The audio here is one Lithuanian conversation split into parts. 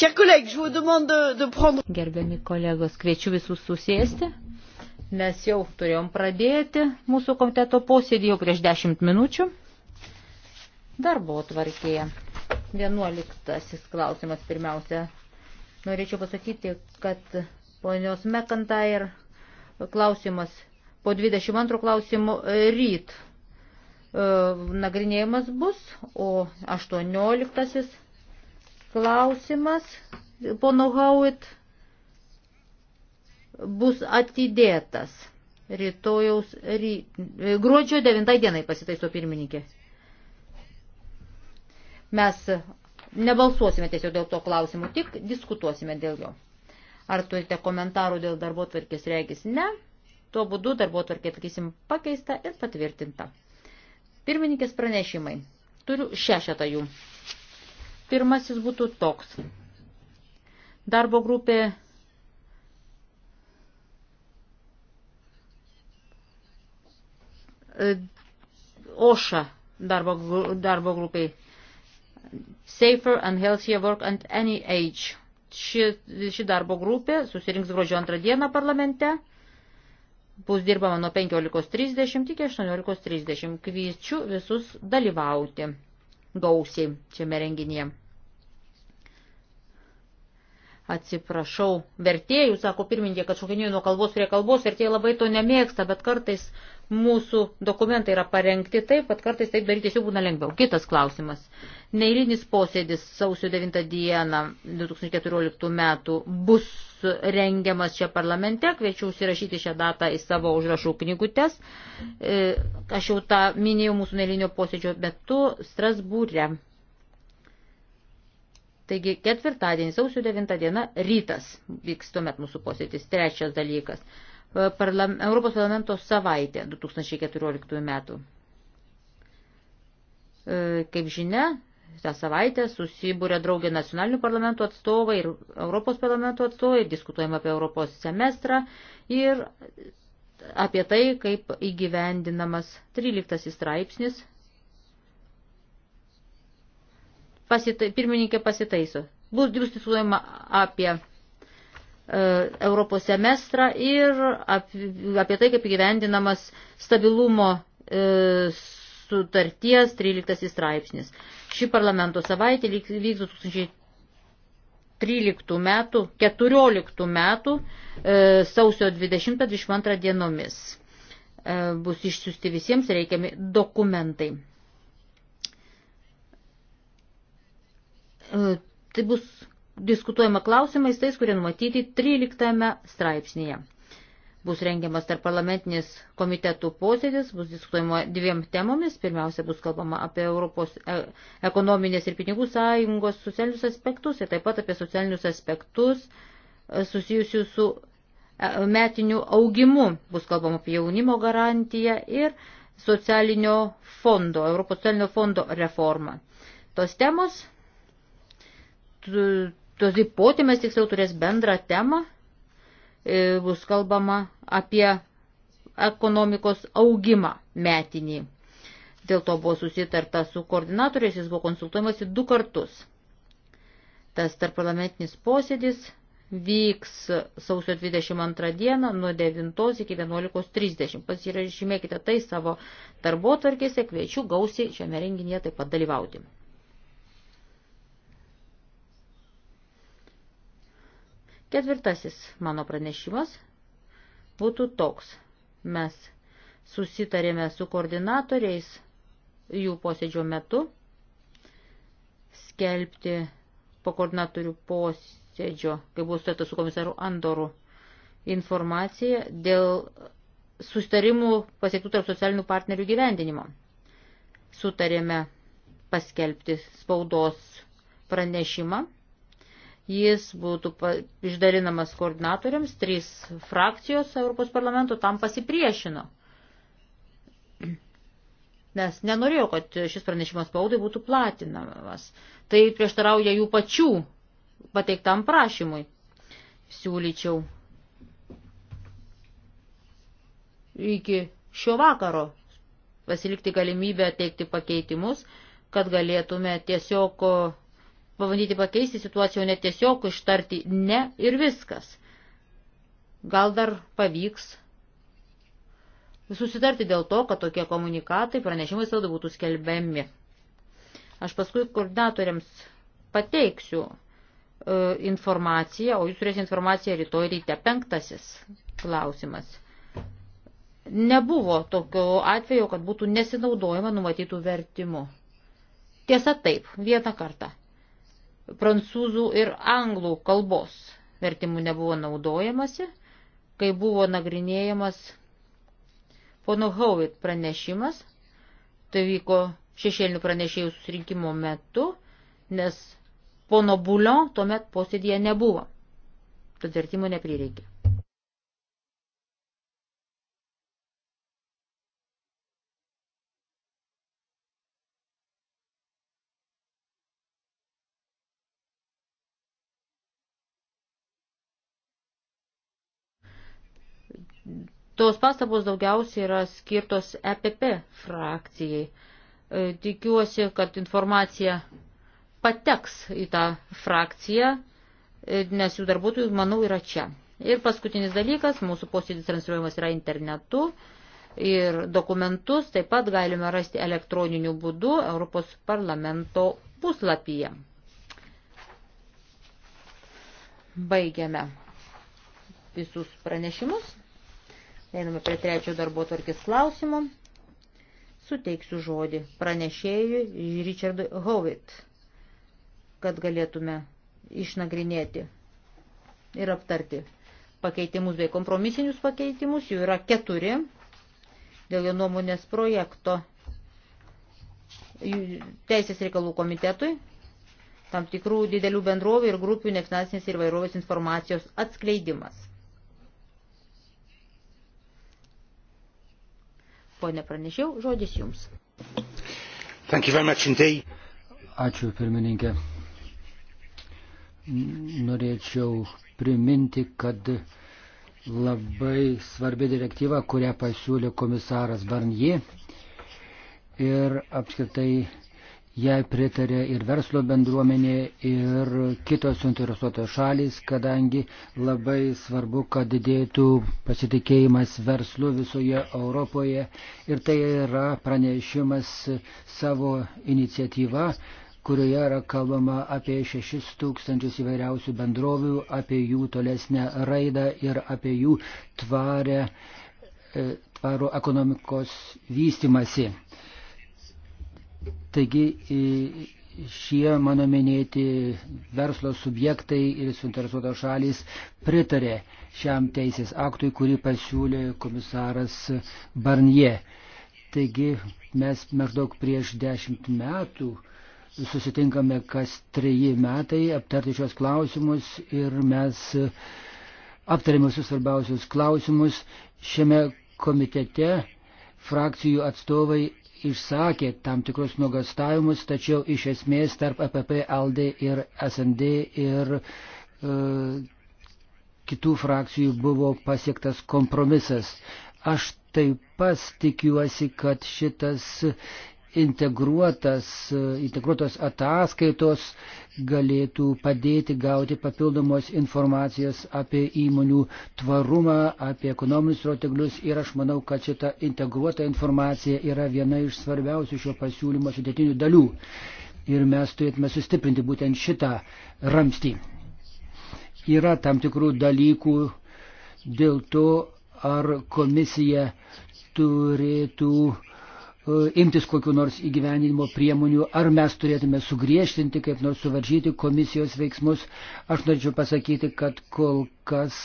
Gerbiami kolegos, kviečiu visus susėsti. Mes jau turėjom pradėti mūsų komiteto posėdį jau prieš 10 minučių. Darbo tvarkėje. 11 klausimas pirmiausia. Norėčiau pasakyti, kad ponios Mekanta ir klausimas po 22 klausimų ryt e, nagrinėjimas bus, o 18 klausimas, pono Hauit, bus atidėtas rytojaus, ry, gruodžio 9 dienai pasitaiso pirmininkė. Mes nebalsuosime tiesiog dėl to klausimų, tik diskutuosime dėl jo. Ar turite komentarų dėl darbo tvarkės regis? Ne. Tuo būdu darbo tvarkė atsakysim pakeista ir patvirtinta. Pirmininkės pranešimai. Turiu šešetą jų. Pirmasis būtų toks. Darbo grupė e, OŠA darbo, darbo grupiai Safer and Healthier Work and Any Age. Ši, ši darbo grupė susirinks gruodžio antrą dieną parlamente. Bus dirbama nuo 15.30 iki 18.30. Kviečiu visus dalyvauti gausiai šiame renginyje. Atsiprašau, vertėjų, sako pirmininkė, kad šokinėjau nuo kalbos prie kalbos, vertėjai labai to nemėgsta, bet kartais mūsų dokumentai yra parengti taip, kad kartais taip daryti tiesiog būna lengviau. Kitas klausimas. Neįlinis posėdis sausio 9 dieną 2014 metų bus rengiamas čia parlamente, kviečiu užsirašyti šią datą į savo užrašų knygutes. E, aš jau tą minėjau mūsų neįlinio posėdžio metu Strasbūrė. Taigi ketvirtadienį, sausio 9 diena, rytas vyks tuomet mūsų posėdis. Trečias dalykas. E, parlam, Europos parlamento savaitė 2014 metų. E, kaip žinia, tą savaitę susibūrė draugė nacionalinių parlamentų atstovai ir Europos parlamento atstovai, diskutuojama apie Europos semestrą ir apie tai, kaip įgyvendinamas 13 straipsnis pasita, pirmininkė pasitaiso. Bus diskutuojama apie e, Europos semestrą ir ap, apie tai, kaip gyvendinamas stabilumo e, sutarties 13 straipsnis. Ši parlamento savaitė vyks 2013 metų, 14 metų e, sausio 20-22 dienomis. E, bus išsiųsti visiems reikiami dokumentai. E, tai bus diskutuojama klausimais tais, kurie numatyti 13 straipsnėje. Bus rengiamas tarp parlamentinės komitetų posėdis, bus diskutuojama dviem temomis. Pirmiausia, bus kalbama apie Europos e, ekonominės ir pinigų sąjungos socialinius aspektus ir taip pat apie socialinius aspektus e, susijusius su metiniu augimu. Bus kalbama apie jaunimo garantiją ir socialinio fondo, Europos socialinio fondo reformą. Tos temos tos dvi potėmės tiksliau turės bendrą temą, e, bus kalbama apie ekonomikos augimą metinį. Dėl to buvo susitarta su koordinatoriais, jis buvo konsultuojamas du kartus. Tas tarpparlamentinis posėdis vyks sausio 22 dieną nuo 9 iki 11.30. Pasirašymėkite tai savo darbo tvarkėse, kviečiu gausiai šiame renginyje taip pat dalyvauti. Ketvirtasis mano pranešimas būtų toks. Mes susitarėme su koordinatoriais jų posėdžio metu skelbti po koordinatorių posėdžio, kai buvo sutarta su komisaru Andoru, informaciją dėl sustarimų pasiektų tarp socialinių partnerių gyvendinimo. Sutarėme paskelbti spaudos pranešimą Jis būtų išdalinamas koordinatoriams, trys frakcijos Europos parlamento tam pasipriešino. Nes nenorėjau, kad šis pranešimas spaudai būtų platinamas. Tai prieštarauja jų pačių pateiktam prašymui. Siūlyčiau iki šio vakaro pasilikti galimybę teikti pakeitimus, kad galėtume tiesiog pabandyti pakeisti situaciją, o ne tiesiog ištarti ne ir viskas. Gal dar pavyks susitarti dėl to, kad tokie komunikatai pranešimai visada būtų skelbiami. Aš paskui koordinatoriams pateiksiu e, informaciją, o jūs turėsite informaciją rytoj ryte. Penktasis klausimas. Nebuvo tokio atvejo, kad būtų nesinaudojama numatytų vertimu. Tiesa taip, vieną kartą prancūzų ir anglų kalbos vertimų nebuvo naudojamasi, kai buvo nagrinėjamas pono Howitt pranešimas. Tai vyko šešėlinių pranešėjų susirinkimo metu, nes pono Bulion tuomet posėdėje nebuvo. Tad vertimo neprireikė. Tos pastabos daugiausiai yra skirtos EPP frakcijai. E, tikiuosi, kad informacija pateks į tą frakciją, e, nes jų darbuotojų, manau, yra čia. Ir paskutinis dalykas, mūsų posėdis transliuojamas yra internetu ir dokumentus taip pat galime rasti elektroniniu būdu Europos parlamento puslapyje. Baigiame visus pranešimus. Einame prie trečio darbo tvarkės klausimo. Suteiksiu žodį pranešėjui Richardui Howitt, kad galėtume išnagrinėti ir aptarti pakeitimus bei kompromisinius pakeitimus. Jų yra keturi dėl jo nuomonės projekto Teisės reikalų komitetui tam tikrų didelių bendrovų ir grupių nefinansinės ir vairovės informacijos atskleidimas. Pone pranešiau, žodis jums. Ačiū, pirmininkė. Norėčiau priminti, kad labai svarbi direktyva, kurią pasiūlė komisaras Barnie ir apskritai Jai pritarė ir verslo bendruomenė, ir kitos suinteresuotos šalys, kadangi labai svarbu, kad didėtų pasitikėjimas verslu visoje Europoje. Ir tai yra pranešimas savo iniciatyva, kurioje yra kalbama apie 6 tūkstančius įvairiausių bendrovių, apie jų tolesnę raidą ir apie jų tvarę, e, tvarų ekonomikos vystimasi. Taigi šie mano minėti verslo subjektai ir suinteresuotos šalys pritarė šiam teisės aktui, kurį pasiūlė komisaras Barnie. Taigi mes maždaug prieš dešimt metų susitinkame kas treji metai aptarti šios klausimus ir mes aptarėme visus svarbiausius klausimus šiame komitete frakcijų atstovai išsakė tam tikrus nuogastavimus, tačiau iš esmės tarp EPP, ALDE ir SND ir e, kitų frakcijų buvo pasiektas kompromisas. Aš taip pat tikiuosi, kad šitas integruotas, integruotos ataskaitos galėtų padėti gauti papildomos informacijos apie įmonių tvarumą, apie ekonominius rodiklius ir aš manau, kad šita integruota informacija yra viena iš svarbiausių šio pasiūlymo sudėtinių dalių. Ir mes turėtume sustiprinti būtent šitą ramstį. Yra tam tikrų dalykų dėl to, ar komisija turėtų uh, E, imtis kokiu nors įgyvendinimo priemonių, ar mes turėtume sugriežtinti, kaip nors suvaržyti komisijos veiksmus. Aš norėčiau pasakyti, kad kol kas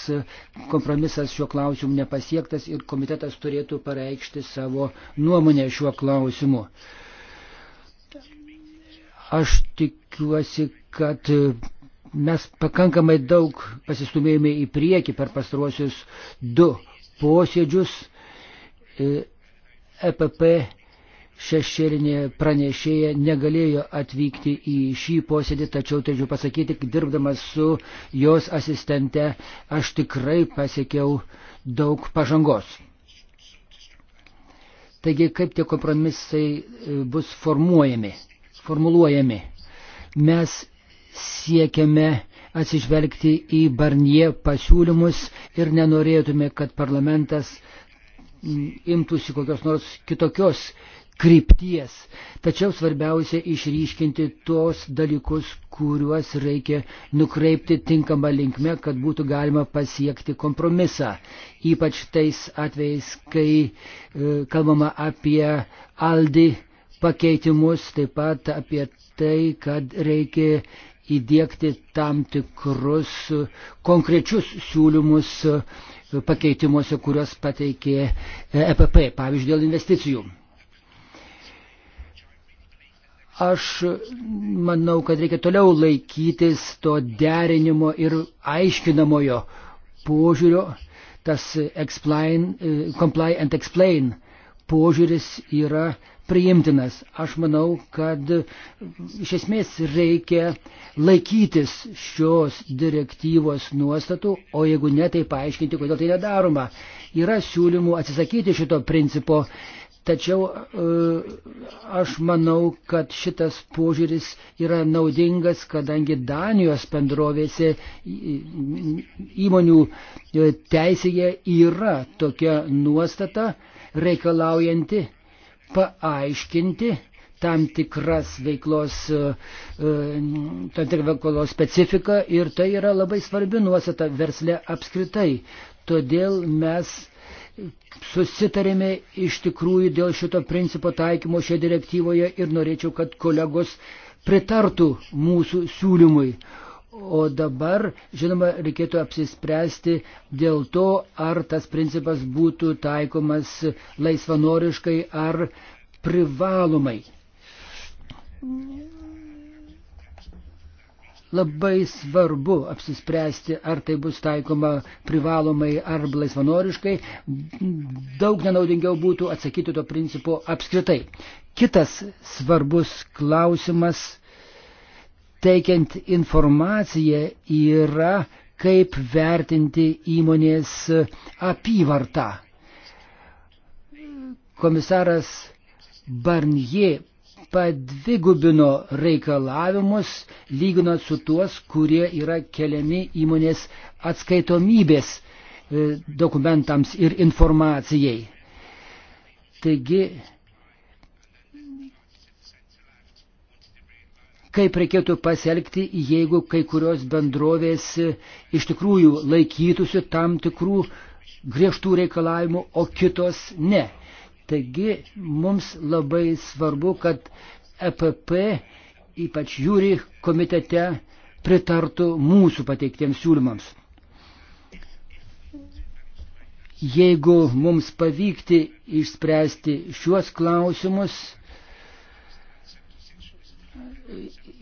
kompromisas šiuo klausimu nepasiektas ir komitetas turėtų pareikšti savo nuomonę šiuo klausimu. Aš tikiuosi, kad mes pakankamai daug pasistumėjome į priekį per pastaruosius du posėdžius. EPP e šešėlinė pranešėja negalėjo atvykti į šį posėdį, tačiau turėčiau pasakyti, kad dirbdamas su jos asistente aš tikrai pasiekiau daug pažangos. Taigi, kaip tie kompromisai e, bus formuojami, formuluojami? Mes siekiame atsižvelgti į Barnie pasiūlymus ir nenorėtume, kad parlamentas imtųsi kokios nors kitokios uh, krypties. Tačiau svarbiausia išryškinti tuos dalykus, kuriuos reikia nukreipti tinkamą linkmę, kad būtų galima pasiekti kompromisą. Ypač tais atvejais, kai e, kalbama apie aldi pakeitimus, taip pat apie tai, kad reikia įdėkti tam tikrus konkrečius siūlymus e, pakeitimuose, kuriuos pateikė EPP, e pavyzdžiui, dėl investicijų. Aš manau, kad reikia toliau laikytis to derinimo ir aiškinamojo požiūrio. Tas explain, comply and explain požiūris yra priimtinas. Aš manau, kad iš esmės reikia laikytis šios direktyvos nuostatų, o jeigu ne, tai paaiškinti, kodėl tai nedaroma. Yra siūlymų atsisakyti šito principo Tačiau e, aš manau, kad šitas požiūris yra naudingas, kadangi Danijos bendrovėse įmonių e, teisėje yra tokia nuostata reikalaujanti paaiškinti tam tikras veiklos, e, tam tikrą veiklos specifiką ir tai yra labai svarbi nuostata versle apskritai. Todėl mes susitarėme iš tikrųjų dėl šito principo taikymo šioje direktyvoje ir norėčiau, kad kolegos pritartų mūsų siūlymui. O dabar, žinoma, reikėtų apsispręsti dėl to, ar tas principas būtų taikomas laisvanoriškai ar privalomai labai svarbu apsispręsti, ar tai bus taikoma privalomai ar laisvanoriškai. Daug nenaudingiau būtų atsakyti to principo apskritai. Kitas svarbus klausimas teikiant informaciją yra, kaip vertinti įmonės apyvartą. Komisaras Barnier padvigubino reikalavimus, lyginant su tuos, kurie yra keliami įmonės atskaitomybės e, dokumentams ir informacijai. Taigi, kaip reikėtų pasielgti, jeigu kai kurios bendrovės iš tikrųjų laikytųsi tam tikrų griežtų reikalavimų, o kitos ne. Taigi mums labai svarbu, kad EPP, ypač jūri komitete, pritartų mūsų pateiktiems siūlymams. Jeigu mums pavykti išspręsti šiuos klausimus,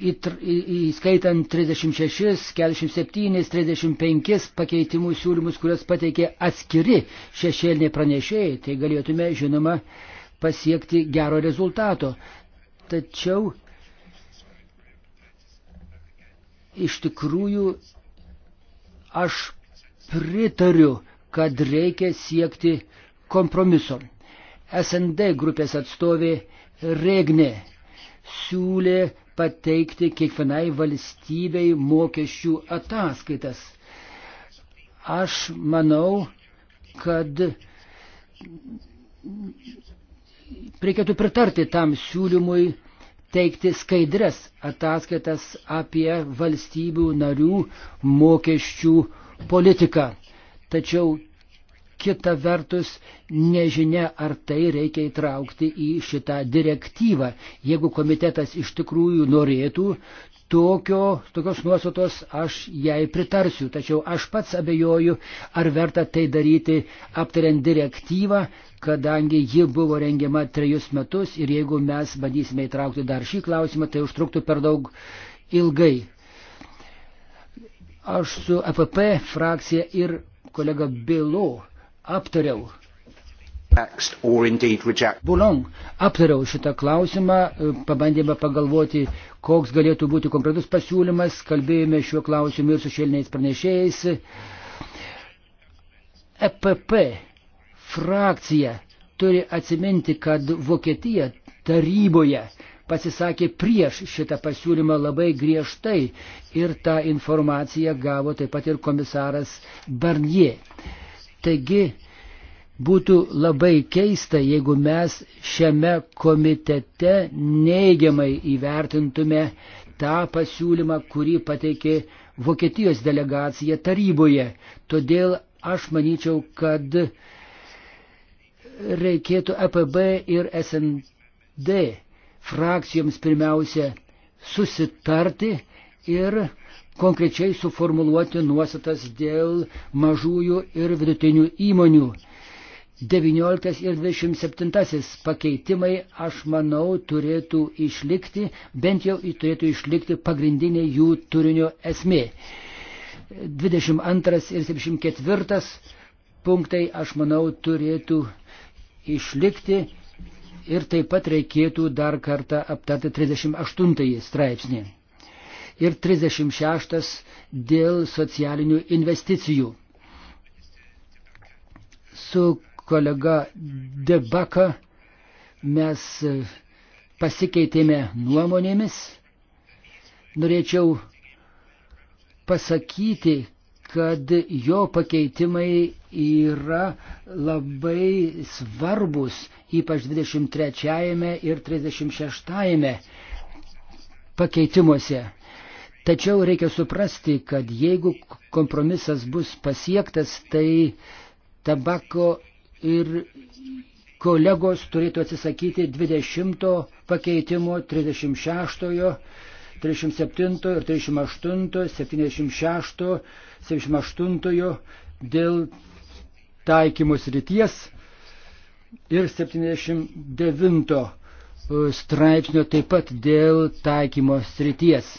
įskaitant 36, 47, 35 pakeitimų siūlymus, kurias pateikė atskiri šešėliniai pranešėjai, tai galėtume, žinoma, pasiekti gero rezultato. Tačiau iš tikrųjų aš pritariu, kad reikia siekti kompromiso. SND grupės atstovė Regne siūlė pateikti kiekvienai valstybei mokesčių ataskaitas. Aš manau, kad reikėtų pritarti tam siūlymui teikti skaidres ataskaitas apie valstybių narių mokesčių politiką. Tačiau kita vertus nežinia, ar tai reikia įtraukti į šitą direktyvą. Jeigu komitetas iš tikrųjų norėtų, tokio, tokios nuostatos aš jai pritarsiu, tačiau aš pats abejoju, ar verta tai daryti aptariant direktyvą, kadangi ji buvo rengiama trejus metus ir jeigu mes bandysime įtraukti dar šį klausimą, tai užtruktų per daug ilgai. Aš su FP e frakcija ir kolega Bilo aptariau. Bulong, aptariau šitą klausimą, e, pabandėme pagalvoti, koks galėtų būti konkretus pasiūlymas, kalbėjome šiuo klausimu ir su šelniais pranešėjais. EPP frakcija turi atsiminti, kad Vokietija taryboje pasisakė prieš šitą pasiūlymą labai griežtai ir tą informaciją gavo taip pat ir komisaras Barnier Taigi būtų labai keista, jeigu mes šiame komitete neigiamai įvertintume tą pasiūlymą, kurį pateikė Vokietijos delegacija taryboje. Todėl aš manyčiau, kad reikėtų EPB ir SND frakcijoms pirmiausia susitarti ir konkrečiai suformuluoti nuostatas dėl mažųjų ir vidutinių įmonių. 19 ir 27 pakeitimai, aš manau, turėtų išlikti, bent jau turėtų išlikti pagrindinė jų turinio esmė. 22 ir 74 punktai, aš manau, turėtų išlikti ir taip pat reikėtų dar kartą aptarti 38 straipsnį ir 36 dėl socialinių investicijų. Su kolega Debaka mes pasikeitėme nuomonėmis. Norėčiau pasakyti, kad jo pakeitimai yra labai svarbus, ypač 23 ir 36 pakeitimuose. Tačiau reikia suprasti, kad jeigu kompromisas bus pasiektas, tai tabako ir kolegos turėtų atsisakyti 20 pakeitimo, 36, 37 ir 38, 76, 78 dėl taikymus ryties ir 79 e, straipsnio taip pat dėl taikymo srities.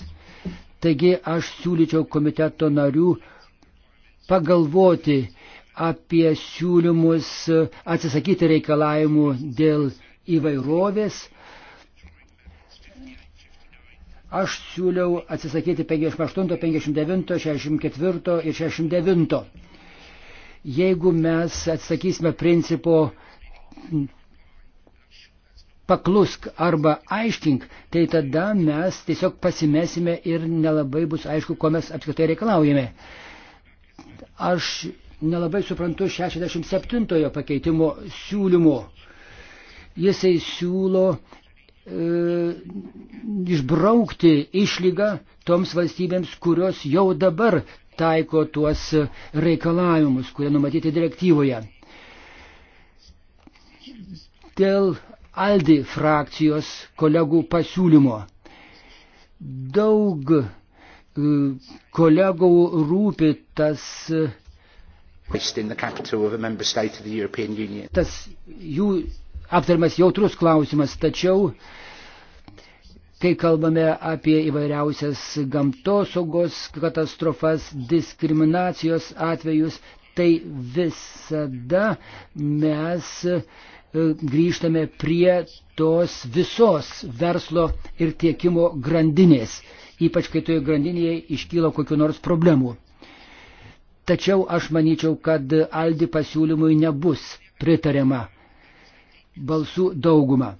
Taigi aš siūlyčiau komiteto narių pagalvoti apie siūlymus atsisakyti reikalavimų dėl įvairovės. Aš siūliau atsisakyti 58, 59, 64 ir 69. Jeigu mes atsisakysime principo paklusk arba aiškink, tai tada mes tiesiog pasimesime ir nelabai bus aišku, ko mes apskritai reikalaujame. Aš nelabai suprantu 67 pakeitimo siūlymo. Jisai siūlo e, išbraukti išlygą toms valstybėms, kurios jau dabar taiko tuos reikalavimus, kurie numatyti direktyvoje. Dėl Aldi frakcijos kolegų pasiūlymo. Daug e, kolegų rūpi tas, e, tas jų aptarimas jautrus klausimas, tačiau kai kalbame apie įvairiausias gamtosaugos katastrofas, diskriminacijos atvejus, tai visada mes grįžtame prie tos visos verslo ir tiekimo grandinės, ypač kai toje grandinėje iškyla kokiu nors problemu. Tačiau aš manyčiau, kad Aldi pasiūlymui nebus pritariama balsų dauguma.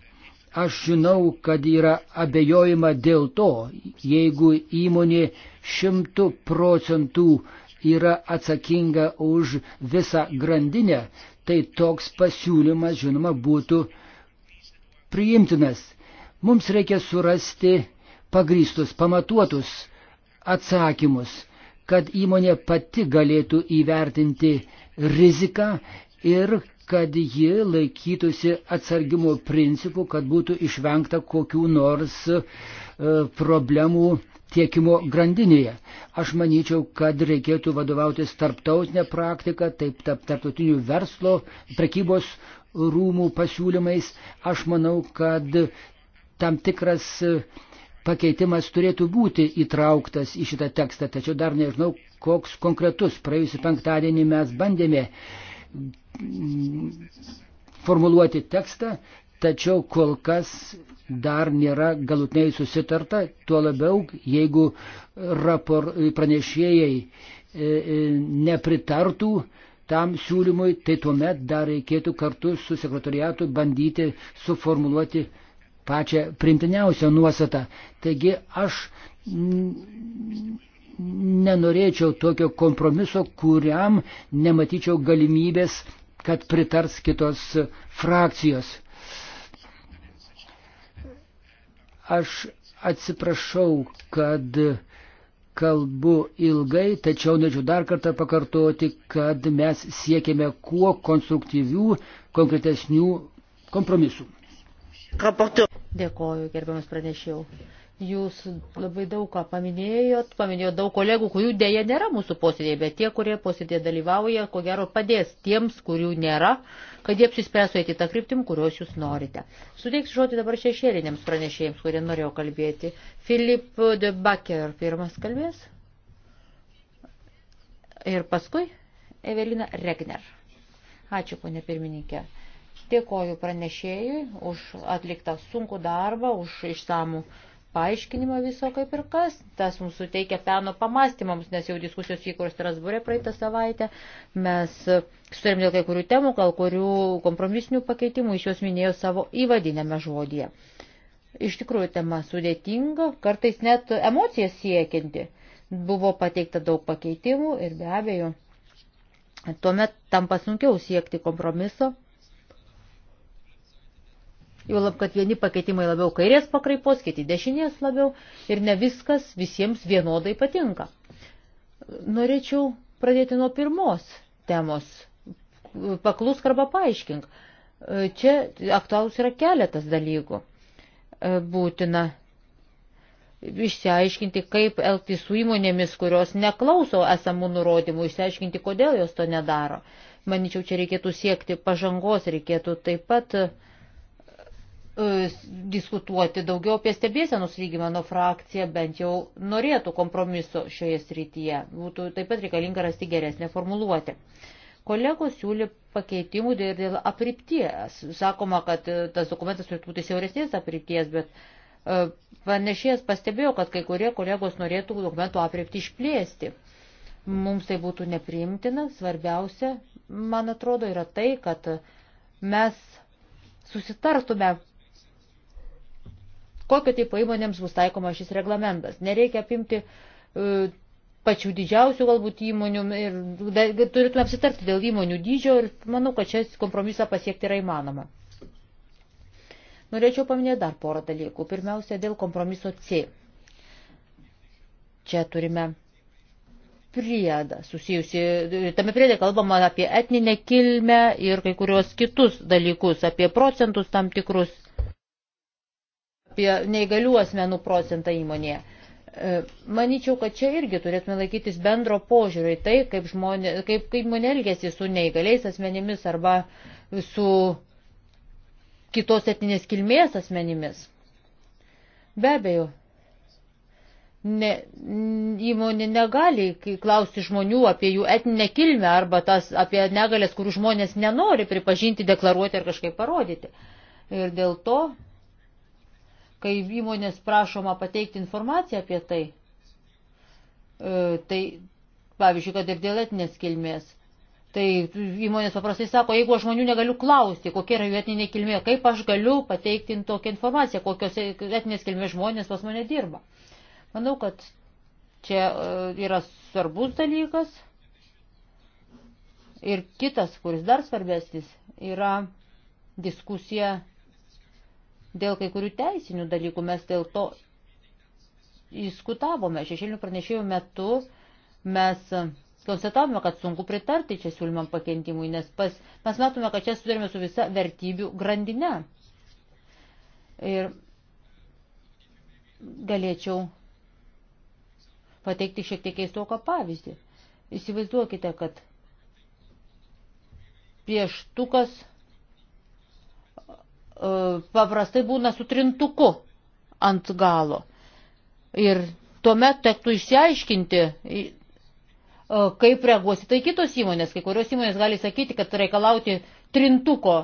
Aš žinau, kad yra abejojama dėl to, jeigu įmonė šimtų procentų yra atsakinga už visą grandinę, tai toks pasiūlymas, žinoma, būtų priimtinas. Mums reikia surasti pagrystus, pamatuotus atsakymus, kad įmonė pati galėtų įvertinti riziką ir kad ji laikytųsi atsargimo principų, kad būtų išvengta kokių nors e, problemų tiekimo grandinėje. Aš manyčiau, kad reikėtų vadovautis tarptautinę praktiką, taip tarptautinių verslo, prekybos rūmų pasiūlymais. Aš manau, kad tam tikras e, pakeitimas turėtų būti įtrauktas į šitą tekstą, tačiau dar nežinau, koks konkretus. Praėjusį penktadienį mes bandėme formuluoti tekstą, tačiau kol kas dar nėra galutinai susitarta, tuo labiau, jeigu rapor, pranešėjai e, e, nepritartų tam siūlymui, tai tuomet dar reikėtų kartu su sekretoriatu bandyti suformuluoti pačią primtiniausią nuostatą. Taigi aš nenorėčiau tokio kompromiso, kuriam nematyčiau galimybės, kad pritars kitos frakcijos. Aš atsiprašau, kad kalbu ilgai, tačiau norėčiau dar kartą pakartoti, kad mes siekime kuo konstruktyvių, konkretesnių kompromisų. Dėkoju, gerbiamas pranešėjau. Jūs labai daug ką paminėjot, paminėjot daug kolegų, kurių dėja nėra mūsų posėdėje, bet tie, kurie posėdėje dalyvauja, ko gero padės tiems, kurių nėra, kad jie apsispręsų eiti tą kryptim, kurios jūs norite. Suteiksiu žodį dabar šešėliniams pranešėjams, kurie norėjo kalbėti. Filip de Baker pirmas kalbės. Ir paskui Evelina Regner. Ačiū, ponė pirmininkė. Dėkoju pranešėjui už atliktą sunkų darbą, už išsamų paaiškinimą viso kaip ir kas. Tas mums suteikia peno pamastymams, nes jau diskusijos vyko Strasbūrė praeitą savaitę. Mes sutarėm dėl kai kurių temų, gal kurių kompromisinių pakeitimų, iš juos minėjau savo įvadinėme žodėje. Iš tikrųjų, tema sudėtinga, kartais net emocijas siekianti. Buvo pateikta daug pakeitimų ir be abejo, tuomet tampa sunkiau siekti kompromiso Jau lab, kad vieni pakeitimai labiau kairės pakraipos, kiti dešinės labiau ir ne viskas visiems vienodai patinka. Norėčiau pradėti nuo pirmos temos. Paklus arba paaiškink. Čia aktualus yra keletas dalykų. Būtina išsiaiškinti, kaip elgti su įmonėmis, kurios neklauso esamų nurodymų, išsiaiškinti, kodėl jos to nedaro. Maničiau, čia reikėtų siekti pažangos, reikėtų taip pat uh, E, diskutuoti daugiau apie stebėsenos lygį, mano nu, frakcija bent jau norėtų kompromiso šioje srityje. Būtų taip pat reikalinga rasti geresnę formuluotę. Kolegos siūlė pakeitimų ir dėl apripties. Sakoma, kad e, tas dokumentas turėtų būti siauresnės apripties, bet e, panešėjas pastebėjo, kad kai kurie kolegos norėtų dokumentų apripti išplėsti. Mums tai būtų nepriimtina. Svarbiausia, man atrodo, yra tai, kad mes susitartume kokio tipo įmonėms bus taikoma šis reglamentas. Nereikia apimti e, pačių didžiausių galbūt įmonių ir turėtume apsitarti dėl įmonių dydžio ir manau, kad čia kompromisą pasiekti yra įmanoma. Norėčiau paminėti dar porą dalykų. Pirmiausia, dėl kompromiso C. Čia turime priedą susijusi, tame priedė kalbama apie etninę kilmę ir kai kurios kitus dalykus, apie procentus tam tikrus apie neįgalių asmenų procentą įmonėje. E, Maničiau, kad čia irgi turėtume laikytis bendro požiūrį į tai, kaip, žmonė, kaip, kaip man elgesi su neįgaliais asmenimis arba su kitos etinės kilmės asmenimis. Be abejo, ne, įmonė negali klausti žmonių apie jų etinę kilmę arba tas, apie negalės, kurių žmonės nenori pripažinti, deklaruoti ar kažkaip parodyti. Ir dėl to kai įmonės prašoma pateikti informaciją apie tai, e, tai pavyzdžiui, kad ir dėl etinės kilmės, tai įmonės paprastai sako, jeigu aš žmonių negaliu klausti, kokia yra jų etinė kilmė, kaip aš galiu pateikti tokią informaciją, kokios etinės kilmės žmonės pas mane dirba. Manau, kad čia e, yra svarbus dalykas. Ir kitas, kuris dar svarbesnis, yra diskusija Dėl kai kurių teisinių dalykų mes dėl to diskutavome. Šešėlinių pranešėjų metu mes konstatavome, kad sunku pritarti čia siūlymam pakentimui, nes pas, mes matome, kad čia sudarėme su visa vertybių grandinė. Ir galėčiau pateikti šiek tiek keistoką pavyzdį. Įsivaizduokite, kad pieštukas E, paprastai būna su trintuku ant galo. Ir tuomet tektų išsiaiškinti, e, kaip reaguosi tai kitos įmonės. Kai kurios įmonės gali sakyti, kad reikalauti trintuko,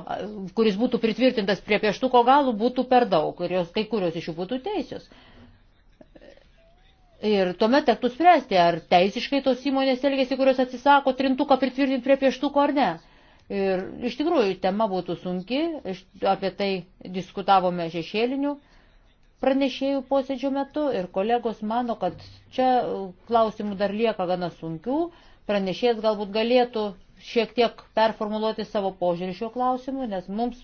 kuris būtų pritvirtintas prie pieštuko galų, būtų per daug ir jos, kai kurios iš jų būtų teisios. Ir tuomet tektų spręsti, ar teisiškai tos įmonės elgesi, kurios atsisako trintuką pritvirtinti prie pieštuko ar ne. Ir iš tikrųjų tema būtų sunki, apie tai diskutavome šešėlinių pranešėjų posėdžio metu ir kolegos mano, kad čia klausimų dar lieka gana sunkių, pranešėjas galbūt galėtų šiek tiek performuluoti savo požiūrį šiuo klausimu, nes mums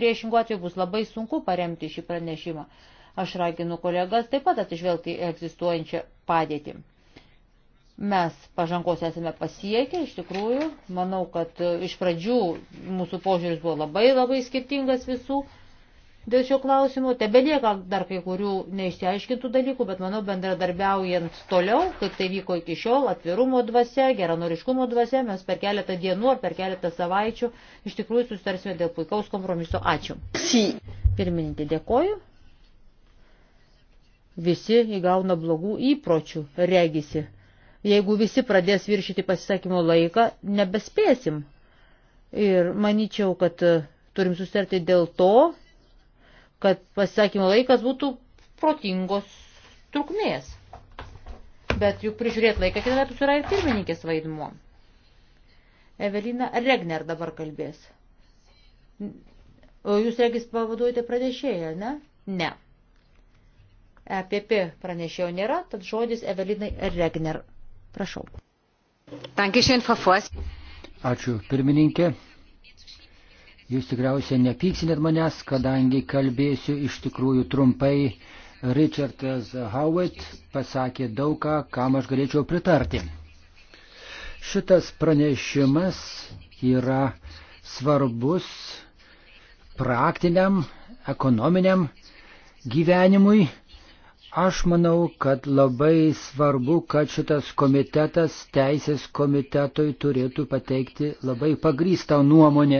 priešingų atveju bus labai sunku paremti šį pranešimą. Aš raginu kolegas taip pat atsižvelgti egzistuojančią padėtį. Mes pažangos esame pasiekę, iš tikrųjų, manau, kad e, iš pradžių mūsų požiūris buvo labai labai skirtingas visų dėl šio klausimo. Tebe lieka dar kai kurių neišsiaiškintų dalykų, bet manau, bendradarbiaujant toliau, kaip tai vyko iki šiol, atvirumo dvasia, geranoriškumo dvasia, mes per keletą dienų ar per keletą savaičių iš tikrųjų susitarsime dėl puikaus kompromiso. Ačiū. Pirmininkė, dėkoju visi įgauna blogų įpročių, regisi. Jeigu visi pradės viršyti pasisakymo laiką, nebespėsim. Ir manyčiau, kad e, turim susitarti dėl to, kad pasisakymo laikas būtų protingos trukmės. Bet juk prižiūrėti laiką kitą metus yra ir pirmininkės vaidmuo. Evelina Regner dabar kalbės. O jūs, regis, pavaduojate pranešėją, ne? Ne. EPP pranešėjo nėra, tad žodis Evelinai Regner. Prašau. Ačiū, pirmininkė. Jūs tikriausiai nepyksinėt manęs, kadangi kalbėsiu iš tikrųjų trumpai. Richardas Howitt pasakė daugą, kam aš galėčiau pritarti. Šitas pranešimas yra svarbus praktiniam, ekonominiam gyvenimui Aš manau, kad labai svarbu, kad šitas komitetas teisės komitetui turėtų pateikti labai pagrystą nuomonę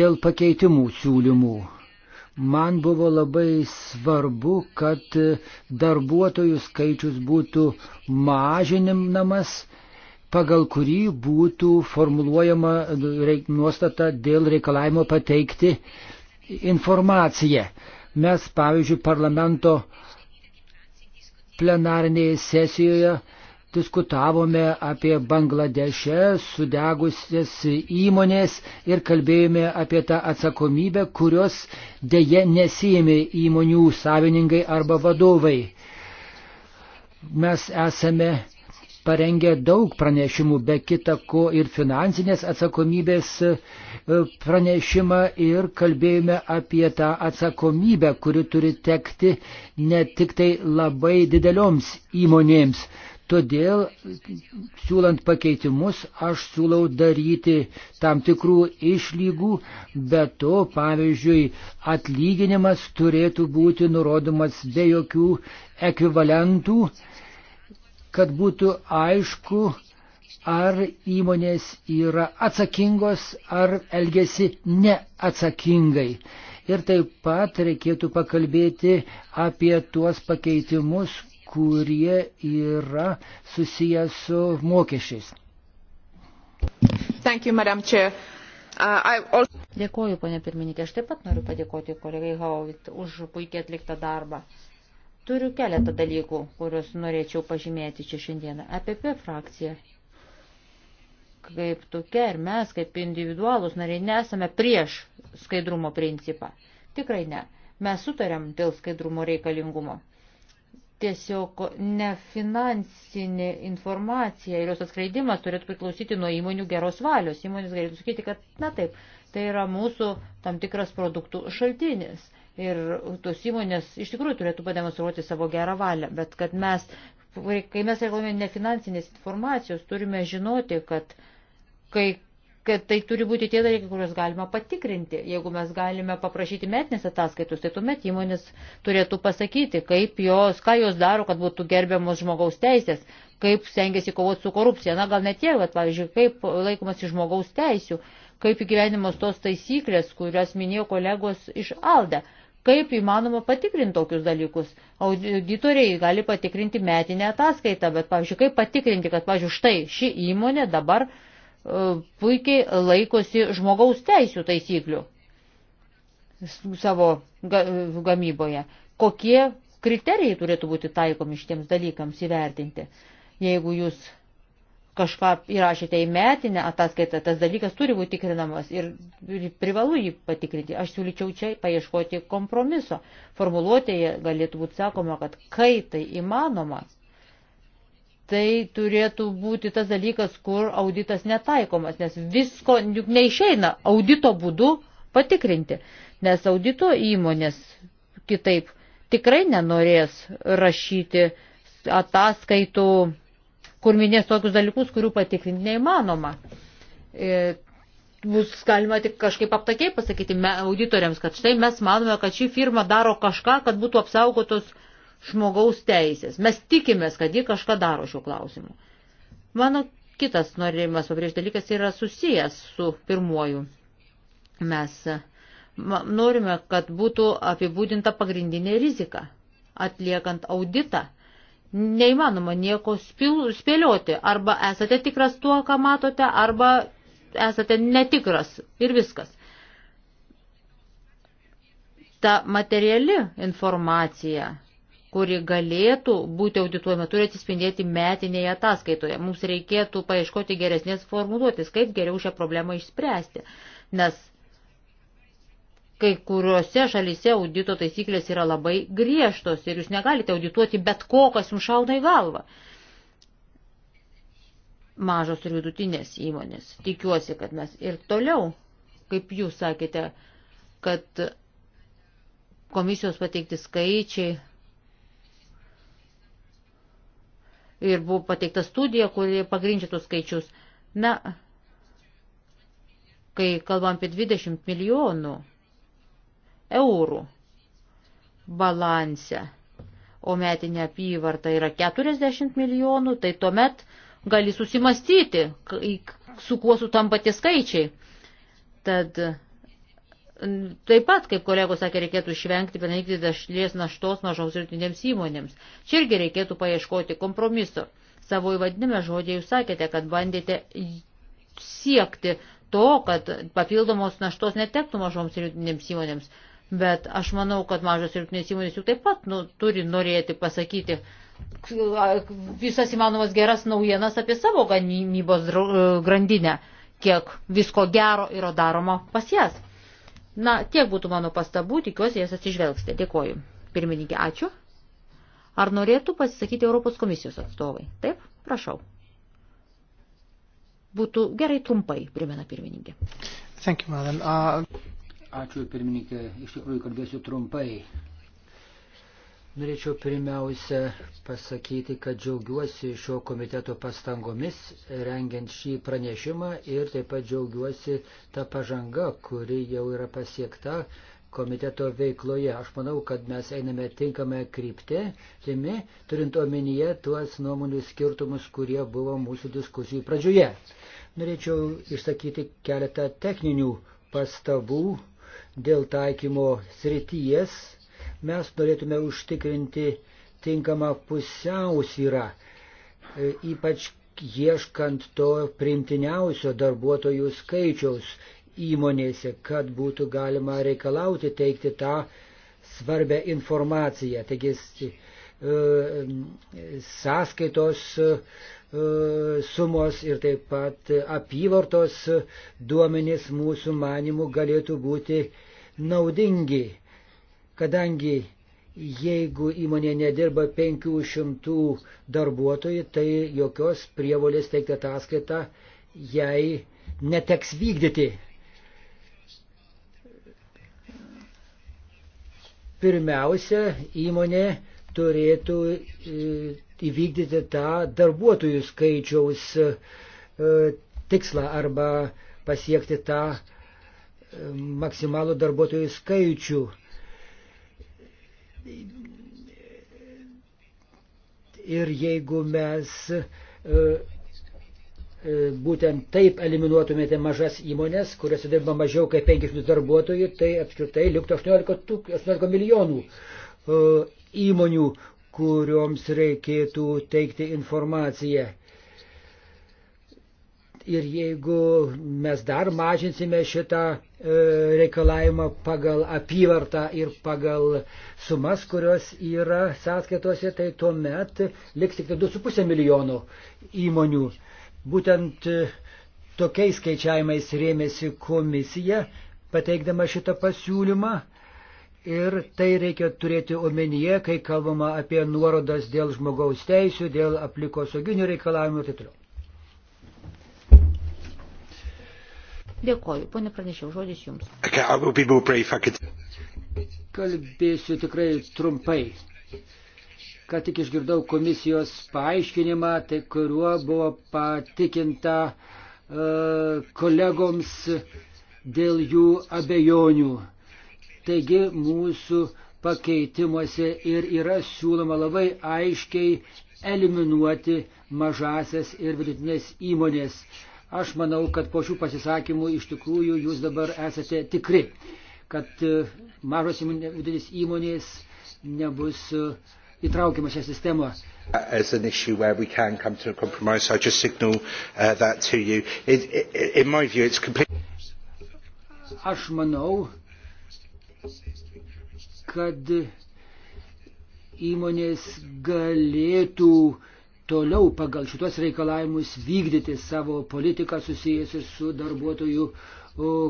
dėl pakeitimų siūlymų. Man buvo labai svarbu, kad darbuotojų skaičius būtų mažinimas, pagal kurį būtų formuluojama nuostata dėl reikalavimo pateikti informaciją. Mes, pavyzdžiui, parlamento plenarinėje sesijoje diskutavome apie Bangladeše sudegusias įmonės ir kalbėjome apie tą atsakomybę, kurios dėje nesijėmė įmonių savininkai arba vadovai. Mes esame parengė daug pranešimų, be kita ko ir finansinės atsakomybės e, pranešimą ir kalbėjome apie tą atsakomybę, kuri turi tekti ne tik tai labai didelioms įmonėms. Todėl, siūlant pakeitimus, aš siūlau daryti tam tikrų išlygų, bet to, pavyzdžiui, atlyginimas turėtų būti nurodomas be jokių ekvivalentų, kad būtų aišku, ar įmonės yra atsakingos, ar elgesi neatsakingai. Ir taip pat reikėtų pakalbėti apie tuos pakeitimus, kurie yra susijęs su mokesčiais. Thank you, Madam Chair. Uh, Dėkuoju, ponė pirmininkė. Aš taip pat noriu padėkoti kolegai Hauvit už puikiai atliktą darbą. Turiu keletą dalykų, kuriuos norėčiau pažymėti čia šiandieną. APP frakcija. Kaip tokia ir mes, kaip individualus nariai, nesame prieš skaidrumo principą. Tikrai ne. Mes sutarėm dėl skaidrumo reikalingumo. Tiesiog nefinansinė informacija ir jos atskleidimas turėtų priklausyti nuo įmonių geros valios. Įmonės galėtų sakyti, kad, na taip, tai yra mūsų tam tikras produktų šaltinis ir tos įmonės iš tikrųjų turėtų pademonstruoti savo gerą valią, bet kad mes, kai mes reikalame nefinansinės informacijos, turime žinoti, kad, kai, kad tai turi būti tie dalykai, kuriuos galima patikrinti. Jeigu mes galime paprašyti metinės ataskaitos, tai tuomet įmonės turėtų pasakyti, kaip jos, ką jos daro, kad būtų gerbiamos žmogaus teisės, kaip stengiasi kovoti su korupcija. Na, gal net tiek, bet, pavyzdžiui, kaip laikomasi žmogaus teisių, kaip įgyvenimos tos taisyklės, kurias minėjo kolegos iš Alde Kaip įmanoma patikrinti tokius dalykus? Auditoriai gali patikrinti metinę ataskaitą, bet, pavyzdžiui, kaip patikrinti, kad, pavyzdžiui, štai ši įmonė dabar uh, puikiai laikosi žmogaus teisų taisyklių savo ga, gamyboje. Kokie kriterijai turėtų būti taikomi šitiems dalykams įvertinti? Jeigu jūs kažką įrašėte į metinę ataskaitą, tas dalykas turi būti tikrinamas ir privalu jį patikrinti. Aš siūlyčiau čia paieškoti kompromiso. Formuluotėje galėtų būti sakoma, kad kai tai įmanoma, tai turėtų būti tas dalykas, kur auditas netaikomas, nes visko juk neišeina audito būdu patikrinti, nes audito įmonės kitaip tikrai nenorės rašyti ataskaitų kur minės tokius dalykus, kurių patikrinti neįmanoma. E, bus galima tik kažkaip aptakiai pasakyti auditoriams, kad štai mes manome, kad ši firma daro kažką, kad būtų apsaugotos žmogaus teisės. Mes tikimės, kad ji kažką daro šiuo klausimu. Mano kitas norėjimas pabrėžti dalykas yra susijęs su pirmuoju. Mes e, norime, kad būtų apibūdinta pagrindinė rizika atliekant auditą neįmanoma nieko spėlioti. Arba esate tikras tuo, ką matote, arba esate netikras ir viskas. Ta materiali informacija, kuri galėtų būti audituojama, turi atsispindėti metinėje ataskaitoje. Mums reikėtų paieškoti geresnės formuluotis, kaip geriau šią problemą išspręsti. Nes Kai kuriuose šalyse audito taisyklės yra labai griežtos ir jūs negalite audituoti bet ko, kas jums šauna į galvą. Mažos ir vidutinės įmonės. Tikiuosi, kad mes ir toliau, kaip jūs sakėte, kad komisijos pateikti skaičiai ir buvo pateikta studija, kuri pagrindžia tos skaičius. Na, kai kalbam apie 20 milijonų, eurų balanse, o metinė apyvarta yra 40 milijonų, tai tuomet gali susimastyti, su kuo sutampa tie skaičiai. Tad taip pat, kaip kolegos sakė, reikėtų išvengti peneikti dašlės naštos mažoms ir didinėms įmonėms. Čia irgi reikėtų paieškoti kompromiso. Savo įvadinime žodžiai jūs sakėte, kad bandėte siekti to, kad papildomos naštos netektų mažoms ir didinėms įmonėms bet aš manau, kad mažos ir vidutinės įmonės juk taip pat nu, turi norėti pasakyti visas įmanomas geras naujienas apie savo gamybos grandinę, kiek visko gero yra daroma pas jas. Na, tiek būtų mano pastabų, tikiuosi jas atsižvelgsite. Dėkoju. Pirmininkė, ačiū. Ar norėtų pasisakyti Europos komisijos atstovai? Taip, prašau. Būtų gerai trumpai, primena pirmininkė. Thank you, madam. Uh... Ačiū pirmininkė, iš tikrųjų kalbėsiu trumpai. Norėčiau pirmiausia pasakyti, kad džiaugiuosi šio komiteto pastangomis rengiant šį pranešimą ir taip pat džiaugiuosi tą pažangą, kuri jau yra pasiekta komiteto veikloje. Aš manau, kad mes einame tinkamą kryptimi, turint omenyje tuos nuomonių skirtumus, kurie buvo mūsų diskusijų pradžioje. Norėčiau išsakyti keletą techninių pastabų dėl taikymo srities, mes norėtume užtikrinti tinkamą pusiausvyrą, e, ypač ieškant to primtiniausio darbuotojų skaičiaus įmonėse, kad būtų galima reikalauti teikti tą svarbę informaciją. Taigi e, sąskaitos e, sumos ir taip pat apyvartos duomenys mūsų manimų galėtų būti naudingi, kadangi jeigu įmonė nedirba 500 darbuotojų, tai jokios prievolės teikti ataskaitą jai neteks vykdyti. Pirmiausia, įmonė turėtų e, įvykdyti tą darbuotojų skaičiaus e, tikslą arba pasiekti tą maksimalų darbuotojų skaičių. Ir jeigu mes e, e, būtent taip eliminuotumėte mažas įmonės, kuriuose dirba mažiau kaip 500 darbuotojų, tai apskritai liktų 18, 18 milijonų e, įmonių, kurioms reikėtų teikti informaciją. Ir jeigu mes dar mažinsime šitą E, reikalavimą pagal apyvartą ir pagal sumas, kurios yra sąskaitose, tai tuomet liks tik 2,5 tai milijono įmonių. Būtent e, tokiais skaičiavimais rėmėsi komisija, pateikdama šitą pasiūlymą. Ir tai reikia turėti omenyje, kai kalbama apie nuorodas dėl žmogaus teisų, dėl aplikosauginių reikalavimų ir taip toliau. Dėkoju, ponė pranešiau, žodis jums. Kalbėsiu tikrai trumpai. Ką tik išgirdau komisijos paaiškinimą, tai kuriuo buvo patikinta uh, kolegoms dėl jų abejonių. Taigi mūsų pakeitimuose ir yra siūloma labai aiškiai eliminuoti mažasias ir vidutinės įmonės. Uh, Aš manau, kad po šių pasisakymų iš tikrųjų jūs dabar esate tikri, kad e, mažos vidutinės įmonės nebus e, įtraukiamas šią sistemą. As an issue where we can come to a compromise, I just signal uh, that to you. It, it, in my view, it's completely. Aš manau, kad e, įmonės galėtų uh, toliau pagal šitos reikalavimus vykdyti savo politiką susijusi su darbuotojų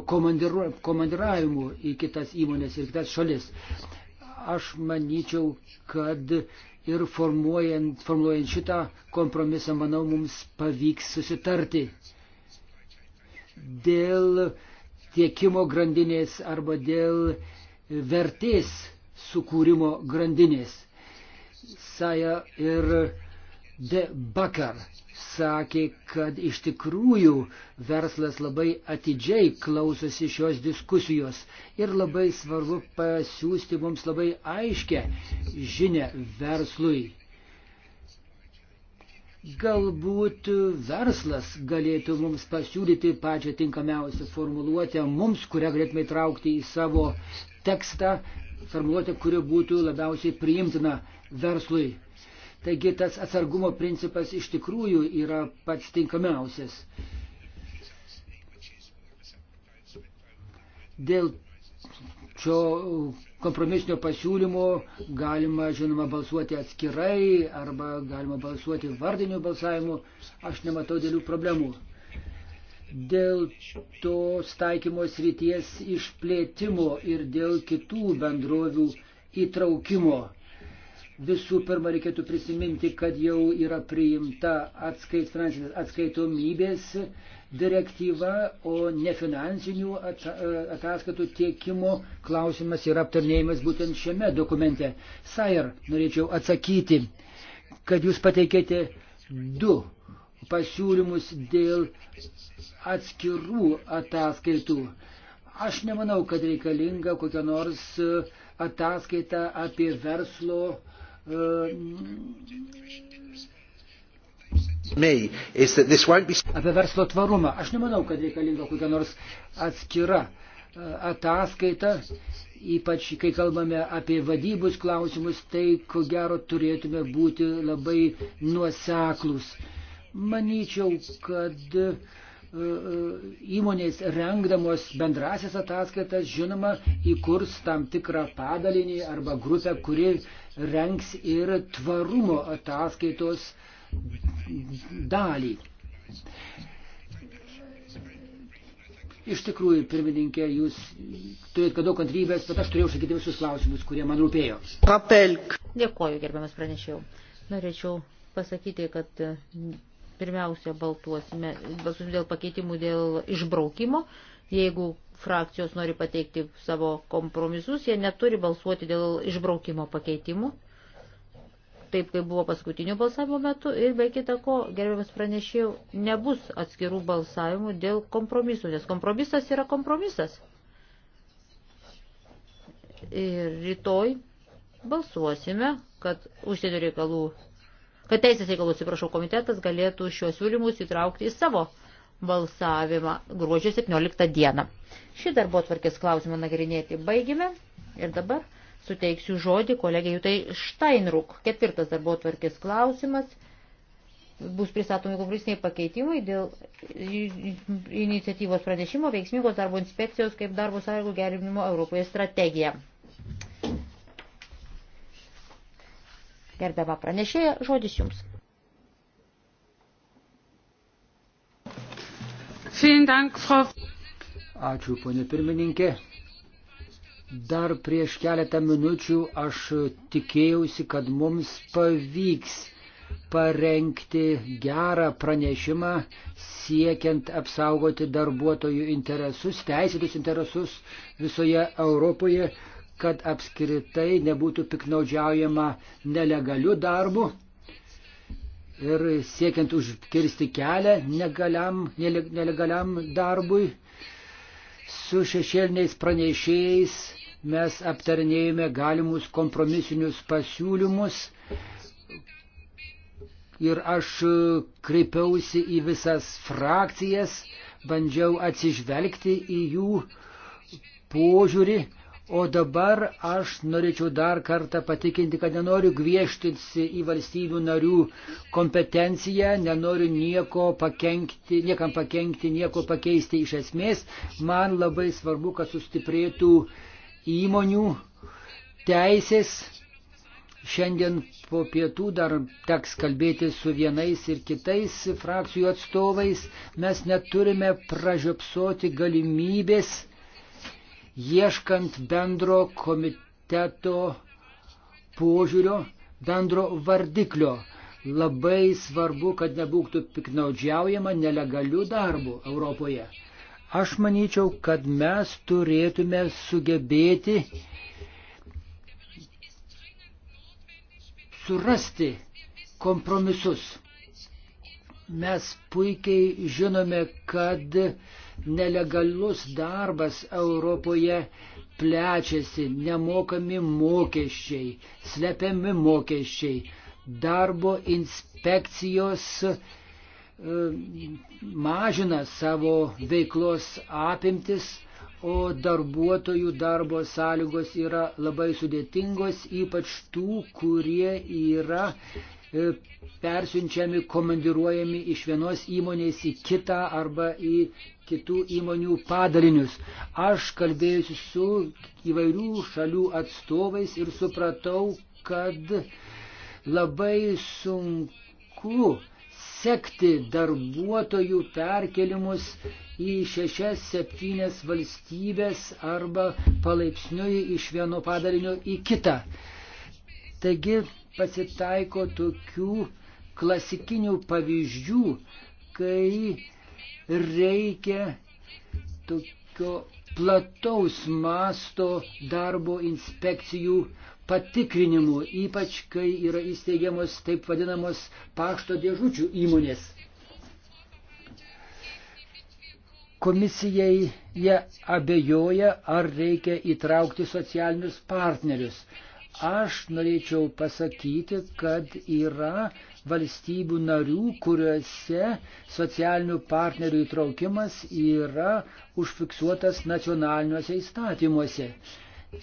komandiru, komandiravimu į kitas įmonės ir kitas šalis. Aš manyčiau, kad ir formuojant, formuojant šitą kompromisą, manau, mums pavyks susitarti dėl tiekimo grandinės arba dėl vertės sukūrimo grandinės. Saja ir De Bakar sakė, kad iš tikrųjų verslas labai atidžiai klausosi šios diskusijos ir labai svarbu pasiūsti mums labai aiškę žinę verslui. Galbūt verslas galėtų mums pasiūlyti pačią tinkamiausią formuluotę mums, kurią galėtume įtraukti į savo tekstą, formuluotę, kuri būtų labiausiai priimtina verslui Taigi tas atsargumo principas iš tikrųjų yra pats tinkamiausias. Dėl šio kompromisinio pasiūlymo galima, žinoma, balsuoti atskirai arba galima balsuoti vardiniu balsavimu. Aš nematau dėlių problemų. Dėl tos taikymos ryties išplėtimo ir dėl kitų bendrovių įtraukimo Visų pirma, reikėtų prisiminti, kad jau yra priimta atskait, finansinės atskaitomybės direktyva, o nefinansinių e, ataskaitų tiekimo klausimas yra aptarnėjimas būtent šiame dokumente. Sair, norėčiau atsakyti, kad jūs pateikėte du pasiūlymus dėl atskirų ataskaitų. Aš nemanau, kad reikalinga kokia nors e, ataskaita apie verslo uh, Uh, apie verslo tvarumą. Aš nemanau, kad reikalinga kokia nors atskira uh, ataskaita, ypač kai kalbame apie vadybus klausimus, tai ko gero turėtume būti labai nuoseklus. Manyčiau, kad uh, įmonės rengdamos bendrasis ataskaitas, žinoma, įkurs tam tikrą padalinį arba grupę, kuri renks ir tvarumo ataskaitos dalį. Iš tikrųjų, pirmininkė, jūs turėt daug kantrybės, bet aš turėjau sakyti visus klausimus, kurie man rūpėjo. Papelk. Dėkoju, gerbiamas pranešėjau. Norėčiau pasakyti, kad pirmiausia balsuosime dėl pakeitimų dėl išbraukimo. Jeigu frakcijos nori pateikti savo kompromisus, jie neturi balsuoti dėl išbraukimo pakeitimų, taip kaip buvo paskutinių balsavimo metu ir be kita ko, gerbiamas pranešėjau, nebus atskirų balsavimų dėl kompromisų, nes kompromisas yra kompromisas. Ir rytoj balsuosime, kad užsienio reikalų, kad teisės reikalų, atsiprašau, komitetas galėtų šios siūlymus įtraukti į savo balsavimą gruodžio 17 dieną. Šį darbo tvarkės klausimą nagrinėti baigime ir dabar suteiksiu žodį kolegijai Jutai Steinruk. Ketvirtas darbo tvarkės klausimas bus pristatomi konkursiniai pakeitimai dėl iniciatyvos pranešimo veiksmingos darbo inspekcijos kaip darbo sąlygų gerinimo Europoje strategija. Gerbiama pranešėja, žodis jums. Ačiū, ponė pirmininkė. Dar prieš keletą minučių aš tikėjausi, kad mums pavyks parengti gerą pranešimą siekiant apsaugoti darbuotojų interesus, teisėtus interesus visoje Europoje, kad apskritai nebūtų piknaudžiaujama nelegaliu darbu ir siekiant užkirsti kelią negaliam, nelegaliam darbui. Su šešėliniais pranešėjais mes aptarinėjome galimus kompromisinius pasiūlymus ir aš kreipiausi į visas frakcijas, bandžiau atsižvelgti į jų požiūrį, O dabar aš norėčiau dar kartą patikinti, kad nenoriu griežtis į valstybių narių kompetenciją, nenoriu nieko pakenkti, niekam pakenkti, nieko pakeisti iš esmės. Man labai svarbu, kad sustiprėtų įmonių teisės. Šiandien po pietų dar teks kalbėti su vienais ir kitais frakcijų atstovais. Mes neturime pražiopsoti galimybės ieškant bendro komiteto požiūrio, bendro vardiklio. Labai svarbu, kad nebūtų piknaudžiaujama nelegalių darbų Europoje. Aš manyčiau, kad mes turėtume sugebėti surasti kompromisus. Mes puikiai žinome, kad nelegalus darbas Europoje plečiasi, nemokami mokesčiai, slepiami mokesčiai, darbo inspekcijos e, mažina savo veiklos apimtis, o darbuotojų darbo sąlygos yra labai sudėtingos, ypač tų, kurie yra e, persiunčiami, komandiruojami iš vienos įmonės į kitą arba į kitų įmonių padalinius. Aš kalbėjusi su įvairių šalių atstovais ir supratau, kad labai sunku sekti darbuotojų perkelimus į šešias, septynes valstybės arba palaipsniui iš vieno padalinio į kitą. Taigi pasitaiko tokių klasikinių pavyzdžių, kai reikia tokio plataus masto darbo inspekcijų patikrinimų, ypač kai yra įsteigiamos taip vadinamos pašto dėžučių įmonės. Komisijai jie abejoja, ar reikia įtraukti socialinius partnerius. Aš norėčiau pasakyti, kad yra valstybių narių, kuriuose socialinių partnerių įtraukimas yra užfiksuotas nacionaliniuose įstatymuose.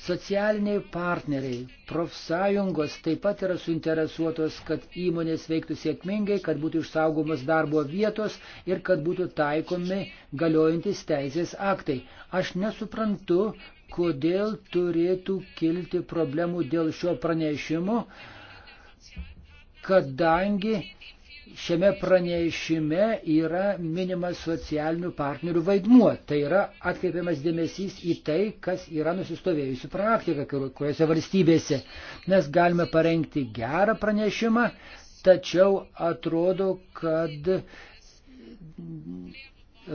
Socialiniai partneriai, profsąjungos taip pat yra suinteresuotos, kad įmonės veiktų sėkmingai, kad būtų išsaugomos darbo vietos ir kad būtų taikomi galiojantis teisės aktai. Aš nesuprantu, kodėl turėtų kilti problemų dėl šio pranešimo, kadangi šiame pranešime yra minimas socialinių partnerių vaidmuo. Tai yra atkreipiamas dėmesys į tai, kas yra nusistovėjusi praktika kuriuose valstybėse. Mes galime parengti gerą pranešimą, tačiau atrodo, kad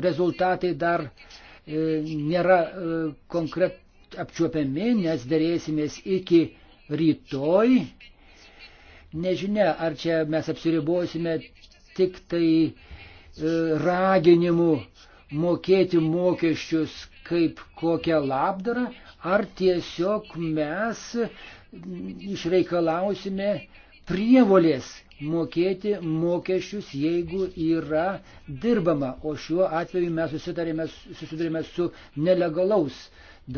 rezultatai dar e, nėra e, konkret apčiuopiami, nes dėrėsimės iki rytoj Nežinia, ar čia mes apsiribosime tik tai e, raginimu mokėti mokesčius kaip kokią labdarą, ar tiesiog mes išreikalausime prievolės mokėti mokesčius, jeigu yra dirbama. O šiuo atveju mes susidurime su nelegalaus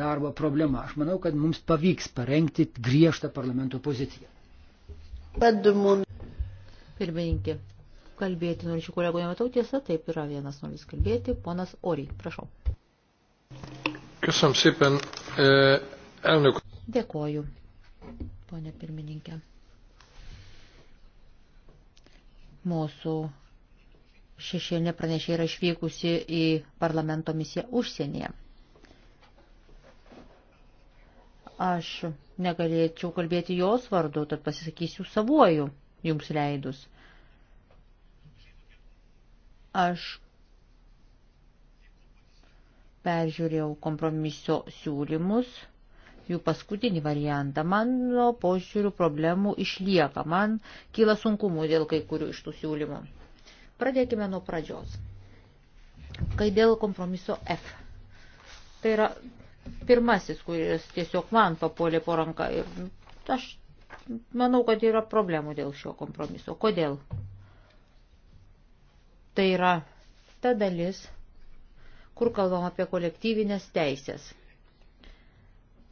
darbo problema. Aš manau, kad mums pavyks parengti griežtą parlamento poziciją. Pirmininkė, kalbėti norinčių kolegų nematau tiesa, taip yra vienas noris kalbėti, ponas Ori, prašau. Köszönöm szépen, eh, elnök. Dėkoju, ponė pirmininkė. Mūsų šešėlinė pranešė yra išvykusi į parlamento misiją užsienyje. Aš negalėčiau kalbėti jos vardu, tad pasisakysiu savuoju, jums leidus. Aš peržiūrėjau kompromiso siūlymus, jų paskutinį variantą. Mano požiūrių problemų išlieka, man kyla sunkumų dėl kai kurių iš tų siūlymų. Pradėkime nuo pradžios. Kai dėl kompromiso F. Tai yra pirmasis, kuris tiesiog man papuolė po ranką. Ir aš manau, kad yra problemų dėl šio kompromiso. Kodėl? Tai yra ta dalis, kur kalbam apie kolektyvinės teisės.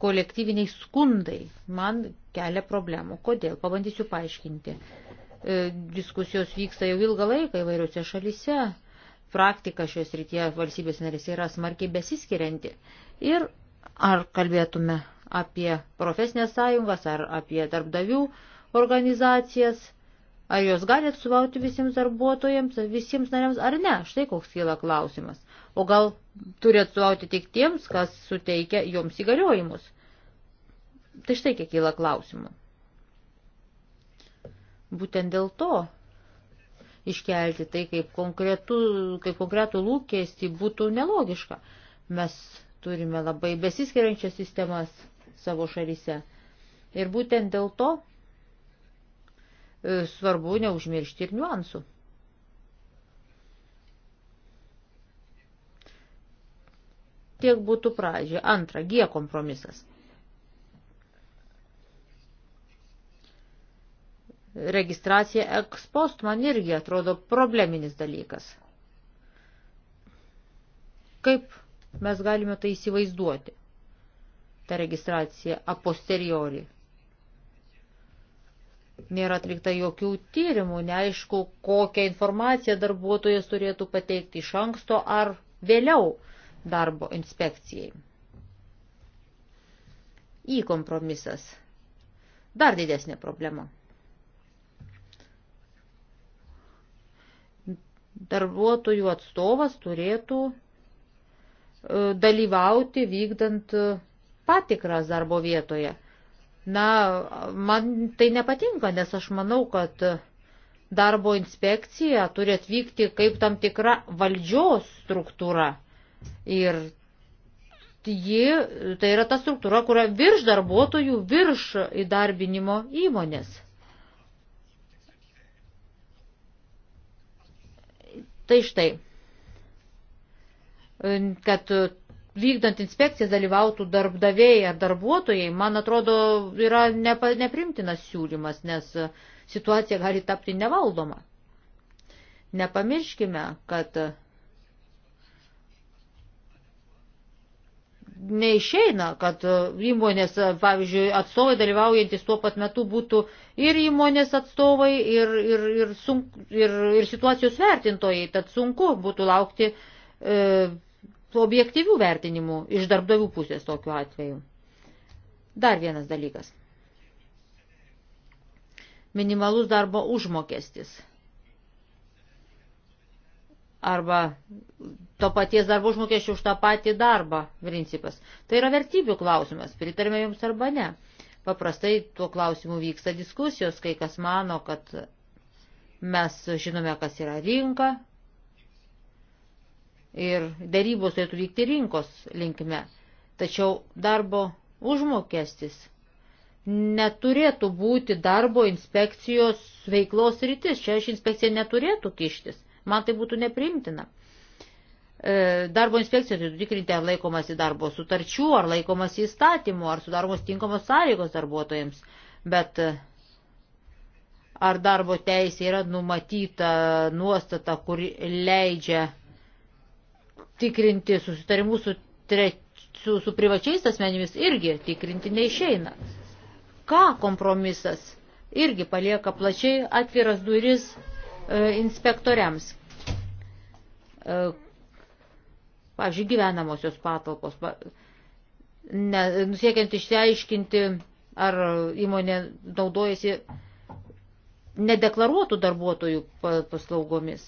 Kolektyviniai skundai man kelia problemų. Kodėl? Pabandysiu paaiškinti. E, diskusijos vyksta jau ilgą laiką įvairiuose šalyse praktika šios rytyje valstybės narėse yra smarkiai besiskirianti. Ir ar kalbėtume apie profesinės sąjungas, ar apie darbdavių organizacijas, ar jos gali atsuvauti visiems darbuotojams, visiems nariams, ar ne, štai koks kyla klausimas. O gal turi atsuvauti tik tiems, kas suteikia joms įgaliojimus. Tai štai kiek kyla klausimų. Būtent dėl to iškelti tai kaip, konkretų, kaip konkretų lūkestį būtų nelogiška. Mes turime labai besiskiriančias sistemas savo šalyse. Ir būtent dėl to e, svarbu neužmiršti ir niuansų. Tiek būtų pradžia. Antra, G kompromisas. registracija ekspost man irgi atrodo probleminis dalykas. Kaip mes galime tai įsivaizduoti, ta registracija a posteriori. Nėra atlikta jokių tyrimų, neaišku, kokią informaciją darbuotojas turėtų pateikti iš anksto ar vėliau darbo inspekcijai. Į kompromisas. Dar didesnė problema. darbuotojų atstovas turėtų e, dalyvauti vykdant e, patikras darbo vietoje. Na, man tai nepatinka, nes aš manau, kad darbo inspekcija turi atvykti kaip tam tikra valdžios struktūra. Ir ji, tai yra ta struktūra, kuria virš darbuotojų, virš įdarbinimo įmonės. Tai štai, kad vykdant inspekcijas dalyvautų darbdaviai ar darbuotojai, man atrodo, yra nepa, neprimtinas siūlymas, nes situacija gali tapti nevaldoma. Nepamirškime, kad neišeina, kad e, įmonės, e, pavyzdžiui, atstovai dalyvaujantis tuo pat metu būtų ir įmonės atstovai, ir, ir, ir, sunk, ir, ir situacijos vertintojai, tad sunku būtų laukti e, objektyvių vertinimų iš darbdavių pusės tokiu atveju. Dar vienas dalykas. Minimalus darbo užmokestis arba to paties darbo užmokesčio už tą patį darbą principas. Tai yra vertybių klausimas, pritarime jums arba ne. Paprastai tuo klausimu vyksta diskusijos, kai kas mano, kad mes žinome, kas yra rinka ir darybos turėtų vykti rinkos linkme. Tačiau darbo užmokestis neturėtų būti darbo inspekcijos veiklos rytis. Čia ši inspekcija neturėtų kištis Man tai būtų neprimtina. E, darbo inspekcija turi tikrinti, ar laikomasi darbo sutarčių, ar laikomasi įstatymų, ar sudaromos tinkamos sąlygos darbuotojams. Bet e, ar darbo teisė yra numatyta nuostata, kuri leidžia tikrinti susitarimus su, tre, su, su privačiais asmenimis, irgi tikrinti neišeina. Ką kompromisas irgi palieka plačiai atviras duris e, inspektoriams. E, pavyzdžiui, gyvenamosios patalpos, ne, siekiant išsiaiškinti, ar įmonė naudojasi nedeklaruotų darbuotojų paslaugomis.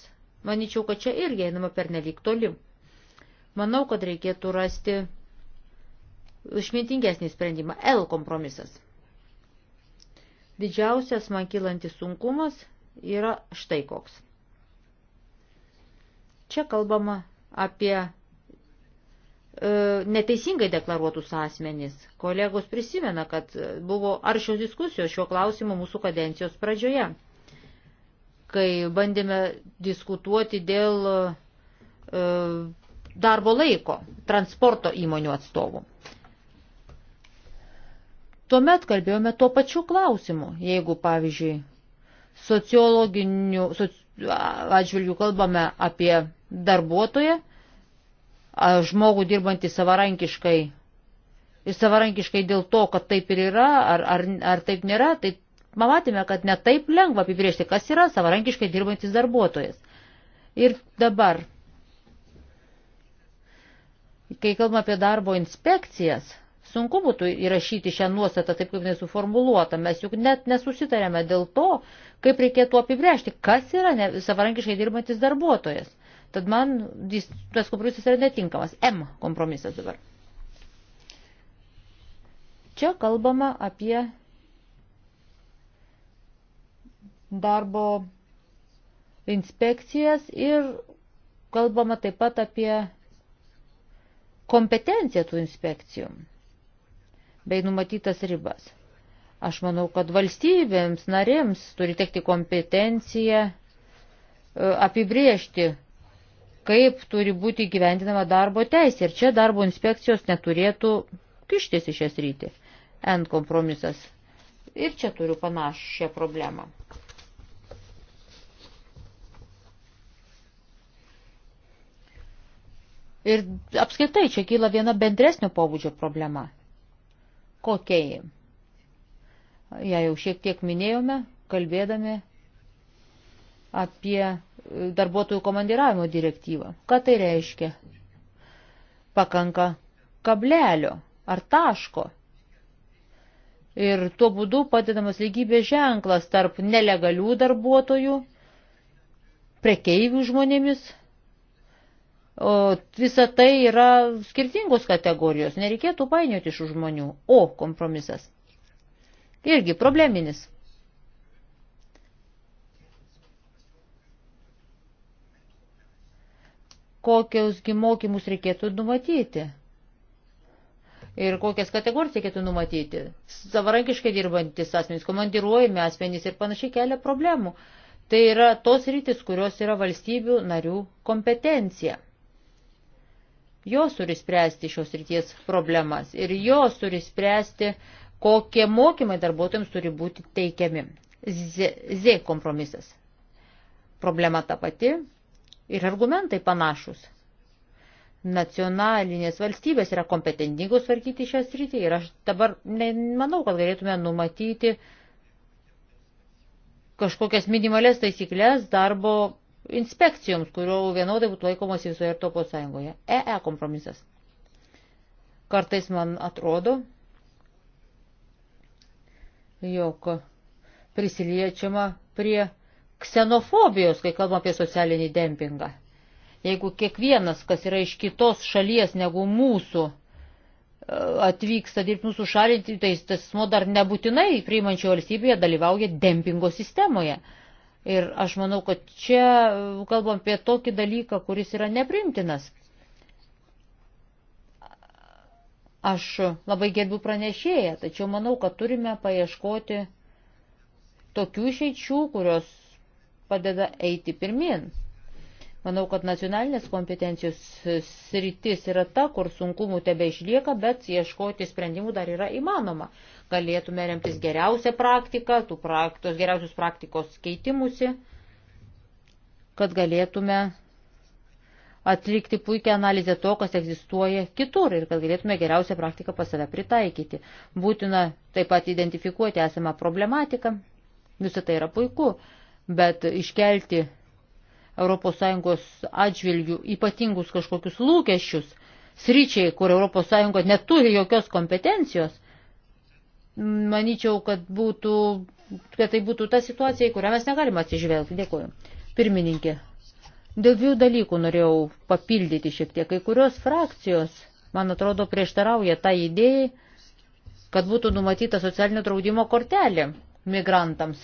Manyčiau, kad čia irgi einama per nelik toli. Manau, kad reikėtų rasti išmintingesnį sprendimą – L kompromisas. Didžiausias man kilantis sunkumas yra štai koks – Čia kalbama apie e, neteisingai deklaruotus asmenys. Kolegos prisimena, kad buvo aršios diskusijos šiuo klausimu mūsų kadencijos pradžioje, kai bandėme diskutuoti dėl e, darbo laiko transporto įmonių atstovų. Tuomet kalbėjome tuo pačiu klausimu, jeigu, pavyzdžiui, sociologinių soci, atžvilgių kalbame apie darbuotoją, žmogų dirbantį savarankiškai ir savarankiškai dėl to, kad taip ir yra, ar, ar, ar taip nėra, tai matėme, kad netaip lengva apibriežti, kas yra savarankiškai dirbantis darbuotojas. Ir dabar, kai kalbame apie darbo inspekcijas, sunku būtų įrašyti šią nuostatą taip, kaip nesuformuluota. Mes juk net nesusitarėme dėl to, kaip reikėtų apibrėžti, kas yra savarankiškai dirbantis darbuotojas. Tad man jis, tas kompromisas yra netinkamas. M kompromisas dabar. Čia kalbama apie darbo inspekcijas ir kalbama taip pat apie kompetenciją tų inspekcijų bei numatytas ribas. Aš manau, kad valstybėms, narėms turi tekti kompetencija e, apibriežti kaip turi būti gyventinama darbo teisė. Ir čia darbo inspekcijos neturėtų kištis į šią sritį. N kompromisas. Ir čia turiu panašią problemą. Ir apskaitai čia kyla viena bendresnio pobūdžio problema. Kokiai? Ją ja, jau šiek tiek minėjome, kalbėdami apie darbuotojų komandiravimo direktyvą. Ką tai reiškia? Pakanka kablelio ar taško. Ir tuo būdu padedamas lygybės ženklas tarp nelegalių darbuotojų, prekeivių žmonėmis. O visa tai yra skirtingos kategorijos, nereikėtų painioti šių žmonių. O kompromisas. Irgi probleminis kokiausgi mokymus reikėtų numatyti. Ir kokias kategorijas reikėtų numatyti. Savarankiškai dirbantis asmenys, komandiruojami asmenys ir panašiai kelia problemų. Tai yra tos rytis, kurios yra valstybių narių kompetencija. Jos turi spręsti šios ryties problemas ir jos turi spręsti, kokie mokymai darbuotojams turi būti teikiami. Z, Z kompromisas. Problema ta pati, ir argumentai panašus. Nacionalinės valstybės yra kompetentingos tvarkyti šią sritį ir aš dabar nemanau, kad galėtume numatyti kažkokias minimalės taisyklės darbo inspekcijoms, kurio vienodai būtų laikomas visoje Europos Sąjungoje. EE e kompromisas. Kartais man atrodo, jog prisiliečiama prie ksenofobijos, kai kalbam apie socialinį dempingą. Jeigu kiekvienas, kas yra iš kitos šalies negu mūsų, e, atvyksta dirbti mūsų šalį, tai tas asmo dar nebūtinai priimančio valstybėje dalyvauja dempingo sistemoje. Ir aš manau, kad čia e, kalbam apie tokį dalyką, kuris yra neprimtinas. Aš labai gerbiu pranešėją, tačiau manau, kad turime paieškoti tokių išeičių, kurios padeda eiti pirmin. Manau, kad nacionalinės kompetencijos sritis yra ta, kur sunkumų tebe išlieka, bet ieškoti sprendimų dar yra įmanoma. Galėtume remtis geriausią praktiką, tų praktos, geriausius praktikos keitimusi, kad galėtume atlikti puikią analizę to, kas egzistuoja kitur ir kad galėtume geriausią praktiką pas save pritaikyti. Būtina taip pat identifikuoti esamą problematiką. Visą tai yra puiku bet iškelti ES atžvilgių ypatingus kažkokius lūkesčius, sryčiai, kur ES neturi jokios kompetencijos, manyčiau, kad, būtų, kad tai būtų ta situacija, į kurią mes negalime atsižvelgti. Dėkuoju. Pirmininkė, dėl dviejų dalykų norėjau papildyti šiek tiek. Kai kurios frakcijos, man atrodo, prieštarauja tą tai idėją, kad būtų numatyta socialinio draudimo kortelė migrantams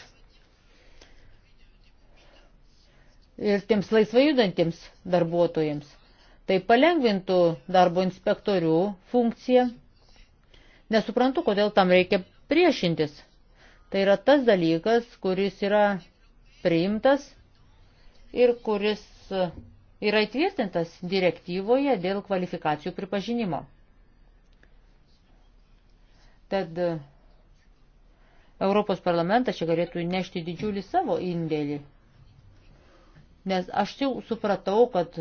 ir tiems laisvai judantiems darbuotojams. Tai palengvintų darbo inspektorių funkciją. Nesuprantu, kodėl tam reikia priešintis. Tai yra tas dalykas, kuris yra priimtas ir kuris yra įtvirtintas direktyvoje dėl kvalifikacijų pripažinimo. Tad Europos parlamentas čia galėtų nešti didžiulį savo indėlį Nes aš jau supratau, kad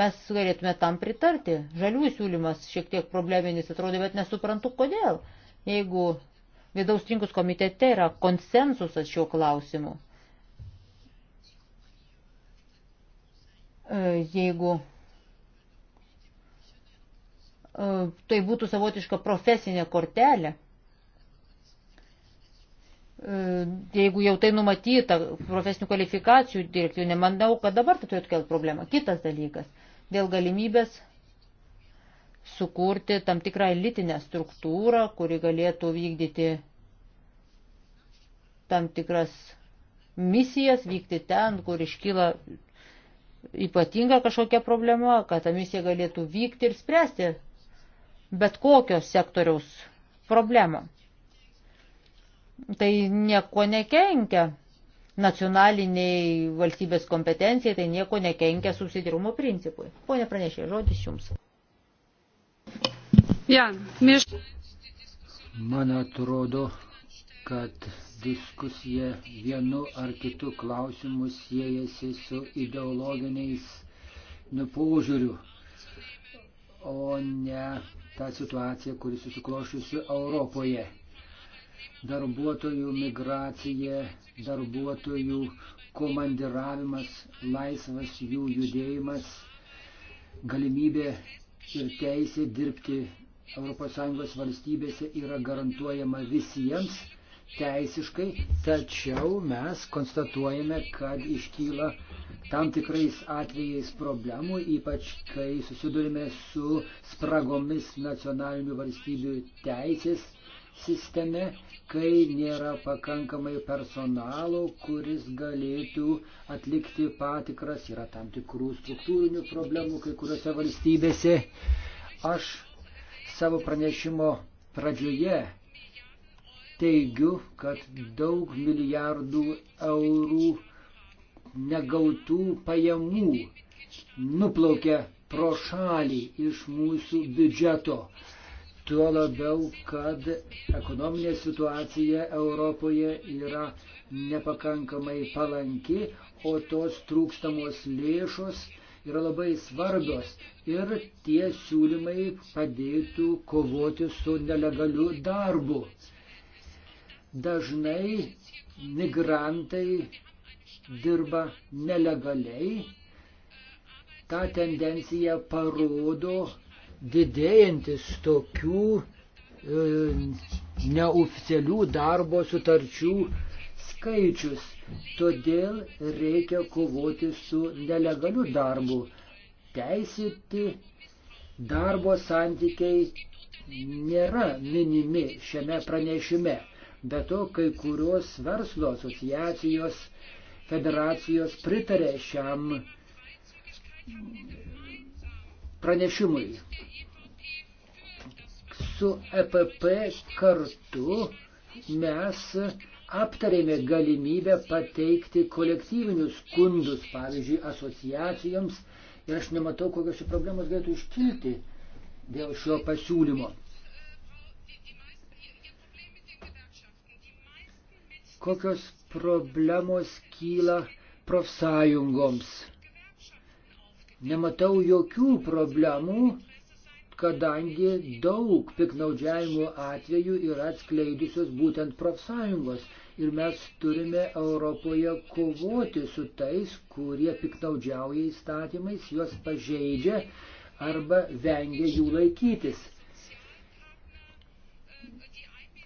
mes galėtume tam pritarti. Žaliųjų siūlymas šiek tiek probleminis atrodo, bet nesuprantu kodėl. Jeigu vidaus rinkos komitete yra konsensusas šiuo klausimu. E, jeigu e, tai būtų savotiška profesinė kortelė. E, jeigu jau tai numatyta profesinių kvalifikacijų dirbti, nemanau, kad dabar tai turėtų kelti problemą. Kitas dalykas – dėl galimybės sukurti tam tikrą elitinę struktūrą, kuri galėtų vykdyti tam tikras misijas, vykti ten, kur iškyla ypatinga kažkokia problema, kad ta misija galėtų vykti ir spręsti bet kokios sektoriaus problemą tai nieko nekenkia nacionaliniai valstybės kompetencijai, tai nieko nekenkia subsidirumo principui. Pone pranešė, žodis jums. Ja, miš... Man atrodo, kad diskusija vienu ar kitu klausimu siejasi su ideologiniais požiūriu, o ne tą situaciją, kuri susiklošiusi Europoje darbuotojų migracija, darbuotojų komandiravimas, laisvas jų judėjimas, galimybė ir teisė dirbti ES valstybėse yra garantuojama visiems teisiškai, tačiau mes konstatuojame, kad iškyla tam tikrais atvejais problemų, ypač kai susidurime su spragomis nacionalinių valstybių teisės sisteme, kai nėra pakankamai personalo, kuris galėtų atlikti patikras, yra tam tikrų struktūrinių problemų kai kuriuose valstybėse. Aš savo pranešimo pradžioje teigiu, kad daug milijardų eurų negautų pajamų nuplaukia pro šalį iš mūsų biudžeto. Tuo labiau, kad ekonominė situacija Europoje yra nepakankamai palanki, o tos trūkstamos lėšos yra labai svarbios ir tie siūlymai padėtų kovoti su nelegaliu darbu. Dažnai migrantai dirba nelegaliai. Ta tendencija parodo didėjantis tokių e, neoficialių darbo sutarčių skaičius. Todėl reikia kovoti su nelegaliu darbu. Teisėti darbo santykiai nėra minimi šiame pranešime. Be to, kai kurios verslo asociacijos, federacijos pritarė šiam pranešimui. Su EPP kartu mes aptarėme galimybę pateikti kolektyvinius skundus, pavyzdžiui, asociacijoms ir aš nematau, kokios problemos galėtų iškilti dėl šio pasiūlymo. Kokios problemos kyla profsąjungoms? nematau jokių problemų, kadangi daug piknaudžiavimo atvejų yra atskleidusios būtent profsąjungos. Ir mes turime Europoje kovoti su tais, kurie piknaudžiauja įstatymais, juos pažeidžia arba vengia jų laikytis.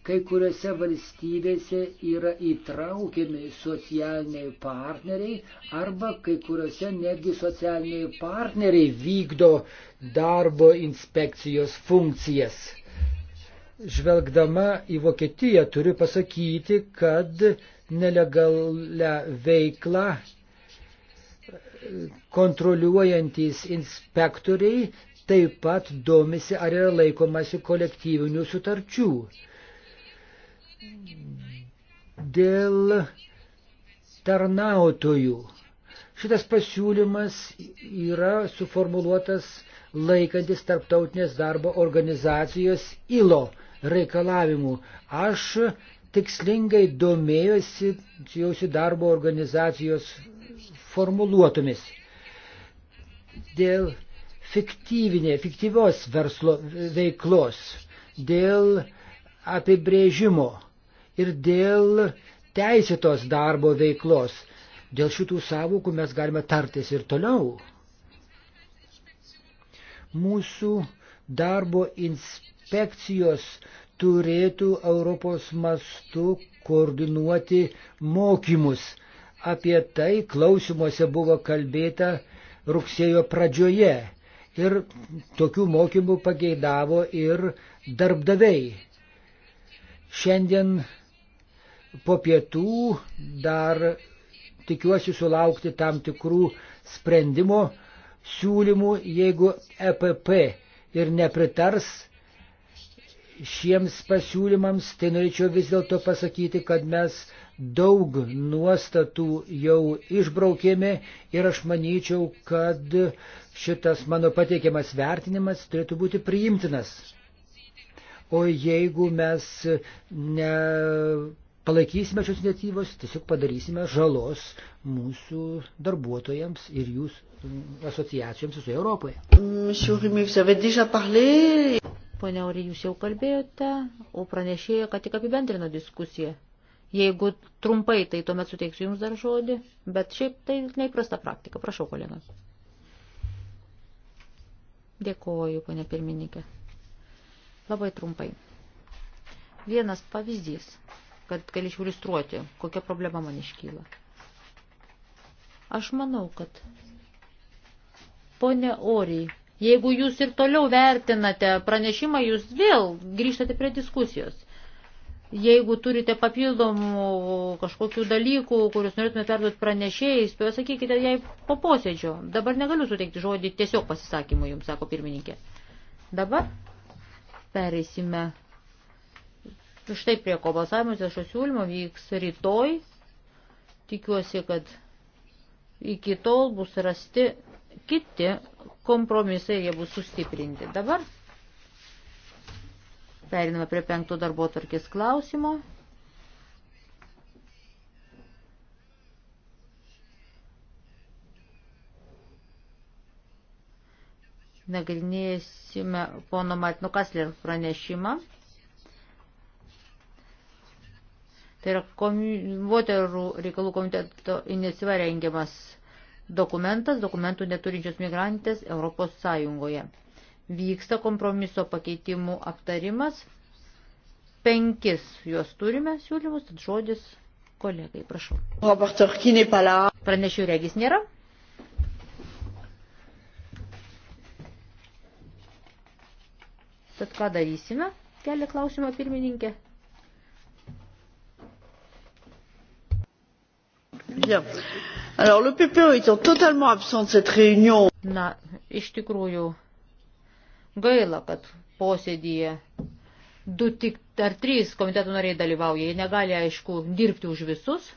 Kai kuriuose valstybėse yra įtraukiami socialiniai partneriai arba kai kuriuose netgi socialiniai partneriai vykdo darbo inspekcijos funkcijas. Žvelgdama į Vokietiją turiu pasakyti, kad nelegalią veiklą kontroliuojantis inspektoriai taip pat domisi, ar yra laikomasi kolektyvinių sutarčių dėl tarnautojų. Šitas pasiūlymas yra suformuluotas laikantis tarptautinės darbo organizacijos ILO reikalavimų. Aš tikslingai domėjosi jausi darbo organizacijos formuluotomis. Dėl fiktyvinė, fiktyvios verslo veiklos, dėl apibrėžimo ir dėl teisėtos darbo veiklos. Dėl šitų savokų mes galime tartis ir toliau. Mūsų darbo inspekcijos turėtų Europos mastu koordinuoti mokymus. Apie tai klausimuose buvo kalbėta rugsėjo pradžioje. Ir tokių mokymų pageidavo ir darbdaviai. Šiandien po pietų dar tikiuosi sulaukti tam tikrų sprendimo siūlymų, jeigu EPP ir nepritars šiems pasiūlymams, tai norėčiau vis dėlto pasakyti, kad mes daug nuostatų jau išbraukėme ir aš manyčiau, kad šitas mano pateikiamas vertinimas turėtų būti priimtinas. O jeigu mes ne palaikysime šios iniciatyvos, tiesiog padarysime žalos mūsų darbuotojams ir jūs asociacijoms visoje Europoje. Pone Aurį, jūs jau kalbėjote, o pranešėjo, kad tik apibendrino diskusiją. Jeigu trumpai, tai tuomet suteiksiu Jums dar žodį, bet šiaip tai neįprasta praktika. Prašau, kolega. Dėkoju, ponė pirmininkė. Labai trumpai. Vienas pavyzdys kad galėčiau iliustruoti, kokia problema man iškyla. Aš manau, kad ponė Oriai, jeigu jūs ir toliau vertinate pranešimą, jūs vėl grįžtate prie diskusijos. Jeigu turite papildomų kažkokių dalykų, kuriuos norėtume perduoti pranešėjais, pasakykite jai po posėdžio. Dabar negaliu suteikti žodį tiesiog pasisakymui, jums sako pirmininkė. Dabar pereisime Štai prie ko balsavimas dėl šio siūlymo vyks rytoj. Tikiuosi, kad iki tol bus rasti kiti kompromisai ir jie bus sustiprinti. Dabar periname prie penkto darbo tvarkės klausimo. Nagrinėsime pono Martino Kasler pranešimą. Tai yra moterų reikalų komiteto iniciatyva rengiamas dokumentas, dokumentų neturinčios migrantės Europos Sąjungoje. Vyksta kompromiso pakeitimų aptarimas. Penkis juos turime siūlymus, tad žodis kolegai, prašau. Pranešių regis nėra. Tad ką darysime? Kelia klausimą pirmininkė. Alors, le PPE étant totalement absent de cette réunion. Na, iš tikrųjų, gaila, kad posėdėje du tik ar trys komiteto nariai dalyvauja. Jie negali, aišku, dirbti už visus.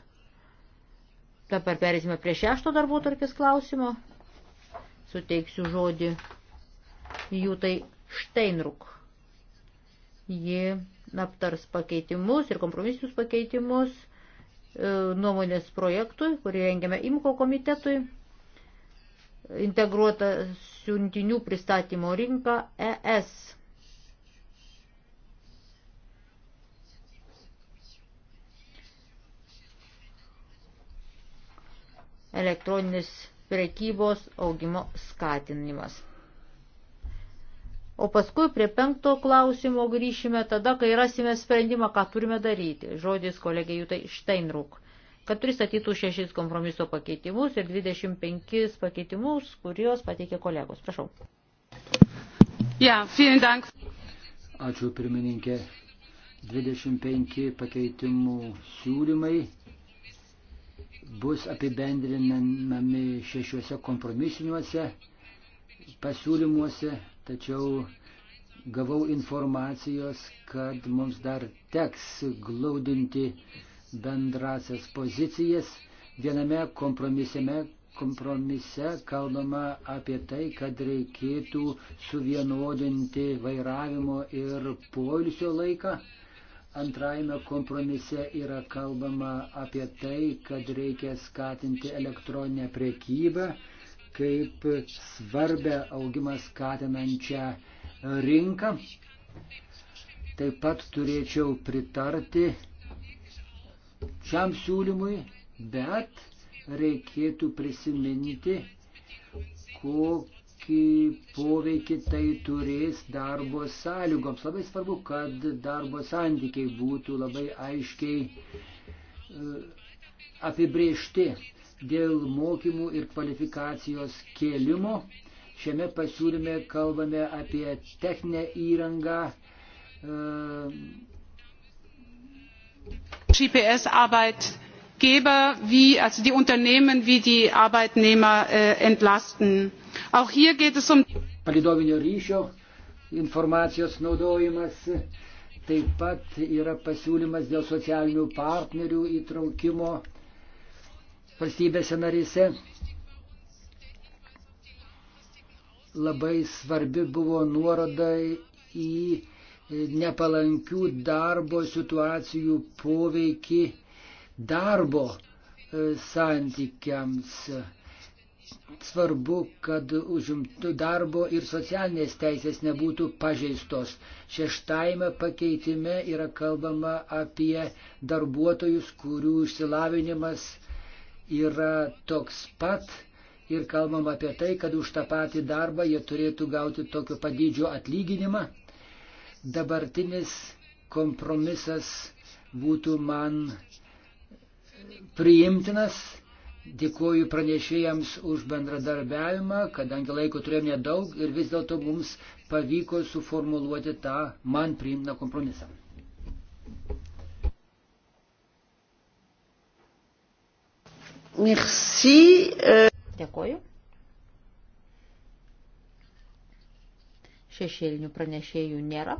Dabar perėsime prie šešto darbo tarkės klausimo. Suteiksiu žodį Jūtai Šteinruk. Ji aptars pakeitimus ir kompromisinius pakeitimus E, nuomonės projektui, kurį rengiame IMKO komitetui, integruota siuntinių pristatymo rinka ES. elektroninės prekybos augimo skatinimas. O paskui prie penkto klausimo grįšime tada, kai rasime sprendimą, ką turime daryti. Žodis kolegė Jutai Steinruk, kad pristatytų šešis kompromiso pakeitimus ir 25 pakeitimus, kuriuos pateikė kolegos. Prašau. Ja, vielen Dank. Ačiū pirmininkė. 25 pakeitimų siūlymai bus apibendrinami šešiuose kompromisiniuose pasiūlymuose tačiau gavau informacijos, kad mums dar teks glaudinti bendrasias pozicijas. Viename kompromisėme kompromise kalbama apie tai, kad reikėtų suvienodinti vairavimo ir poilsio laiką. Antrajame kompromise yra kalbama apie tai, kad reikia skatinti elektroninę priekybą kaip svarbę augimą skatinančią rinką. Taip pat turėčiau pritarti šiam siūlymui, bet reikėtų prisiminti, kokį poveikį tai turės darbo sąlygoms. Labai svarbu, kad darbo santykiai būtų labai aiškiai e, apibriežti. Dėl mokymų ir kvalifikacijos kėlimo šiame pasiūlyme kalbame apie techninę įrangą. E, GPS-Arbeitgeber wie, also die Unternehmen wie die Arbeitnehmer äh, entlasten. Auch hier geht es um. Palidovinio ryšio informacijos naudojimas. Taip pat yra pasiūlymas dėl socialinių partnerių įtraukimo valstybėse narise. Labai svarbi buvo nuoroda į nepalankių darbo situacijų poveikį darbo e, santykiams. Svarbu, kad užimtų darbo ir socialinės teisės nebūtų pažeistos. Šeštajame pakeitime yra kalbama apie darbuotojus, kurių išsilavinimas yra toks pat ir kalbam apie tai, kad už tą patį darbą jie turėtų gauti tokio padydžio atlyginimą. Dabartinis kompromisas būtų man priimtinas. Dėkuoju pranešėjams už bendradarbiavimą, kadangi laiko turėjom nedaug ir vis dėlto mums pavyko suformuluoti tą man priimtiną kompromisą. Merci. Euh. Dėkoju. Šešėlinių pranešėjų nėra.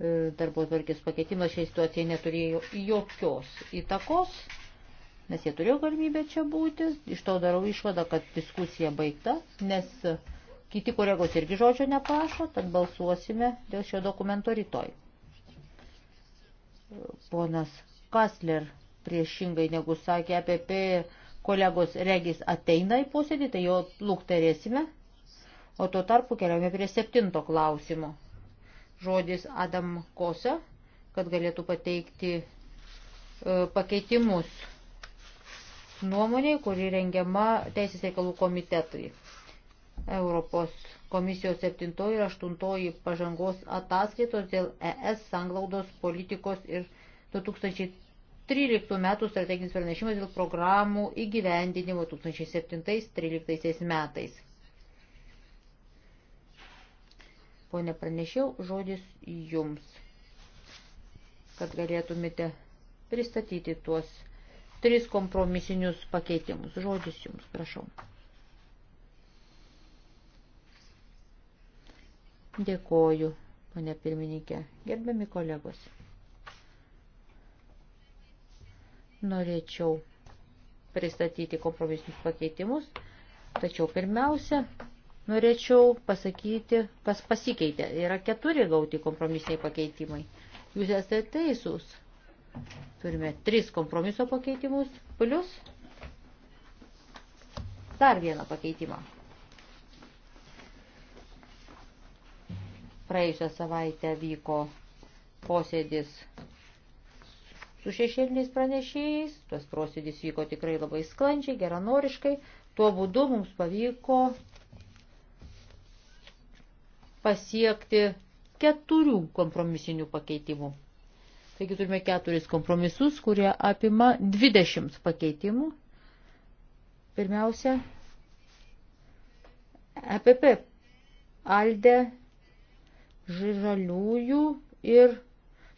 E, darbo tvarkės pakeitimas šiai situacijai neturėjo jokios įtakos, nes jie turėjo galimybę čia būti. Iš to darau išvadą, kad diskusija baigta, nes kiti kolegos irgi žodžio neprašo, tad balsuosime dėl šio dokumento rytoj. Ponas Kasler priešingai negu sakė APP kolegos Regis ateina į posėdį, tai jo lukterėsime. O tuo tarpu keliaujame prie septinto klausimo. Žodis Adam Kosa, kad galėtų pateikti e, pakeitimus nuomonėje, kuri rengiama Teisės reikalų komitetui. Europos komisijos 7 ir 8 pažangos ataskaitos dėl ES sanglaudos politikos ir 2000 13 metų strateginis pranešimas dėl programų įgyvendinimo 2007-2013 metais. Pone pranešiau, žodis jums, kad galėtumėte pristatyti tuos tris kompromisinius pakeitimus. Žodis jums, prašau. Dėkoju, pane pirmininkė, gerbiami kolegos. norėčiau pristatyti kompromisinius pakeitimus, tačiau pirmiausia, norėčiau pasakyti, kas pasikeitė. Yra keturi gauti kompromisiniai pakeitimai. Jūs esate teisūs. Turime tris kompromiso pakeitimus, plus dar vieną pakeitimą. Praėjusią savaitę vyko posėdis su šešėliniais pranešėjais, tas prosėdis vyko tikrai labai sklandžiai, geranoriškai, tuo būdu mums pavyko pasiekti keturių kompromisinių pakeitimų. Taigi turime keturis kompromisus, kurie apima 20 pakeitimų. Pirmiausia, EPP, ALDE, Žaliųjų ir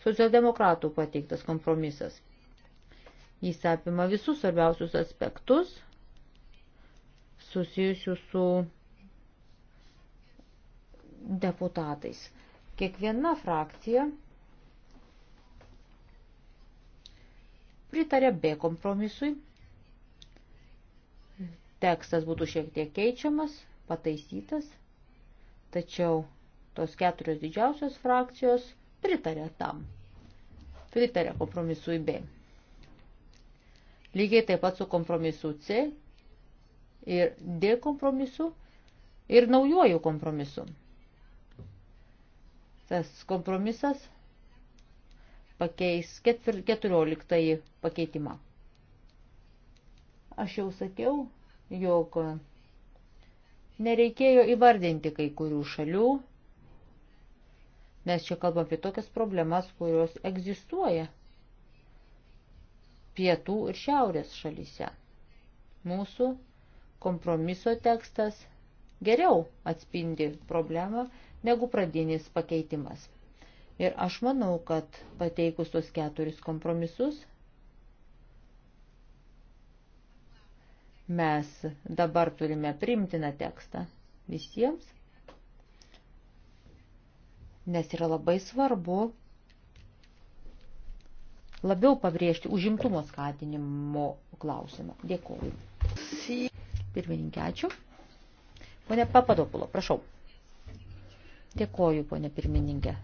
socialdemokratų pateiktas kompromisas. Jis apima visus svarbiausius aspektus susijusius su deputatais. Kiekviena frakcija pritarė B kompromisui. Tekstas būtų šiek tiek keičiamas, pataisytas, tačiau tos keturios didžiausios frakcijos – pritarė tam, pritarė kompromisui B. Lygiai taip pat su kompromisu C ir D kompromisu ir naujuoju kompromisu. Tas kompromisas pakeis 14 pakeitimą. Aš jau sakiau, jog nereikėjo įvardinti kai kurių šalių, Mes čia kalbam apie tokias problemas, kurios egzistuoja pietų ir šiaurės šalyse. Mūsų kompromiso tekstas geriau atspindi problemą negu pradinis pakeitimas. Ir aš manau, kad pateikus tos keturis kompromisus, mes dabar turime primtiną tekstą visiems nes yra labai svarbu labiau pabrėžti užimtumo skatinimo klausimą. Dėkuoju. Pirmininkė, ačiū. Pone Papadopulo, prašau. Dėkuoju, ponė pirmininkė.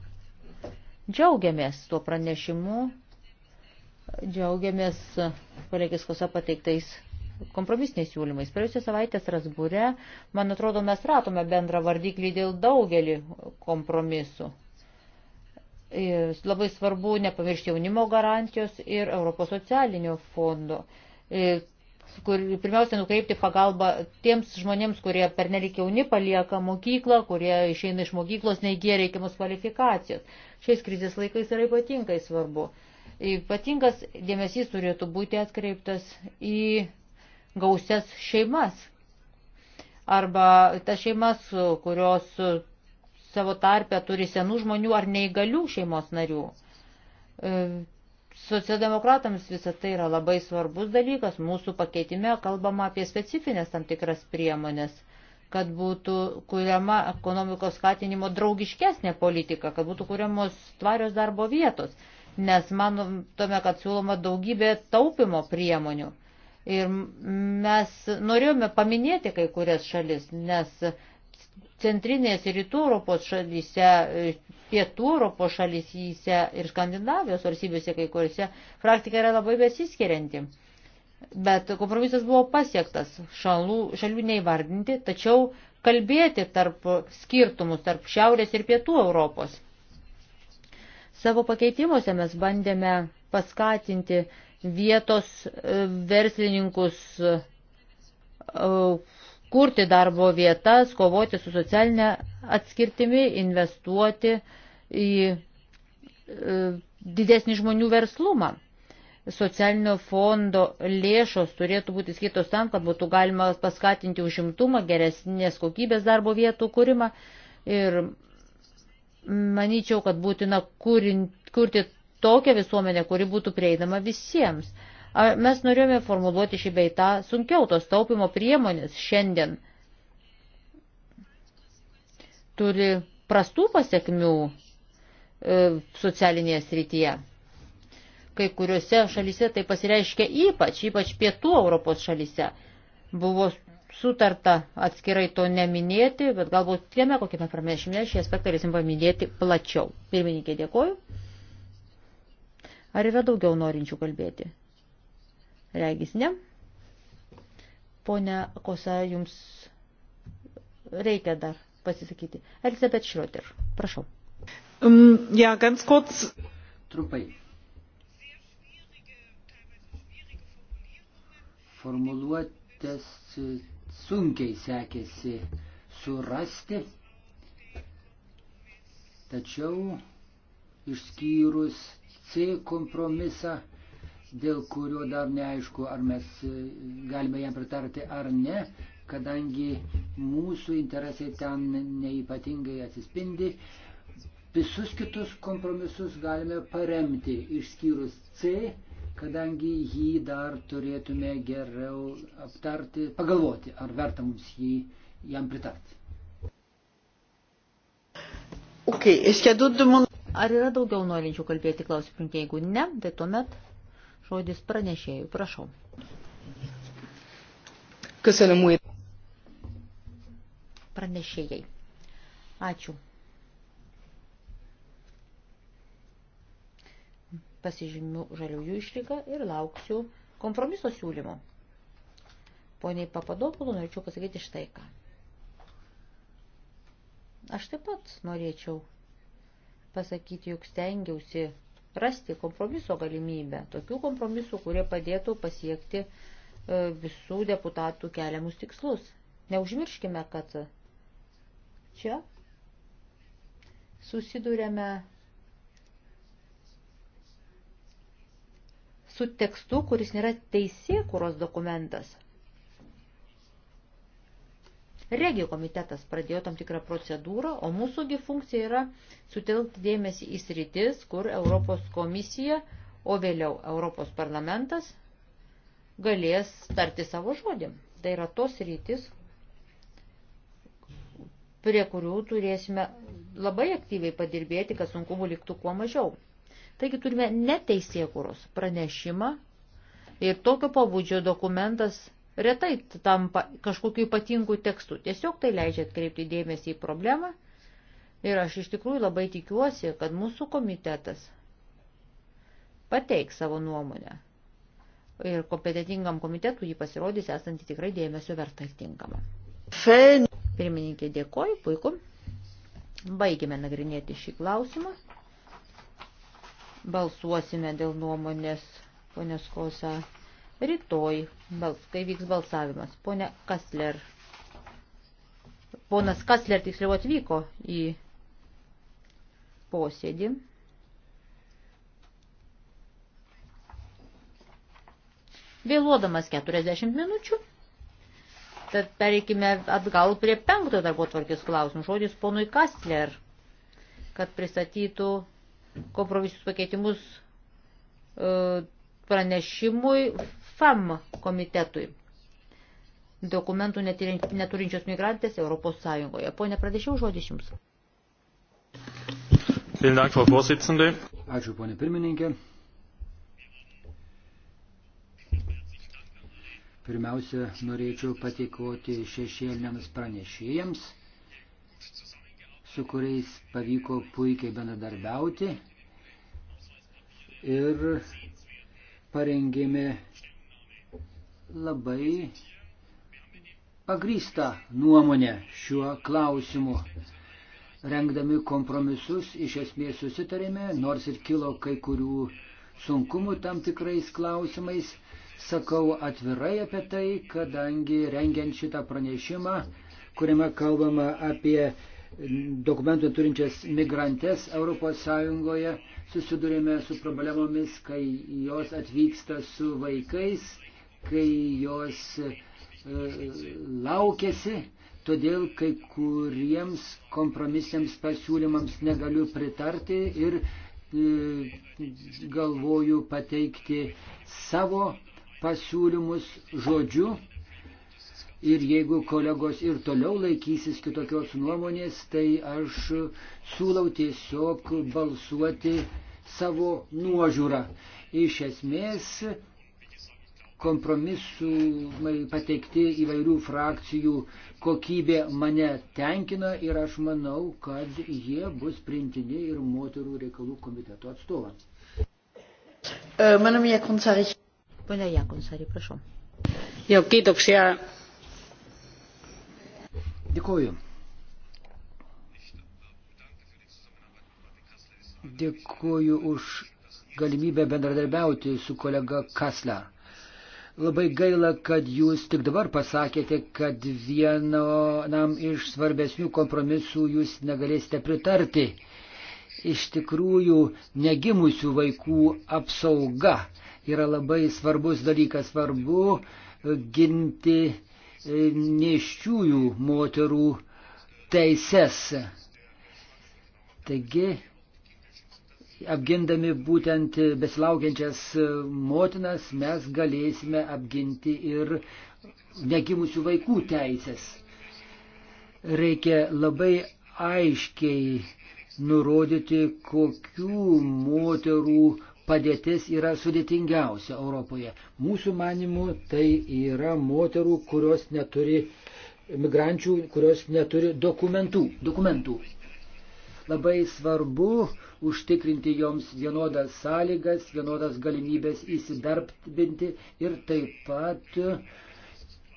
Džiaugiamės tuo pranešimu, džiaugiamės kolegiskose pateiktais kompromisiniais siūlymais. Praėjusią savaitę Strasbūre, man atrodo, mes ratome bendrą vardiklį dėl daugelį kompromisų. Ir labai svarbu nepamiršti jaunimo garantijos ir Europos socialinio fondo. Ir kur pirmiausia nukreipti pagalbą tiems žmonėms, kurie pernelik jauni palieka mokyklą, kurie išeina iš mokyklos, neįgyja reikiamus kvalifikacijos. Šiais krizės laikais yra ypatingai svarbu. Ypatingas dėmesys turėtų būti atkreiptas į gausias šeimas. Arba tas šeimas, kurios savo tarpę turi senų žmonių ar neįgalių šeimos narių. E, socialdemokratams visą tai yra labai svarbus dalykas. Mūsų pakeitime kalbama apie specifines tam tikras priemonės, kad būtų kuriama ekonomikos skatinimo draugiškesnė politika, kad būtų kuriamos tvarios darbo vietos, nes manome, kad siūloma daugybė taupimo priemonių. Ir mes norėjome paminėti kai kurias šalis, nes centrinės ir rytų Europos šalyse, pietų Europos šalyse ir Skandinavijos valstybėse kai kuriuose praktika yra labai besiskirianti. Bet kompromisas buvo pasiektas, šalų, šalių neįvardinti, tačiau kalbėti tarp skirtumus tarp šiaurės ir pietų Europos. Savo pakeitimuose mes bandėme paskatinti vietos e, verslininkus e, kurti darbo vietas, kovoti su socialinė atskirtimi, investuoti į e, didesnį žmonių verslumą. Socialinio fondo lėšos turėtų būti skirtos tam, kad būtų galima paskatinti užimtumą, geresnės kokybės darbo vietų kūrimą ir manyčiau, kad būtina kurint, kurti tokią visuomenę, kuri būtų prieinama visiems. Mes norėjome formuluoti šį beitą sunkiau tos taupimo priemonės šiandien turi prastų pasiekmių e, socialinėje srityje. Kai kuriuose šalyse tai pasireiškia ypač, ypač pietų Europos šalyse. Buvo sutarta atskirai to neminėti, bet galbūt tėme kokiame pranešime šį aspektą galėsim paminėti plačiau. Pirmininkė, dėkoju. Ar yra daugiau norinčių kalbėti? Regis ne. Pone Kosa, jums reikia dar pasisakyti. Elisabeth Schroeder, prašau. Um, ja, ganz kurz. Trumpai. Formuluotės sunkiai sekėsi surasti, tačiau išskyrus C kompromisą, dėl kurio dar neaišku, ar mes e, galime jam pritarti ar ne, kadangi mūsų interesai ten neipatingai atsispindi. Visus kitus kompromisus galime paremti, išskyrus C, kadangi jį dar turėtume geriau aptarti, pagalvoti, ar verta mums jį jam pritarti. Okay. Ar yra daugiau norinčių kalbėti klausimų? Jeigu ne, tai tuomet žodis pranešėjų. Prašau. Köszönöm újra. Pranešėjai. Ačiū. Pasižymiu žaliųjų išlygą ir lauksiu kompromiso siūlymo. Poniai Papadopulų norėčiau pasakyti štai ką. Aš taip pat norėčiau pasakyti, jog stengiausi rasti kompromiso galimybę, tokių kompromisų, kurie padėtų pasiekti e, visų deputatų keliamus tikslus. Neužmirškime, kad čia susidurėme su tekstu, kuris nėra teisėkuros dokumentas. Regio komitetas pradėjo tam tikrą procedūrą, o mūsųgi funkcija yra sutelkti dėmesį į sritis, kur Europos komisija, o vėliau Europos parlamentas galės tarti savo žodį. Tai yra tos rytis, prie kurių turėsime labai aktyviai padirbėti, kad sunkumų liktų kuo mažiau. Taigi turime neteisėkuros pranešimą ir tokio pabudžio dokumentas retai tampa kažkokiu ypatingu tekstu. Tiesiog tai leidžia atkreipti dėmesį į problemą ir aš iš tikrųjų labai tikiuosi, kad mūsų komitetas pateiks savo nuomonę ir kompetitingam komitetui jį pasirodys esanti tikrai dėmesio verta ir tinkama. Fen. Pirmininkė dėkoju, puiku. Baigime nagrinėti šį klausimą. Balsuosime dėl nuomonės ponios Kosa Rytoj, bals, kai vyks balsavimas, ponia Kasler. Ponas Kasler tiksliau atvyko į posėdį. vėluodamas 40 minučių. Tad pereikime atgal prie penktojo darbo tvarkės klausimų. Žodis ponui Kastler, kad pristatytų kompromisus pakeitimus e, pranešimui FAM komitetui dokumentų neturinčios migrantės Europos Sąjungoje. Pone, pradėčiau žodis Jums. Ačiū, ponė pirmininkė. Pirmiausia, norėčiau patikoti šešėliniams pranešėjams, su kuriais pavyko puikiai bendradarbiauti ir parengėme labai pagrįstą nuomonę šiuo klausimu. Rengdami kompromisus iš esmės susitarėme, nors ir kilo kai kurių sunkumų tam tikrais klausimais. Sakau atvirai apie tai, kadangi rengiant šitą pranešimą, kuriame kalbama apie dokumentų turinčias migrantės ES, susidurėme su problemomis, kai jos atvyksta su vaikais kai jos e, laukėsi, todėl kai kuriems kompromisiems pasiūlymams negaliu pritarti ir e, galvoju pateikti savo pasiūlymus žodžiu. Ir jeigu kolegos ir toliau laikysis kitokios nuomonės, tai aš siūlau tiesiog balsuoti savo nuožiūrą. Iš esmės kompromisų pateikti įvairių frakcijų kokybė mane tenkina ir aš manau, kad jie bus printini ir moterų reikalų komiteto atstovams. Mano Jakonsari. Pane Jakonsari, prašau. Jau, kiitoksia. Dėkuoju. Dėkuoju už galimybę bendradarbiauti su kolega Kasler Labai gaila, kad jūs tik dabar pasakėte, kad vienam iš svarbesnių kompromisų jūs negalėsite pritarti. Iš tikrųjų, negimusių vaikų apsauga yra labai svarbus dalykas. Svarbu ginti e, neščiųjų moterų teises. Taigi, apgindami būtent besilaukiančias motinas, mes galėsime apginti ir negimusių vaikų teisės. Reikia labai aiškiai nurodyti, kokių moterų padėtis yra sudėtingiausia Europoje. Mūsų manimu, tai yra moterų, kurios neturi migrančių, kurios neturi dokumentų. dokumentų. Labai svarbu užtikrinti joms vienodas sąlygas, vienodas galimybės įsidarbinti ir taip pat e,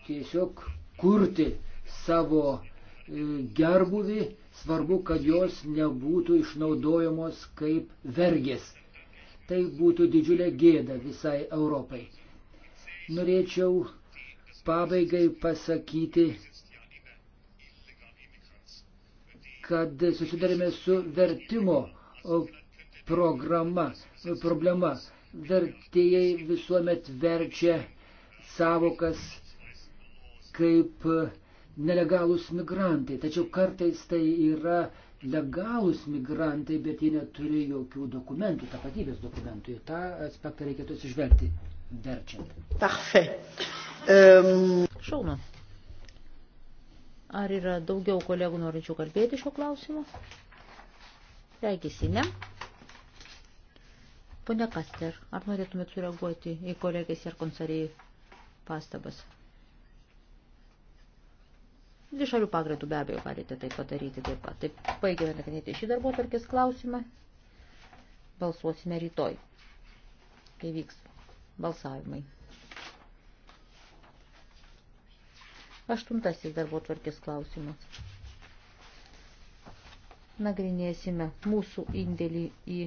tiesiog kurti savo e, gerbuvi, svarbu, kad jos nebūtų išnaudojamos kaip vergės. Tai būtų didžiulė gėda visai Europai. Norėčiau pabaigai pasakyti kad susidarėme su vertimo programa, problema. Vertėjai visuomet verčia savokas kaip nelegalūs migrantai, tačiau kartais tai yra legalūs migrantai, bet jie neturi jokių dokumentų, tapatybės dokumentų. Į tą aspektą reikėtų atsižvelgti verčiant. Parfait. Um... Šaunu. Ar yra daugiau kolegų norinčių kalbėti šio klausimu? Reikisi, ne? Pone Kaster, ar norėtumėt sureaguoti į kolegės ir konsariai pastabas? Dvišalių pagrindų be abejo galite tai padaryti taip pat. Taip baigėme nagrinėti šį darbo tarkės klausimą. Balsuosime rytoj, kai vyks balsavimai. Aštuntasis darbo tvarkės klausimas. Nagrinėsime mūsų indėlį į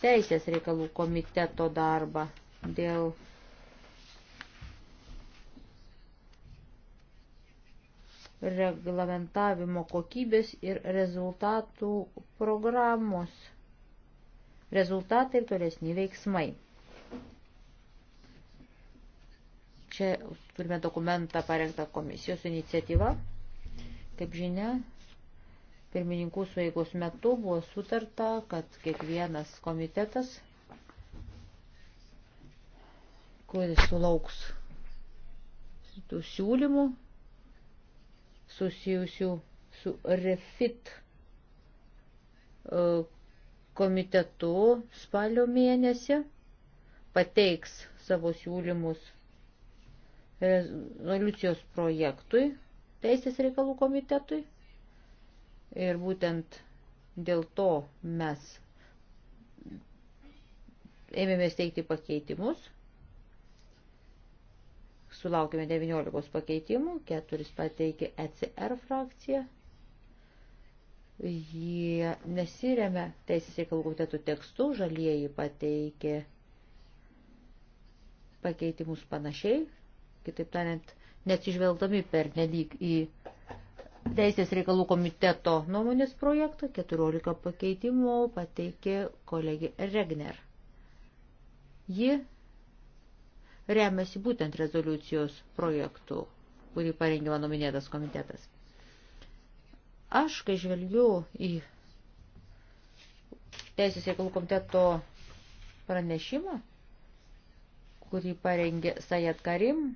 Teisės reikalų komiteto darbą dėl reglamentavimo kokybės ir rezultatų programos. Rezultatai ir tolesni veiksmai. Čia turime dokumentą parengtą komisijos iniciatyva. Kaip žinia, pirmininkų sueigos metu buvo sutarta, kad kiekvienas komitetas, kuris sulauks tų siūlymų susijusių su refit e, komitetu spalio mėnesį, pateiks savo siūlymus rezoliucijos projektui Teisės reikalų komitetui. Ir būtent dėl to mes ėmėmės teikti pakeitimus. Sulaukime 19 pakeitimų, 4 pateikė ECR frakcija. Jie nesiremia Teisės reikalų komitetų tekstu, žalieji pateikė pakeitimus panašiai, kitaip tariant, neatsižvelgdami per nedyg į Teisės reikalų komiteto nuomonės projektą 14 pakeitimų pateikė kolegė Regner. Ji remiasi būtent rezoliucijos projektų, kurį parengė mano minėtas komitetas. Aš, kai žvelgiu į Teisės reikalų komiteto pranešimą, kurį parengė Sajat Karim,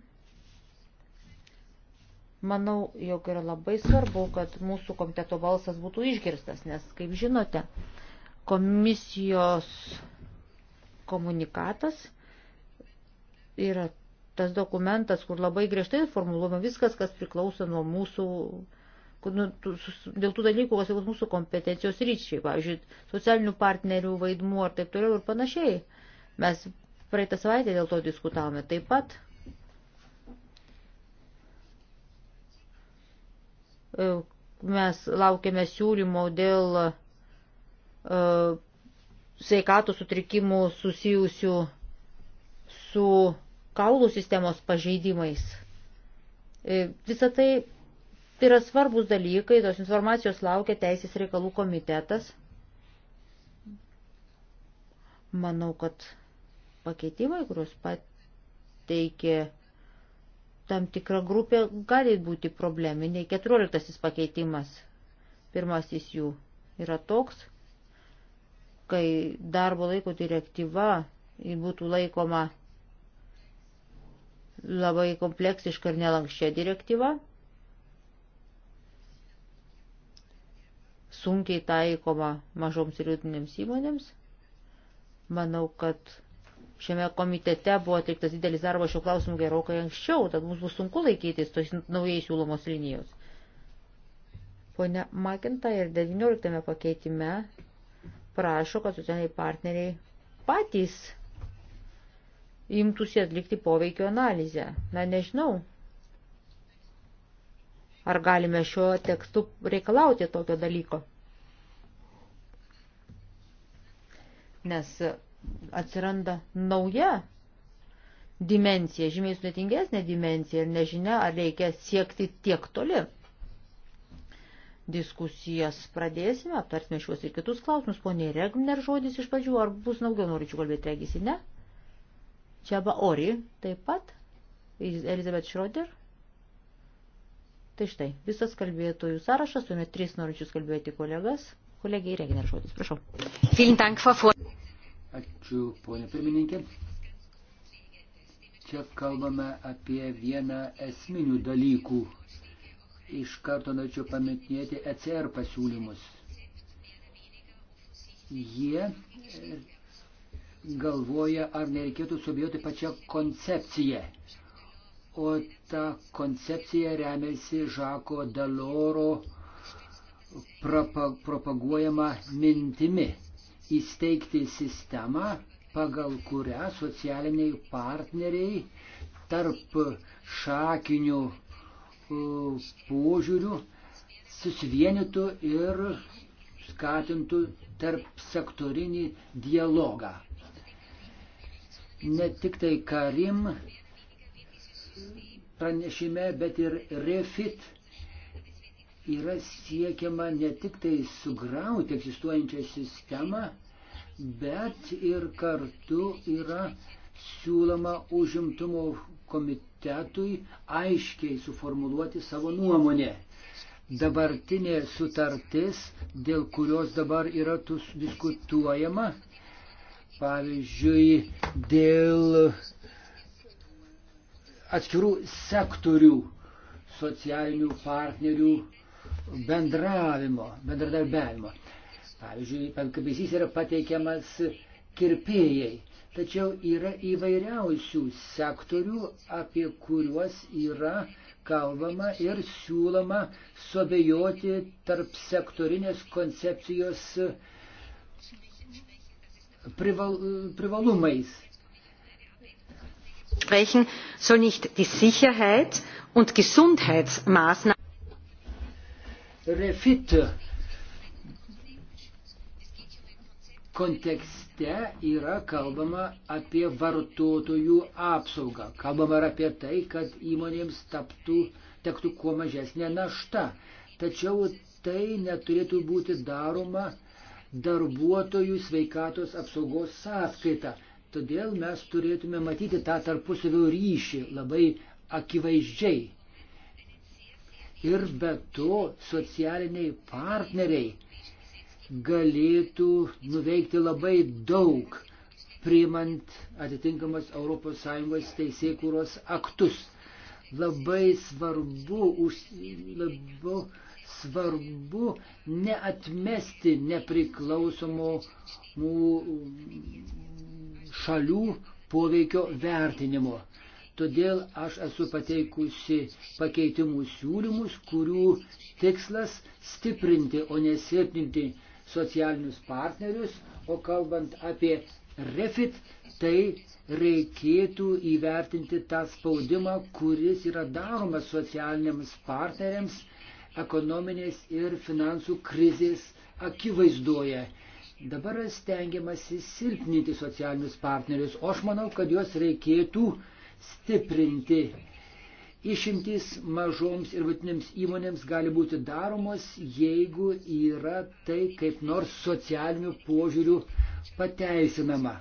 Manau, jog yra labai svarbu, kad mūsų komiteto balsas būtų išgirstas, nes, kaip žinote, komisijos komunikatas yra tas dokumentas, kur labai griežtai formuluojama viskas, kas priklauso nuo mūsų, nu, dėl tų dalykų, kas yra mūsų kompetencijos ryčiai, pavyzdžiui, socialinių partnerių vaidmuo ir taip toliau ir panašiai. Mes praeitą savaitę dėl to diskutavome taip pat Mes laukiame siūlymo dėl e, sveikatų sutrikimų susijusių su kaulų sistemos pažeidimais. E, Visą tai, tai yra svarbus dalykai, tos informacijos laukia Teisės reikalų komitetas. Manau, kad pakeitimai, kuriuos pateikė tam tikra grupė gali būti probleminiai. Keturioliktasis pakeitimas. Pirmasis jų yra toks, kai darbo laiko direktyva būtų laikoma labai kompleksiška ir nelankščia direktyva, sunkiai taikoma mažoms ir vidutinėms įmonėms. Manau, kad Šiame komitete buvo atliktas didelis darbas šio klausimu gerokai anksčiau, tad mums bus sunku laikytis tos naujai siūlomos linijos. Pone Makinta ir 19 pakeitime prašo, kad socialiniai partneriai patys imtųsi atlikti poveikio analizę. Na, nežinau, ar galime šiuo tekstu reikalauti tokio dalyko. Nes atsiranda nauja dimensija, žymiai sudėtingesnė dimensija ir nežinia, ar reikia siekti tiek toli. Diskusijas pradėsime, aptarsime šiuos ir kitus klausimus. Pone Regner žodis iš pradžių, ar bus daugiau norėčiau kalbėti, regisi, ne? Čia ba Ori taip pat, Elizabeth Schroeder. Tai štai, visas kalbėtojų sąrašas, tuomet tris norinčius kalbėti kolegas. Kolegiai Regner žodis, prašau. Ačiū, ponė pirmininkė. Čia kalbame apie vieną esminių dalykų. Iš karto norėčiau paminėti ECR pasiūlymus. Jie galvoja, ar nereikėtų subijoti pačią koncepciją. O ta koncepcija remiasi Žako Daloro propaguojama mintimi įsteigti sistemą, pagal kurią socialiniai partneriai tarp šakinių požiūrių susivienytų ir skatintų tarp sektorinį dialogą. Ne tik tai Karim pranešime, bet ir Refit yra siekiama ne tik tai sugrauti egzistuojančią sistemą, bet ir kartu yra siūloma užimtumo komitetui aiškiai suformuluoti savo nuomonę. Dabartinė sutartis, dėl kurios dabar yra diskutuojama, pavyzdžiui, dėl atskirų sektorių socialinių partnerių bendravimo, bendradarbiavimo. Pavyzdžiui, pavyzdys yra pateikiamas kirpėjai, tačiau yra įvairiausių sektorių, apie kuriuos yra kalbama ir siūloma sobejoti tarp sektorinės koncepcijos prival, privalumais. Sprechen soll nicht die Sicherheit und Gesundheitsmaßnahmen refit kontekste yra kalbama apie vartotojų apsaugą. Kalbama ir apie tai, kad įmonėms taptų, tektų kuo mažesnė našta. Tačiau tai neturėtų būti daroma darbuotojų sveikatos apsaugos sąskaita. Todėl mes turėtume matyti tą tarpusavio ryšį labai akivaizdžiai ir be to socialiniai partneriai galėtų nuveikti labai daug, priimant atitinkamas ES teisėkūros aktus. Labai svarbu, už, labai svarbu neatmesti nepriklausomų šalių poveikio vertinimo. Todėl aš esu pateikusi pakeitimų siūlymus, kurių tikslas stiprinti, o nesilpninti socialinius partnerius, o kalbant apie refit, tai reikėtų įvertinti tą spaudimą, kuris yra daromas socialiniams partneriams ekonominės ir finansų krizės akivaizdoje. Dabar stengiamasi silpninti socialinius partnerius, o aš manau, kad juos reikėtų uh, stiprinti. Išimtys mažoms ir vatinėms įmonėms gali būti daromos, jeigu yra tai kaip nors socialinių požiūrių pateisinama.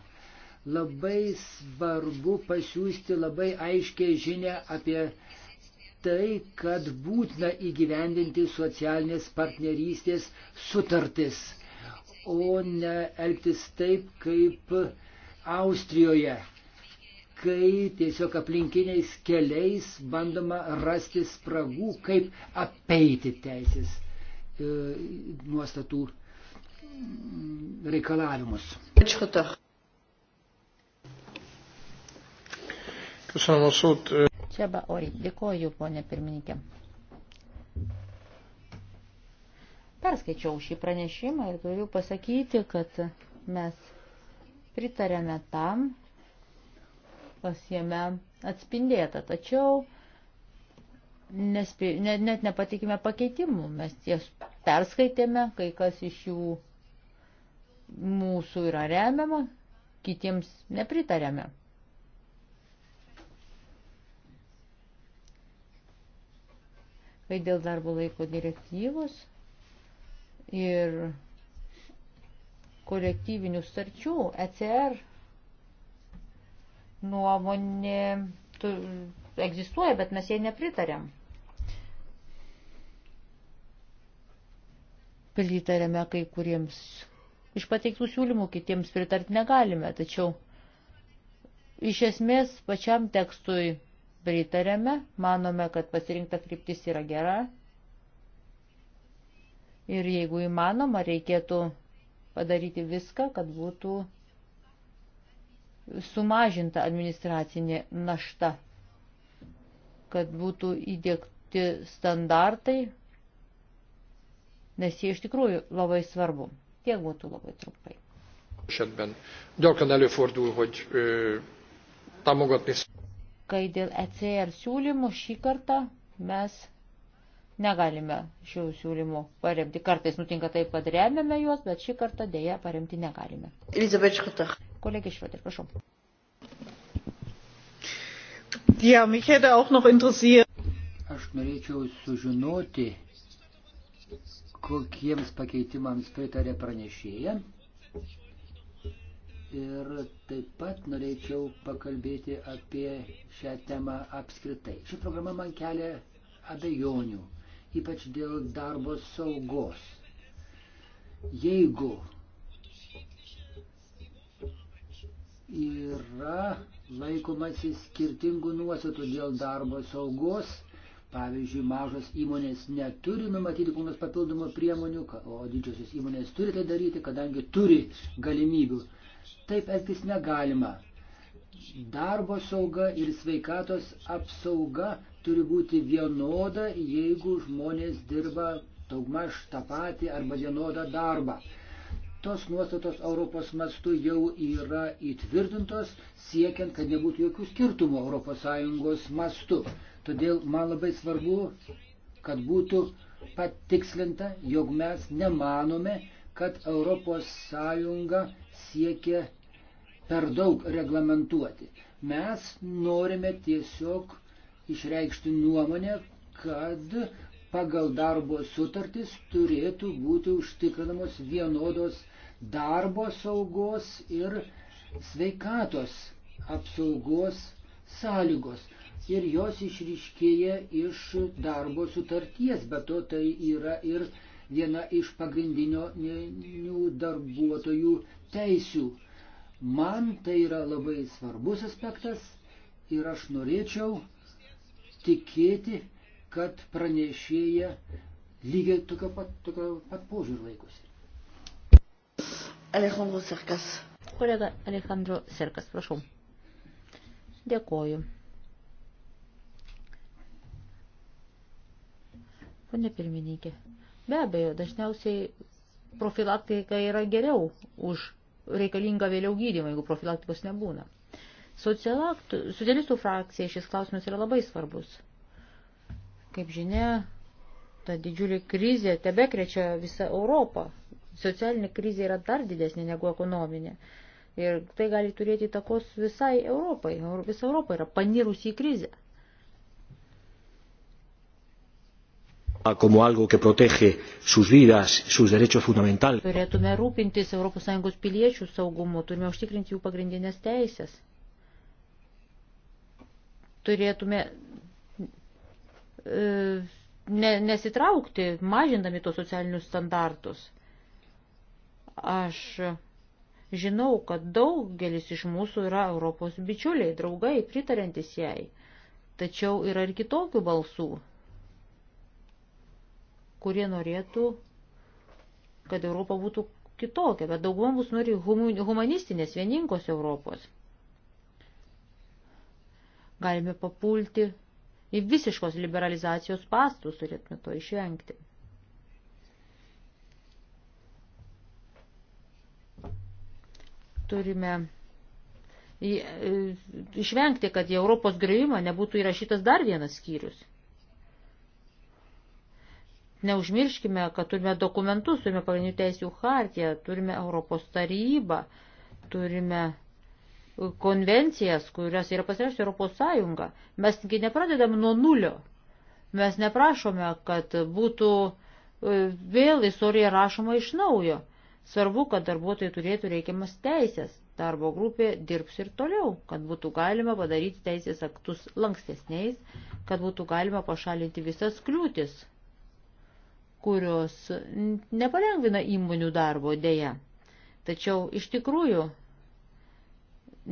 Labai svarbu pasiūsti labai aiškiai žinę apie tai, kad būtina įgyvendinti socialinės partnerystės sutartis, o ne elgtis taip, kaip Austrijoje kai tiesiog aplinkiniais keliais bandoma rasti spragų, kaip apeiti teisės e, nuostatų mm, reikalavimus. Čia ba, oi, dėkoju, ponė pirmininkė. Perskaičiau šį pranešimą ir turiu pasakyti, kad mes pritarėme tam, kas jame atspindėta. Tačiau nespė, net, net nepatikime pakeitimų, mes jas perskaitėme, kai kas iš jų mūsų yra remiama, kitiems nepritarėme. Kai dėl darbo laiko direktyvos ir kolektyvinių starčių ECR nuomonė tu, egzistuoja, bet mes jai nepritarėm. Pritarėme kai kuriems iš pateiktų siūlymų, kitiems pritart negalime, tačiau iš esmės pačiam tekstui pritarėme, manome, kad pasirinkta kryptis yra gera. Ir jeigu įmanoma, reikėtų padaryti viską, kad būtų sumažinta administracinė našta, kad būtų įdėkti standartai, nes jie iš tikrųjų labai svarbu. Tiek būtų labai trumpai. Esetben gyakran előfordul, hogy ö, támogatni. Kai dėl ECR siūlymų šį kartą mes negalime šių siūlymų paremti. Kartais nutinka taip, kad remiame juos, bet šį kartą dėja paremti negalime. Elizabeth Schröter. Kolegė Šrodė, prašau. Ja, mich hätte auch noch interessiert. Aš norėčiau sužinoti, kokiems pakeitimams pritarė pranešėja. Ir taip pat norėčiau pakalbėti apie šią temą apskritai. Ši programa man kelia abejonių, ypač dėl darbo saugos. Jeigu yra laikomasi skirtingų nuostatų dėl darbo saugos. Pavyzdžiui, mažos įmonės neturi numatyti kokios papildomo priemonių, o didžiosios įmonės turi tai daryti, kadangi turi galimybių. Taip elgtis negalima. Darbo sauga ir sveikatos apsauga turi būti vienoda, jeigu žmonės dirba daugmaž tą patį arba vienodą darbą. Tos nuostatos Europos mastu jau yra įtvirtintos, siekiant, kad nebūtų jokių skirtumų ES mastu. Todėl man labai svarbu, kad būtų patikslinta, jog mes nemanome, kad ES siekia per daug reglamentuoti. Mes norime tiesiog išreikšti nuomonę, kad pagal darbo sutartis turėtų būti užtikrinamos vienodos darbo saugos ir sveikatos apsaugos sąlygos. Ir jos išryškėja iš darbo sutarties, bet to tai yra ir viena iš pagrindinių darbuotojų teisių. Man tai yra labai svarbus aspektas ir aš norėčiau tikėti, kad pranešėja lygiai tokio pat, tokio pat požiūrį laikosi. Alejandro Serkas. Kolega Alejandro Serkas, prašau. Dėkoju. Pone pirmininkė, be abejo, dažniausiai profilaktika yra geriau už reikalingą vėliau gydymą, jeigu profilaktikos nebūna. Socialistų frakcija šis klausimas yra labai svarbus. Kaip žinia, ta didžiulė krizė tebekrečia visą Europą socialinė krizė yra dar didesnė negu ekonominė. Ir tai gali turėti takos visai Europai. Visa Europa yra panirusi į krizę. como algo que protege sus vidas, sus derechos fundamentales. Turėtume rūpintis ES piliečių saugumu, turime užtikrinti jų pagrindinės teisės. Turėtume e, ne, nesitraukti, mažindami tos socialinius standartus. Aš žinau, kad daugelis iš mūsų yra Europos bičiuliai, draugai, pritarantis jai. Tačiau yra ir kitokių balsų, kurie norėtų, kad Europa būtų kitokia, bet dauguma mūsų nori humanistinės, vieningos Europos. Galime papulti į visiškos liberalizacijos pastus, turėtume to išvengti. Turime e, išvengti, kad į Europos grįvimą nebūtų įrašytas dar vienas skyrius. Neužmirškime, kad turime dokumentus, turime pagrindinių teisių hartiją, turime Europos tarybą, turime konvencijas, kurias yra pasirašęs Europos Sąjunga. Mes nepradedam nuo nulio. Mes neprašome, kad būtų e, vėl istorija rašoma iš naujo. Svarbu, kad darbuotojai turėtų reikiamas teisės. Darbo grupė dirbs ir toliau, kad būtų galima padaryti teisės aktus lankstesniais, kad būtų galima pašalinti visas kliūtis, kurios nepalengvina įmonių darbo dėja. Tačiau iš tikrųjų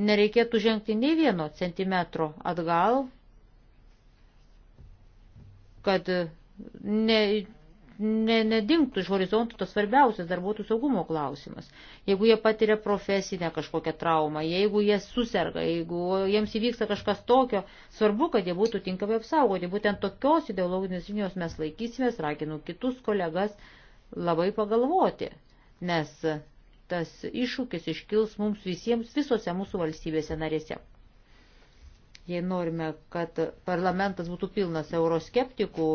nereikėtų žengti nei vieno centimetro atgal, kad ne, ne, nedingtų iš horizontų tas svarbiausias darbuotojų saugumo klausimas. Jeigu jie patiria profesinę kažkokią traumą, jeigu jie susirga, jeigu jiems įvyksta kažkas tokio, svarbu, kad jie būtų tinkamai apsaugoti. Būtent tokios ideologinės žinios mes laikysimės, raginu kitus kolegas labai pagalvoti, nes tas iššūkis iškils mums visiems visose mūsų valstybėse narėse. Jei norime, kad parlamentas būtų pilnas euroskeptikų,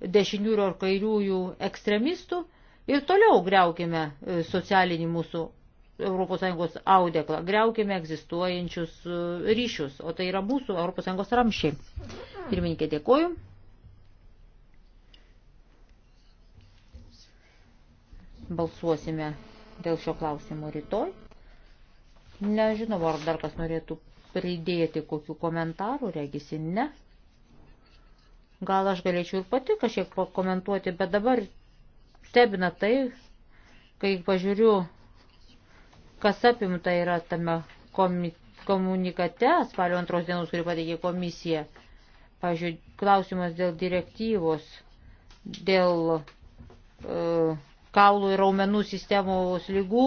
dešiniųjų ar kairiųjų ekstremistų ir toliau greukime e, socialinį mūsų ES audeklą, greukime egzistuojančius e, ryšius, o tai yra mūsų ES ramšiai. Pirmininkė, dėkoju. Balsuosime dėl šio klausimo rytoj. Nežinau, ar dar kas norėtų pridėti kokių komentarų, regisi ne. Gal aš galėčiau ir pati kažkiek pakomentuoti, bet dabar stebina tai, kai pažiūriu, kas apimta yra tame komunikate spalio antros dienos, kurį pateikė komisija. Pavyzdžiui, klausimas dėl direktyvos, dėl e, kaulų ir raumenų sistemos lygų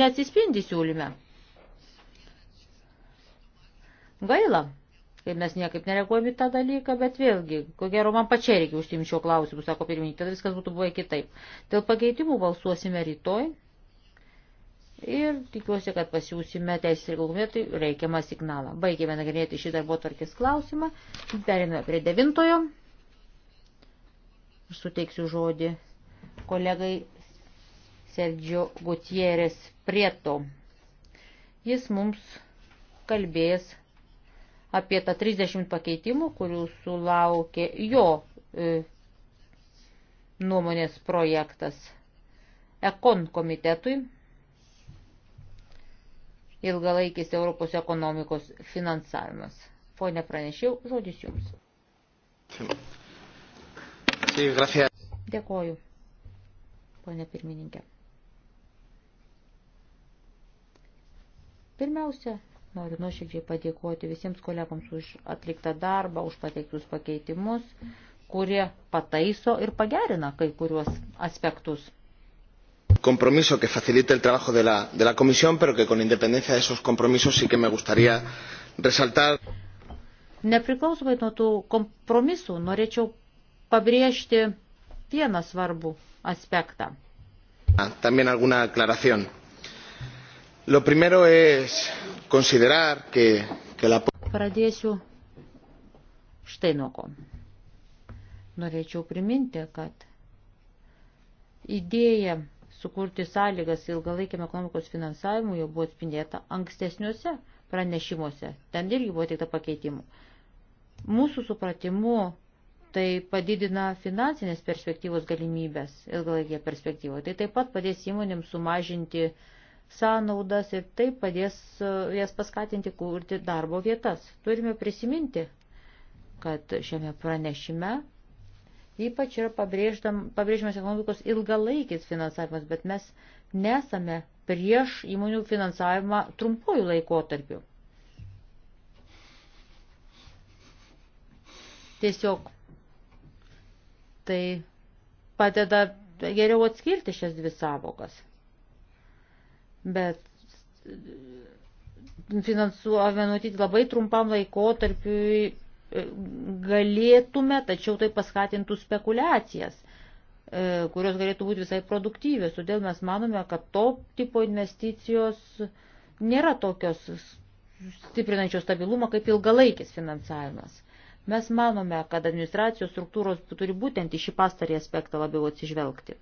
neatsispindi siūlyme. Gaila, ir mes niekaip nereaguojame į tą dalyką, bet vėlgi, ko gero, man pačiai reikia užsimti šio klausimu, sako pirmininkė, tada viskas būtų buvę kitaip. Dėl pakeitimų balsuosime rytoj ir tikiuosi, kad pasiūsime teisės reikalų vietoj reikiamą signalą. Baigėme nagrinėti šį darbo tvarkės klausimą, perėmėme prie devintojo. Aš suteiksiu žodį kolegai Sergio Gutierrez Prieto. Jis mums kalbės apie tą 30 pakeitimų, kurių sulaukė jo e, nuomonės projektas Ekon komitetui, ilgalaikis Europos ekonomikos finansavimas. Pone pranešiau, žodis jums. Dėkoju, ponė pirmininkė. Pirmiausia, noriu nuoširdžiai padėkoti visiems kolegams už atliktą darbą, už pateiktus pakeitimus, kurie pataiso ir pagerina kai kuriuos aspektus. Compromiso que facilite el trabajo de la, de la comisión, pero que con independencia de esos compromisos sí que me gustaría resaltar. Nepriklausomai nuo tų kompromisų, norėčiau pabrėžti vieną svarbų aspektą. También alguna aclaración Lo primero es considerar que, que la... Pradėsiu štai nuo ko. Norėčiau priminti, kad idėja sukurti sąlygas ilgalaikiam ekonomikos finansavimui jau buvo atspindėta ankstesniuose pranešimuose. Ten irgi buvo tik ta pakeitimų. Mūsų supratimu tai padidina finansinės perspektyvos galimybės ilgalaikėje perspektyvoje. Tai taip pat padės įmonėms sumažinti uh, sąnaudas ir tai padės e, jas paskatinti kurti darbo vietas. Turime prisiminti, kad šiame pranešime ypač yra pabrėžiamas ekonomikos ilgalaikis finansavimas, bet mes nesame prieš įmonių finansavimą trumpuoju laikotarpiu. Tiesiog tai padeda geriau atskirti šias dvi savokas bet e, finansuojame numatyti labai trumpam laikotarpiui e, galėtume, tačiau tai paskatintų spekulacijas, e, kurios galėtų būti visai produktyvios. Todėl mes manome, kad to tipo investicijos nėra tokios stiprinančios stabilumą kaip ilgalaikis finansavimas. Mes manome, kad administracijos struktūros turi būtent į šį pastarį aspektą labiau atsižvelgti.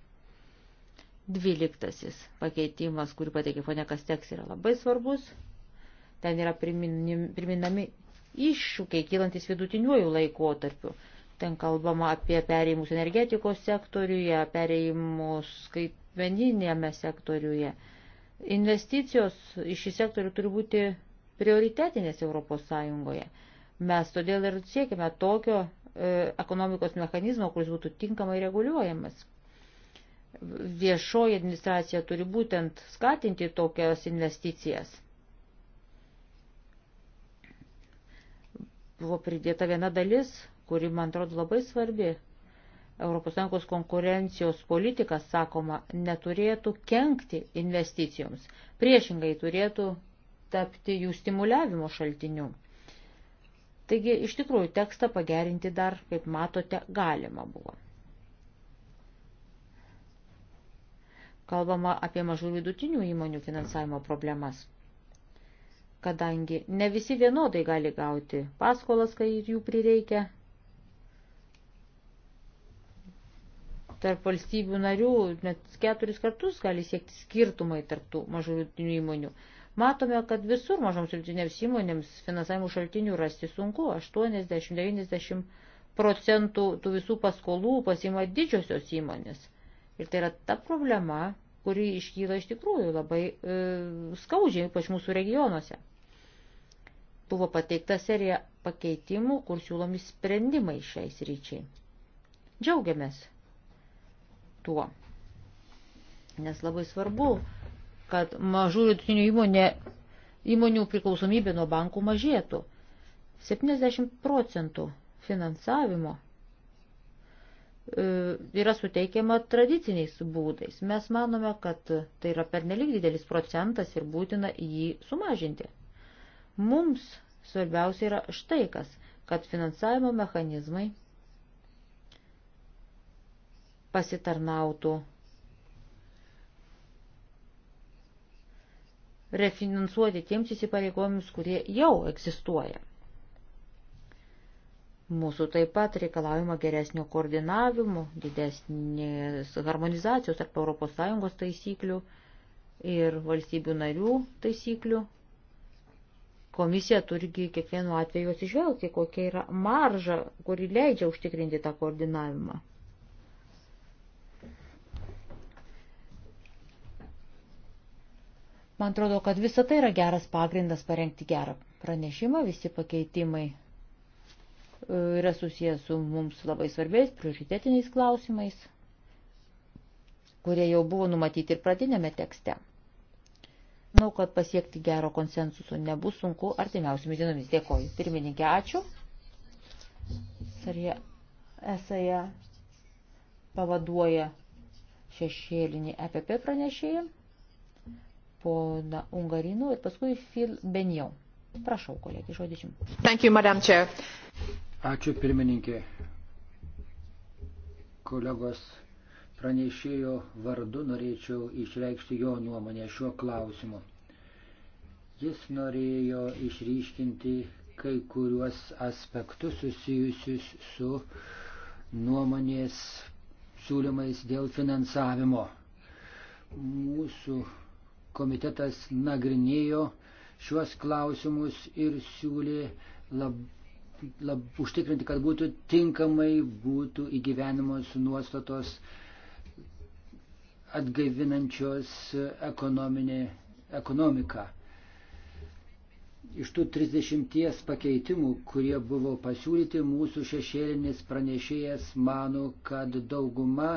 Dvyliktasis pakeitimas, kurį pateikė ponė Kasteks, yra labai svarbus. Ten yra priminami iššūkiai kylantis vidutiniuoju laikotarpiu. Ten kalbama apie pereimus energetikos sektoriuje, pereimus skaitmeninėme sektoriuje. Investicijos į šį sektorių turi būti prioritetinės Europos Sąjungoje. Mes todėl ir siekime tokio e, ekonomikos mechanizmo, kuris būtų tinkamai reguliuojamas viešoji administracija turi būtent skatinti tokias investicijas. Buvo pridėta viena dalis, kuri, man atrodo, labai svarbi. ES konkurencijos politika, sakoma, neturėtų kenkti investicijoms. Priešingai turėtų tapti jų stimuliavimo šaltiniu. Taigi, iš tikrųjų, tekstą pagerinti dar, kaip matote, galima buvo. kalbama apie mažų vidutinių įmonių finansavimo problemas, kadangi ne visi vienodai gali gauti paskolas, kai jų prireikia. Tarp valstybių narių net keturis kartus gali siekti skirtumai tarptų mažų vidutinių įmonių. Matome, kad visur mažoms vidutinėms įmonėms finansavimo šaltinių rasti sunku - 80-90 procentų tų visų paskolų pasima didžiosios įmonės Ir tai yra ta problema, kuri iškyla iš tikrųjų labai e, skaudžiai, ypač mūsų regionuose. Buvo pateikta serija pakeitimų, kur siūlomi sprendimai šiais ryčiai. Džiaugiamės tuo. Nes labai svarbu, kad mažų rytinių įmonė, įmonių priklausomybė nuo bankų mažėtų. 70 procentų finansavimo E, yra suteikiama tradiciniais būdais. Mes manome, kad tai yra pernelyg didelis procentas ir būtina jį sumažinti. Mums svarbiausia yra štai kas, kad finansavimo mechanizmai pasitarnautų refinansuoti tiems įsipareigojimus, kurie jau egzistuoja. Mūsų taip pat reikalaujama geresnio koordinavimo, didesnės harmonizacijos tarp ES taisyklių ir valstybių narių taisyklių. Komisija turgi kiekvienu atveju atsižvelgti, kokia yra marža, kuri leidžia užtikrinti tą koordinavimą. Man atrodo, kad visa tai yra geras pagrindas parengti gerą pranešimą, visi pakeitimai E, yra susijęs su mums labai svarbiais prioritetiniais klausimais, kurie jau buvo numatyti ir pradinėme tekste. Manau, kad pasiekti gero konsensuso nebus sunku artimiausiamis dienomis. Dėkoju. Pirmininkė, ačiū. Sarija Esaja e pavaduoja šešėlinį EPP pranešėjį, pona Ungarino ir paskui Phil Benjau. Prašau, kolegė, žodžiu. Thank you, Madam Chair. Ačiū pirmininkė. Kolegos pranešėjo vardu norėčiau išreikšti jo nuomonę šiuo klausimu. Jis norėjo išryškinti kai kuriuos aspektus susijusius su nuomonės siūlymais dėl finansavimo. Mūsų komitetas nagrinėjo šiuos klausimus ir siūlė lab, lab, užtikrinti, kad būtų tinkamai būtų įgyvenimos nuostatos atgaivinančios ekonominė, ekonomiką. Iš tų 30 pakeitimų, kurie buvo pasiūlyti, mūsų šešėlinis pranešėjas mano, kad dauguma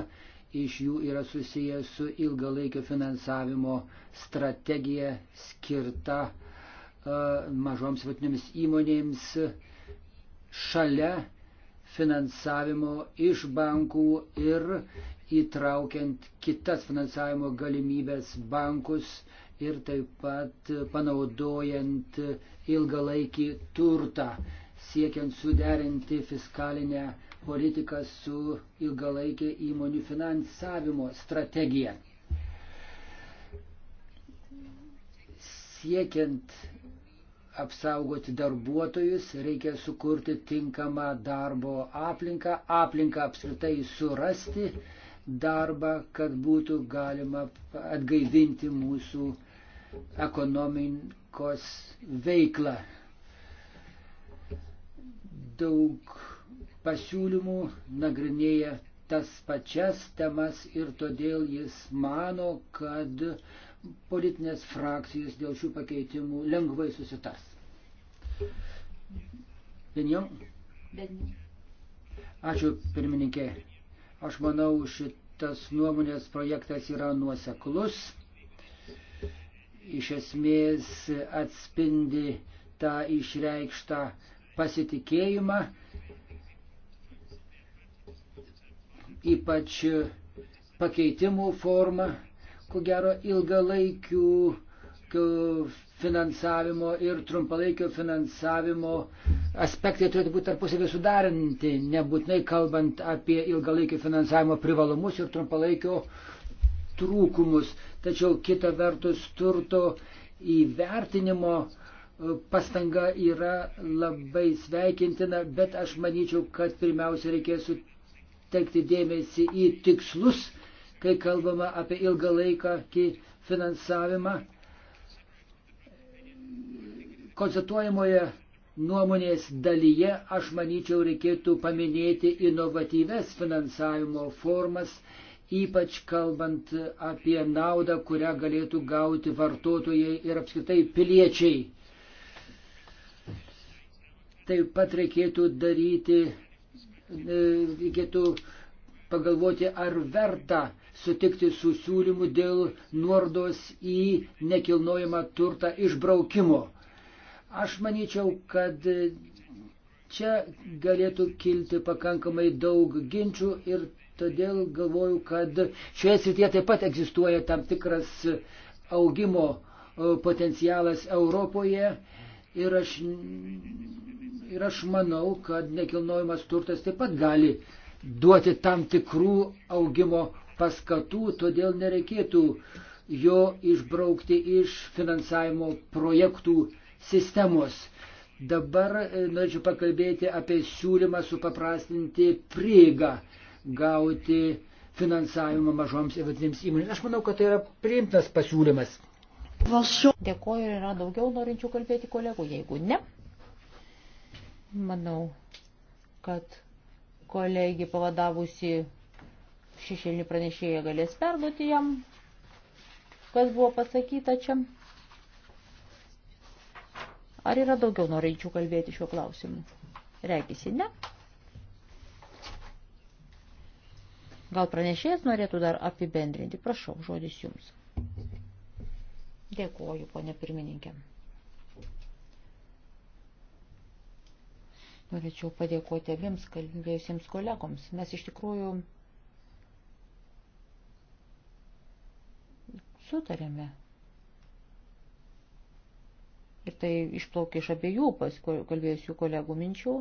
iš jų yra susijęs su ilgalaikio finansavimo strategija skirta uh, mažoms vatinėms įmonėms uh, šalia finansavimo iš bankų ir įtraukiant kitas finansavimo galimybės bankus ir taip pat panaudojant ilgalaikį turtą, siekiant suderinti fiskalinę politiką su ilgalaikė įmonių finansavimo strategija. Siekiant apsaugoti darbuotojus, reikia sukurti tinkamą darbo aplinką, aplinką apskritai surasti darbą, kad būtų galima atgaivinti mūsų ekonomikos veiklą. Daug pasiūlymų nagrinėja tas pačias temas ir todėl jis mano, kad politinės frakcijos dėl šių pakeitimų lengvai susitars. Benjom? Ačiū, pirmininkė. Aš manau, šitas nuomonės projektas yra nuoseklus. Iš esmės atspindi tą išreikštą pasitikėjimą, ypač pakeitimų forma, ko gero ilgalaikių finansavimo ir trumpalaikio finansavimo aspektai turėtų būti tarpusavį sudarinti, nebūtinai kalbant apie ilgalaikio finansavimo privalumus ir trumpalaikio trūkumus. Tačiau kita vertus turto įvertinimo e, pastanga yra labai sveikintina, bet aš manyčiau, kad pirmiausia reikės sutelkti dėmesį į tikslus, kai kalbama apie ilgalaiką finansavimą Konstatuojamoje nuomonės dalyje, aš manyčiau, reikėtų paminėti inovatyves finansavimo formas, ypač kalbant apie naudą, kurią galėtų gauti vartotojai ir apskritai piliečiai. Taip pat reikėtų daryti, e, reikėtų pagalvoti, ar verta sutikti su siūlymu dėl nuordos į nekilnojamą turtą išbraukimo Aš manyčiau, kad čia galėtų kilti pakankamai daug ginčių ir todėl galvoju, kad šioje srityje taip pat egzistuoja tam tikras augimo potencialas Europoje ir aš, ir aš manau, kad nekilnojimas turtas taip pat gali duoti tam tikrų augimo paskatų, todėl nereikėtų jo išbraukti iš finansavimo projektų sistemos. Dabar e, norėčiau pakalbėti apie siūlymą supaprastinti prieigą, gauti finansavimą mažoms ir vidutinėms įmonėms. Aš manau, kad tai yra priimtas pasiūlymas. Dėkoju, yra daugiau norinčių kalbėti kolegų, jeigu ne. Manau, kad kolegį pavadavusi šešėlinį pranešėją galės perduoti jam, kas buvo pasakyta čia. Ar yra daugiau norinčių kalbėti šiuo klausimu? Reikisi, ne? Gal pranešėjas norėtų dar apibendrinti? Prašau, žodis jums. Dėkuoju, ponė pirmininkė. Norėčiau padėkoti abiems kalbėjusiems kolegoms. Mes iš tikrųjų sutarėme ir tai išplaukia iš abiejų kalbėjusių kolegų minčių,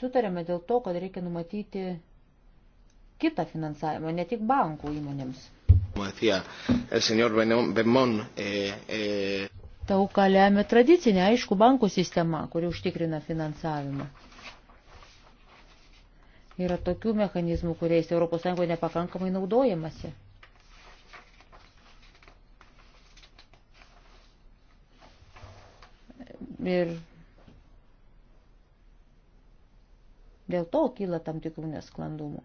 sutarėme dėl to, kad reikia numatyti kitą finansavimą, ne tik bankų įmonėms. Eh, eh, Tau ką lemia tradicinė, aišku, bankų sistema, kuri užtikrina finansavimą. Yra tokių mechanizmų, kuriais ES nepakankamai naudojamasi. Ir dėl to kyla tam tikrų nesklandumų.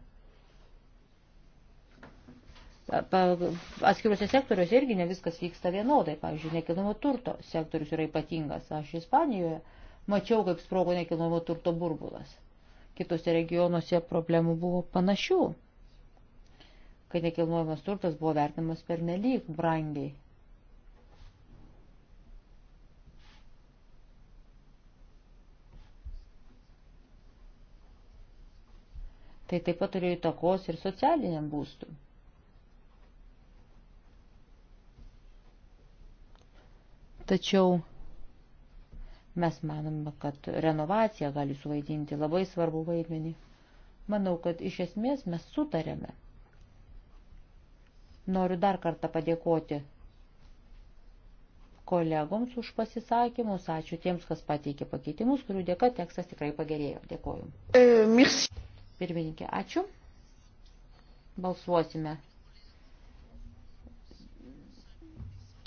Atskiruose sektoriuose irgi ne viskas vyksta vienodai. Pavyzdžiui, nekilnojamo turto sektorius yra ypatingas. Aš Ispanijoje mačiau, kaip sprogo nekilnojamo turto burbulas. Kitose regionuose problemų buvo panašių, kai nekilnojamas turtas buvo vertinamas per nelyg brangiai Tai taip pat turėjo įtakos ir socialiniam būstui. Tačiau mes manome, kad renovacija gali suvaidinti labai svarbu vaidmenį. Manau, kad iš esmės mes sutarėme. Noriu dar kartą padėkoti kolegoms už pasisakymus. Ačiū tiems, kas pateikė pakeitimus, kurių dėka tekstas tikrai pagerėjo. Dėkoju. E, merci. Pirmininkė, ačiū. Balsuosime.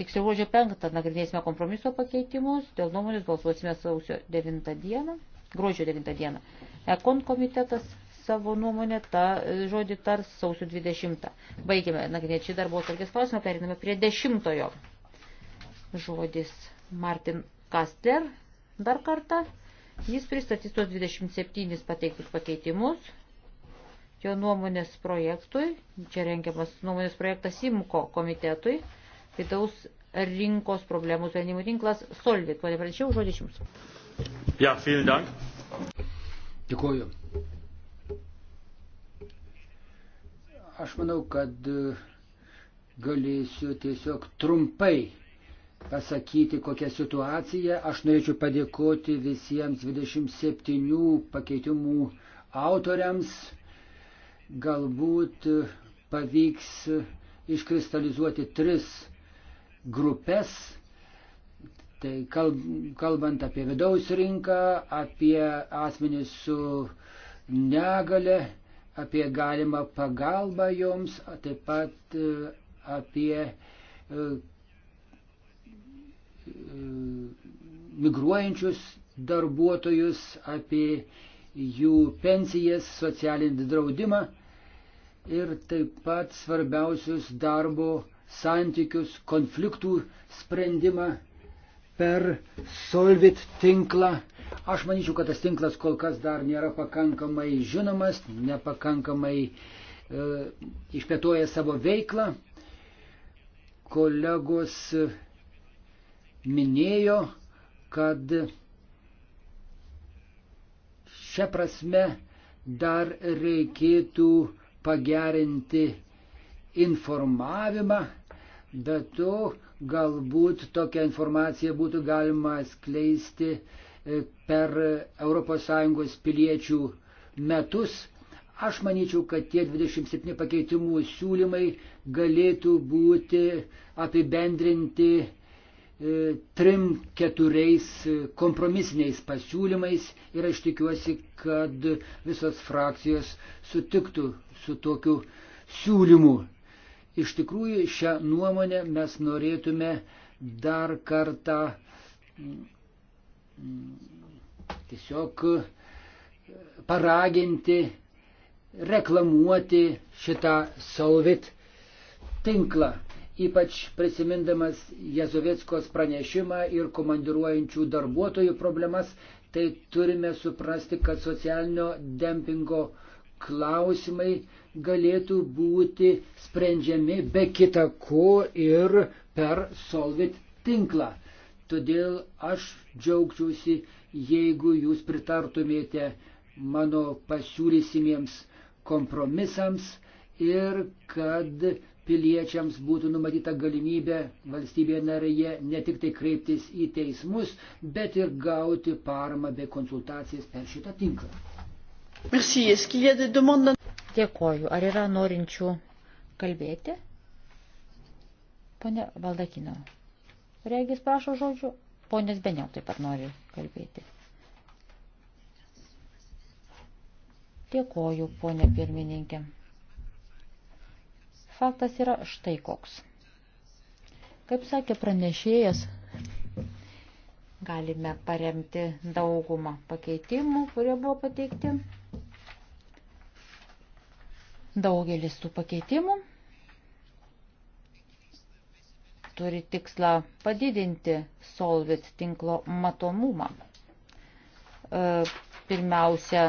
Tiksliau, gruodžio 5 nagrinėsime kompromiso pakeitimus, dėl nuomonės balsuosime sausio 9 dieną, gruodžio 9 dieną. Ekon komitetas savo nuomonę tą e, žodį tars sausio 20. Baigime nagrinėti šį darbo atvarkės klausimą, periname prie dešimtojo. Žodis Martin Kastler dar kartą. Jis pristatys tos 27 pateiktus pakeitimus jo nuomonės projektui, čia rengiamas nuomonės projektas IMKO komitetui, vidaus rinkos problemų sprendimų tinklas Solvit. Pone Pradžiau, žodis jums. Ja, vielen dank. Dėkuoju. Aš manau, kad e, galėsiu tiesiog trumpai pasakyti, kokia situacija. Aš norėčiau padėkoti visiems 27 pakeitimų autoriams galbūt pavyks iškristalizuoti tris grupės. Tai kalbant apie vidaus rinką, apie asmenys su negale, apie galimą pagalbą joms, taip pat e, apie e, migruojančius darbuotojus, apie jų pensijas, socialinį draudimą ir taip pat svarbiausius darbo santykius, konfliktų sprendimą per Solvit tinklą. Aš manyčiau, kad tas tinklas kol kas dar nėra pakankamai žinomas, nepakankamai e, išplėtoja savo veiklą. Kolegos e, minėjo, kad šią prasme dar reikėtų pagerinti informavimą, bet to galbūt tokią informaciją būtų galima skleisti e, per ES piliečių metus. Aš manyčiau, kad tie 27 pakeitimų siūlymai galėtų būti apibendrinti E, trim keturiais kompromisiniais pasiūlymais ir aš tikiuosi, kad visos frakcijos sutiktų su tokiu siūlymu. Iš tikrųjų, šią nuomonę mes norėtume dar kartą mm, mm, tiesiog paraginti, reklamuoti šitą Solvit tinklą ypač prisimindamas Jezovieckos pranešimą ir komandiruojančių darbuotojų problemas, tai turime suprasti, kad socialinio dempingo klausimai galėtų būti sprendžiami be kita ko ir per Solvit tinklą. Todėl aš džiaugčiausi, jeigu jūs pritartumėte mano pasiūlysimiems kompromisams ir kad piliečiams būtų numatyta galimybė valstybėje narėje ne tik tai kreiptis į teismus, bet ir gauti paramą bei konsultacijas per šitą tinklą. Dėkoju. Ar yra norinčių kalbėti? Pone Valdakino. Regis prašo žodžių. Ponės Beniau taip pat nori kalbėti. Dėkoju, ponė pirmininkė. Faktas yra štai koks. Kaip sakė pranešėjas, galime paremti daugumą pakeitimų, kurie buvo pateikti. Daugelis tų pakeitimų turi tikslą padidinti Solvit tinklo matomumą. E, pirmiausia,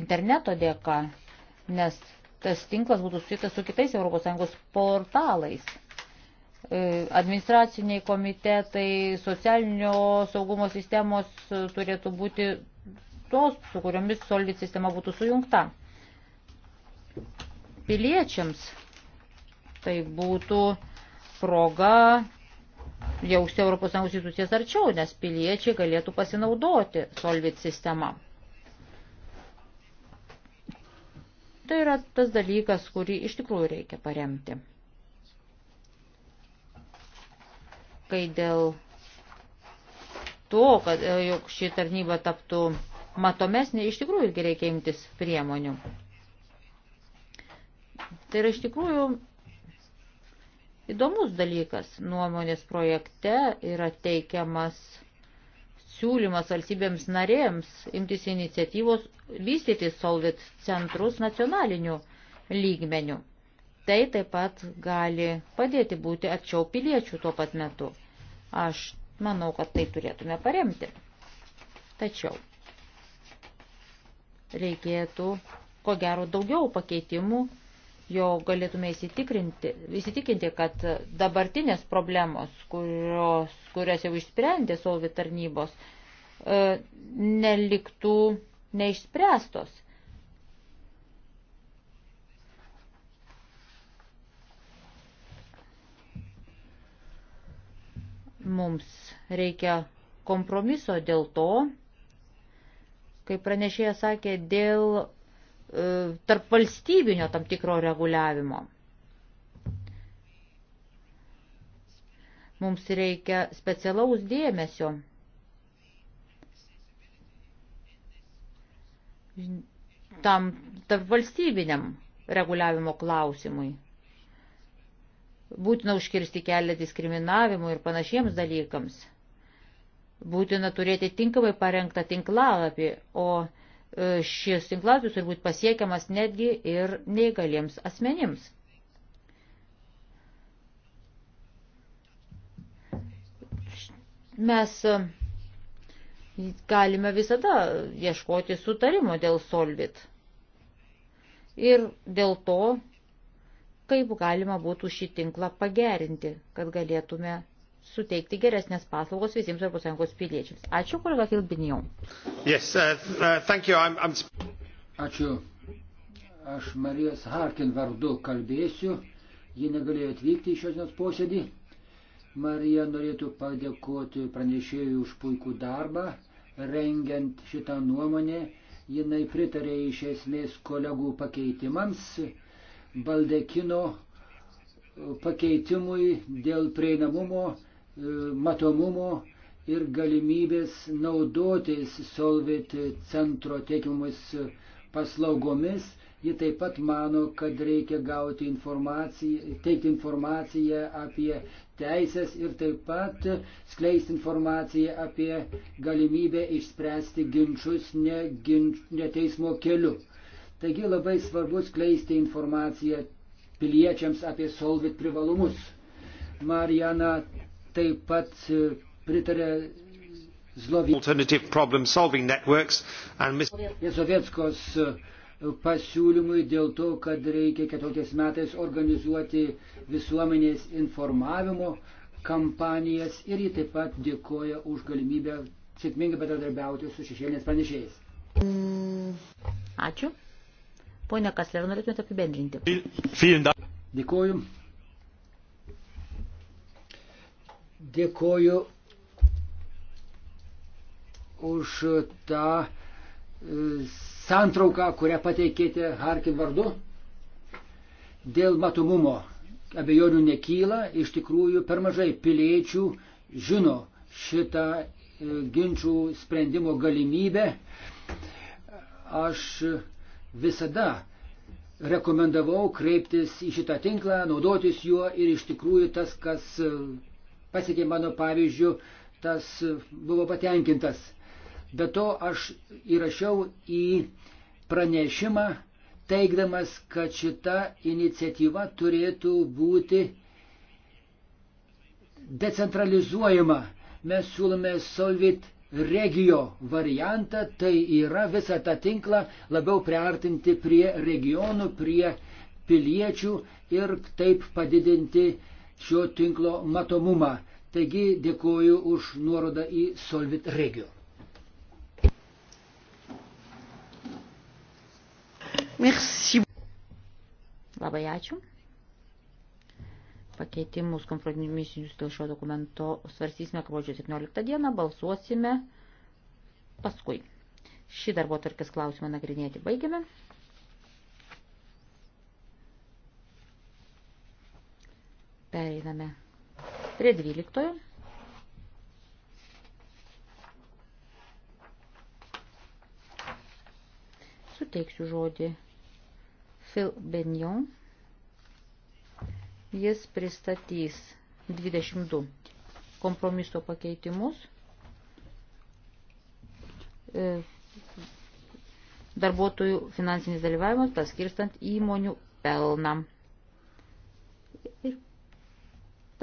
interneto dėka, nes tas tinklas būtų susijęs su kitais ES portalais. E, administraciniai komitetai, socialinio saugumo sistemos e, turėtų būti tos, su kuriomis solid sistema būtų sujungta. Piliečiams tai būtų proga jausti ES institucijas arčiau, nes piliečiai galėtų pasinaudoti solvit sistemą. Tai yra tas dalykas, kurį iš tikrųjų reikia paremti. Kai dėl to, kad e, jog ši tarnyba taptų matomesnė, iš tikrųjų irgi reikia imtis priemonių. Tai yra iš tikrųjų įdomus dalykas. Nuomonės projekte yra teikiamas siūlymas valstybėms narėms imtis iniciatyvos vystyti solvit centrus nacionaliniu lygmeniu. Tai taip pat gali padėti būti arčiau piliečių tuo pat metu. Aš manau, kad tai turėtume paremti. Tačiau reikėtų, ko gero, daugiau pakeitimų jo galėtume įsitikinti, įsitikinti, kad dabartinės problemos, kurios, kurias jau išsprendė solvi tarnybos, e, neliktų neišspręstos. Mums reikia kompromiso dėl to, kaip pranešėja sakė, dėl E, tarp valstybinio tam tikro reguliavimo. Mums reikia specialaus dėmesio. Tam tarp valstybiniam reguliavimo klausimui. Būtina užkirsti kelią diskriminavimui ir panašiems dalykams. Būtina turėti tinkamai parengtą tinklalapį, o E, šis tinklapis turi būti pasiekiamas netgi ir neįgaliems asmenims. Mes e, galime visada ieškoti sutarimo dėl solvit. Ir dėl to, kaip galima būtų šį tinklą pagerinti, kad galėtume suteikti geresnės paslaugos visiems ES piliečiams. Ačiū, kolega Kilbinijau. Yes, uh, uh, I'm, I'm... Ačiū. Aš Marijos Harkin vardu kalbėsiu. Ji negalėjo atvykti į šios dienos posėdį. Marija norėtų padėkoti pranešėjui už puikų darbą, rengiant šitą nuomonę. Jinai pritarė iš esmės kolegų pakeitimams, Baldekino pakeitimui dėl prieinamumo matomumo ir galimybės naudotis Solvit centro teikiamomis paslaugomis. Ji taip pat mano, kad reikia gauti informaciją, teikti informaciją apie teisės ir taip pat skleisti informaciją apie galimybę išspręsti ginčius ne, ginč, ne teismo keliu. Taigi labai svarbu skleisti informaciją piliečiams apie Solvit privalumus. Marijana taip pat e, pritarė Zlovieckos e, pasiūlymui dėl to, kad reikia 14 metais organizuoti visuomenės informavimo kampanijas ir ji taip pat dėkoja už galimybę sėkmingai bendradarbiauti su šešėlinės pranešėjais. Mm. Ačiū. Pone Kasler, norėtumėte apibendrinti? Dėkoju. Dėkoju už tą e, santrauką, kurią pateikėte Harkin vardu. Dėl matomumo abejonių nekyla, iš tikrųjų per mažai piliečių žino šitą e, ginčių sprendimo galimybę. Aš visada rekomendavau kreiptis į šitą tinklą, naudotis juo ir iš tikrųjų tas, kas pasiekė mano pavyzdžių, tas buvo patenkintas. Be to aš įrašiau į pranešimą, teikdamas, kad šita iniciatyva turėtų būti decentralizuojama. Mes siūlome Solvit regio variantą, tai yra visą tą tinklą labiau priartinti prie regionų, prie piliečių ir taip padidinti šio tinklo matomumą. Taigi dėkoju už nuorodą į Solvit Regio. Merci. Labai ačiū. Pakeitimus kompromisinius dėl šio dokumento svarstysime gruodžio 17 dieną, balsuosime paskui. Šį darbo tarkis klausimą nagrinėti baigiame. Pereiname prie 12. Suteiksiu žodį Phil Benjon. Jis pristatys 22 kompromiso pakeitimus. E, darbuotojų finansinis dalyvavimas paskirstant įmonių pelną.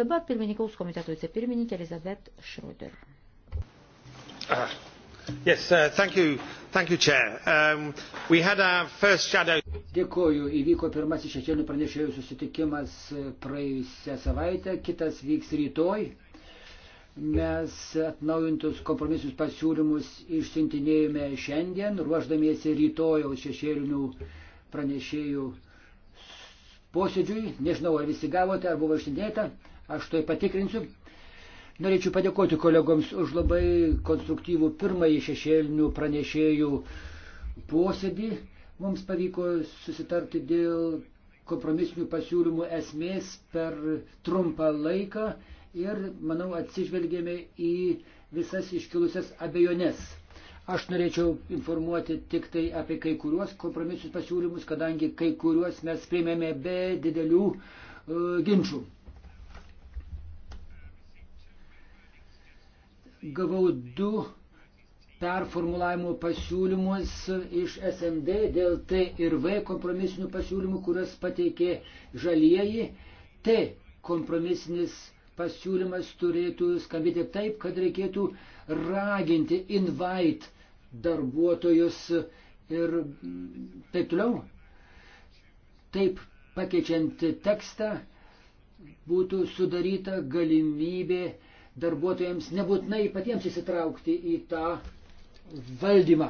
Dabar pirmininkaus komiteto vicepirmininkė Elizabeth Schroeder. Uh, yes, uh, thank you, thank you, Chair. Um, we had our first shadow. Dėkoju, įvyko pirmasis šešėlių pranešėjų susitikimas uh, praėjusią savaitę, kitas vyks rytoj. Mes atnaujintus kompromisus pasiūlymus išsintinėjome šiandien, ruoždamiesi rytojaus šešėlinių pranešėjų posėdžiui. Nežinau, ar visi gavote, ar buvo išsintinėta. Aš tai patikrinsiu. Norėčiau padėkoti kolegoms už labai konstruktyvų pirmąjį šešėlinių pranešėjų posėdį. Mums pavyko susitarti dėl kompromisinių pasiūlymų esmės per trumpą laiką ir, manau, atsižvelgėme į visas iškilusias abejones. Aš norėčiau informuoti tik tai apie kai kuriuos kompromisinius pasiūlymus, kadangi kai kuriuos mes priėmėme be didelių e, ginčių. Gavau du performulavimo pasiūlymus iš SMD dėl T ir V kompromisinių pasiūlymų, kuriuos pateikė žalieji. T kompromisinis pasiūlymas turėtų skambėti taip, kad reikėtų raginti, invite darbuotojus ir taip toliau. Taip pakeičiant tekstą būtų sudaryta galimybė darbuotojams nebūtinai patiems įsitraukti į tą valdymą.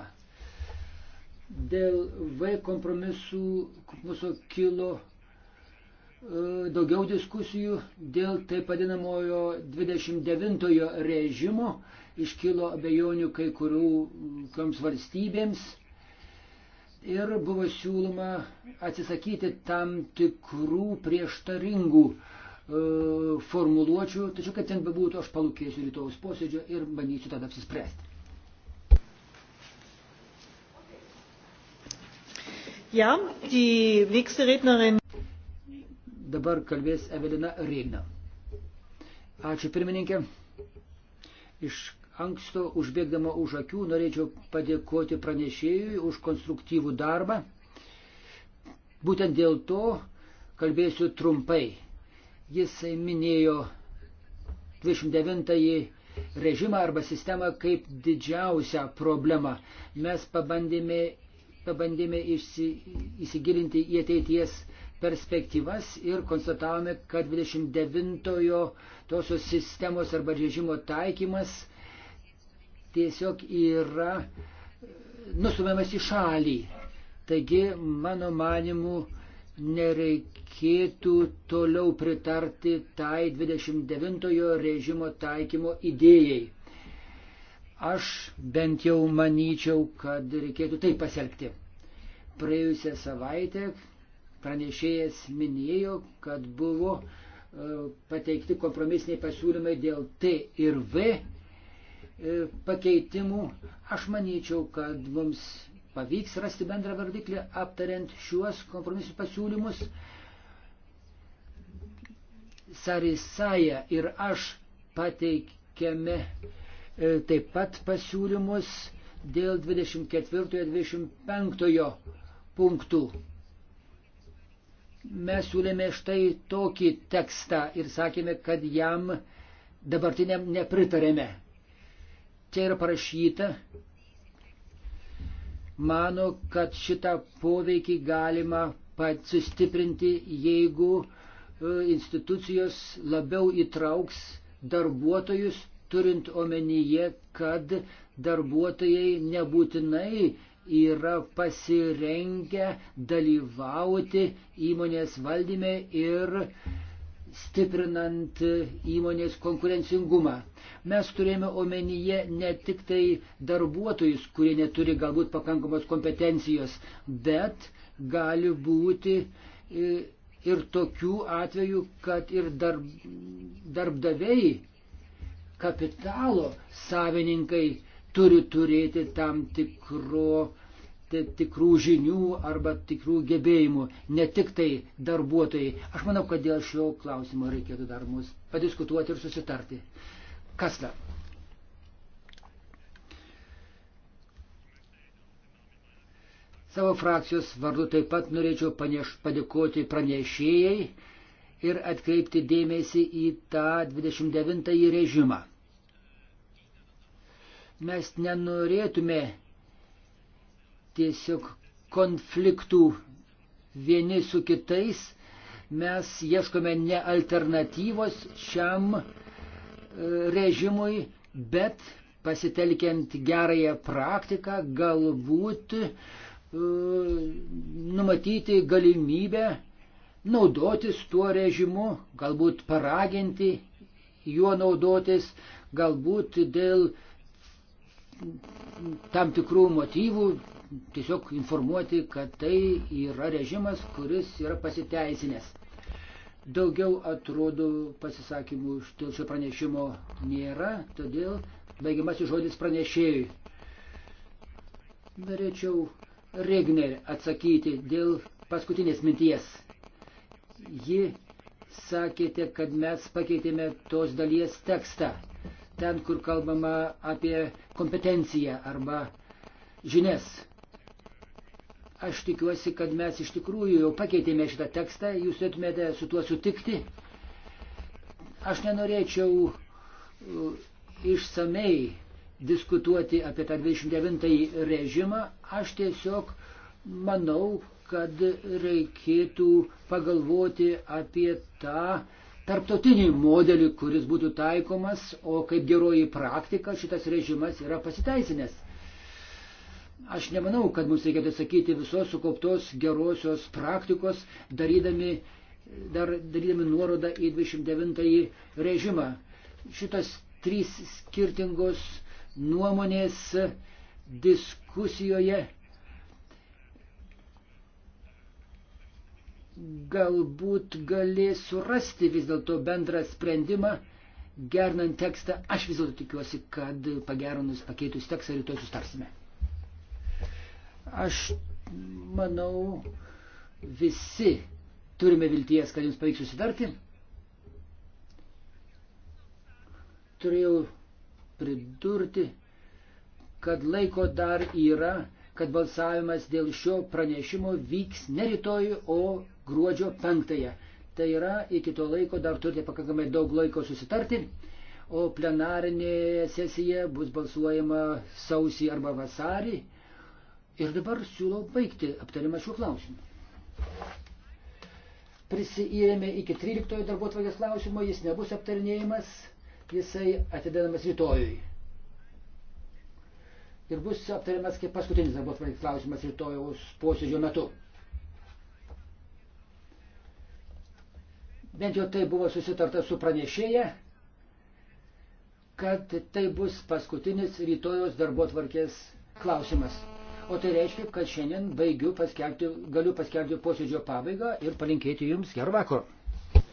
Dėl V kompromisų mūsų kilo e, daugiau diskusijų dėl taip vadinamojo 29 režimo, iškilo abejonių kai kurių valstybėms ir buvo siūloma atsisakyti tam tikrų prieštaringų uh, E, formuluočių, tačiau kaip ten bebūtų, aš palūkėsiu rytojus posėdžio ir bandysiu tada apsispręsti. Ja, die nächste Rednerin. Dabar kalbės Evelina Reina. Ačiū pirmininkė. Iš anksto užbėgdama už akių norėčiau padėkoti pranešėjui už konstruktyvų darbą. Būtent dėl to kalbėsiu trumpai Jisai minėjo 29-ąjį režimą arba sistemą kaip didžiausią problemą. Mes pabandėme, pabandėme išsi, įsigilinti į ateities perspektyvas ir konstatavome, kad 29-ojo tosios sistemos arba režimo taikymas tiesiog yra nustumiamas į šalį. Taigi, mano manimu, nereikėtų toliau pritarti tai 29-ojo režimo taikymo idėjai. Aš bent jau manyčiau, kad reikėtų taip pasielgti. Praėjusią savaitę pranešėjas minėjo, kad buvo e, pateikti kompromisiniai pasiūlymai dėl T ir V e, pakeitimų. Aš manyčiau, kad mums pavyks rasti bendrą vardiklį aptariant šiuos kompromisų pasiūlymus. Sarisaja ir aš pateikėme e, taip pat pasiūlymus dėl 24-25 punktų. Mes siūlėme štai tokį tekstą ir sakėme, kad jam dabartiniam nepritarėme. Čia yra parašyta, mano, kad šitą poveikį galima pat sustiprinti, jeigu e, institucijos labiau įtrauks darbuotojus, turint omenyje, kad darbuotojai nebūtinai yra pasirengę dalyvauti įmonės valdyme ir stiprinant įmonės konkurencingumą. Mes turėjome omenyje ne tik tai darbuotojus, kurie neturi galbūt pakankamos kompetencijos, bet gali būti ir tokių atvejų, kad ir darb, darbdaviai, kapitalo savininkai turi turėti tam tikro tikrų žinių arba tikrų gebėjimų, ne tik tai darbuotojai. Aš manau, kad dėl šio klausimo reikėtų dar mus padiskutuoti ir susitarti. Kas dar? Savo frakcijos vardu taip pat norėčiau paneš, padėkoti pranešėjai ir atkreipti dėmesį į tą 29 režimą. Mes nenorėtume tiesiog konfliktų vieni su kitais. Mes ieškome ne alternatyvos šiam e, režimui, bet pasitelkiant gerąją praktiką galbūt e, numatyti galimybę naudotis tuo režimu, galbūt paraginti juo naudotis, galbūt dėl tam tikrų motyvų tiesiog informuoti, kad tai yra režimas, kuris yra pasiteisinęs. Daugiau atrodo pasisakymų dėl šio pranešimo nėra, todėl baigiamasis žodis pranešėjui. Norėčiau Regner atsakyti dėl paskutinės minties. Ji sakėte, kad mes pakeitėme tos dalies tekstą. Ten, kur kalbama apie kompetenciją arba žinias. Aš tikiuosi, kad mes iš tikrųjų jau pakeitėme šitą tekstą, jūs turėtumėte su tuo sutikti. Aš nenorėčiau uh, išsamei diskutuoti apie tą 29 režimą, aš tiesiog manau, kad reikėtų pagalvoti apie tą tarptautinį modelį, kuris būtų taikomas, o kaip geroji praktika šitas režimas yra pasiteisinęs. Aš nemanau, kad mums reikėtų sakyti visos sukauptos gerosios praktikos, darydami, dar, darydami nuorodą į 29 režimą. Šitas trys skirtingos nuomonės diskusijoje galbūt galės surasti vis dėlto bendrą sprendimą, gernant tekstą. Aš vis dėlto tikiuosi, kad pagerinus pakeitus tekstą rytoj sustarsime. Aš manau, visi turime vilties, kad jums pavyks susitarti. Turėjau pridurti, kad laiko dar yra, kad balsavimas dėl šio pranešimo vyks ne rytoj, o gruodžio penktąją. Tai yra, iki to laiko dar turite pakankamai daug laiko susitarti, o plenarinė sesija bus balsuojama sausį arba vasarį Ir dabar siūlau baigti aptarimą šių klausimų. Prisijėmė iki 13 darbo tvarkės klausimo, jis nebus aptarinėjimas, jisai atidedamas rytojui. Ir bus aptariamas kaip paskutinis darbo tvarkės klausimas rytojaus posėdžio metu. Bent jau tai buvo susitarta su pranešėja kad tai bus paskutinis rytojos darbo tvarkės klausimas. O tai reiškia, kad šiandien baigiu paskelbti, galiu paskelbti posėdžio pabaigą ir palinkėti Jums gerą vakarą.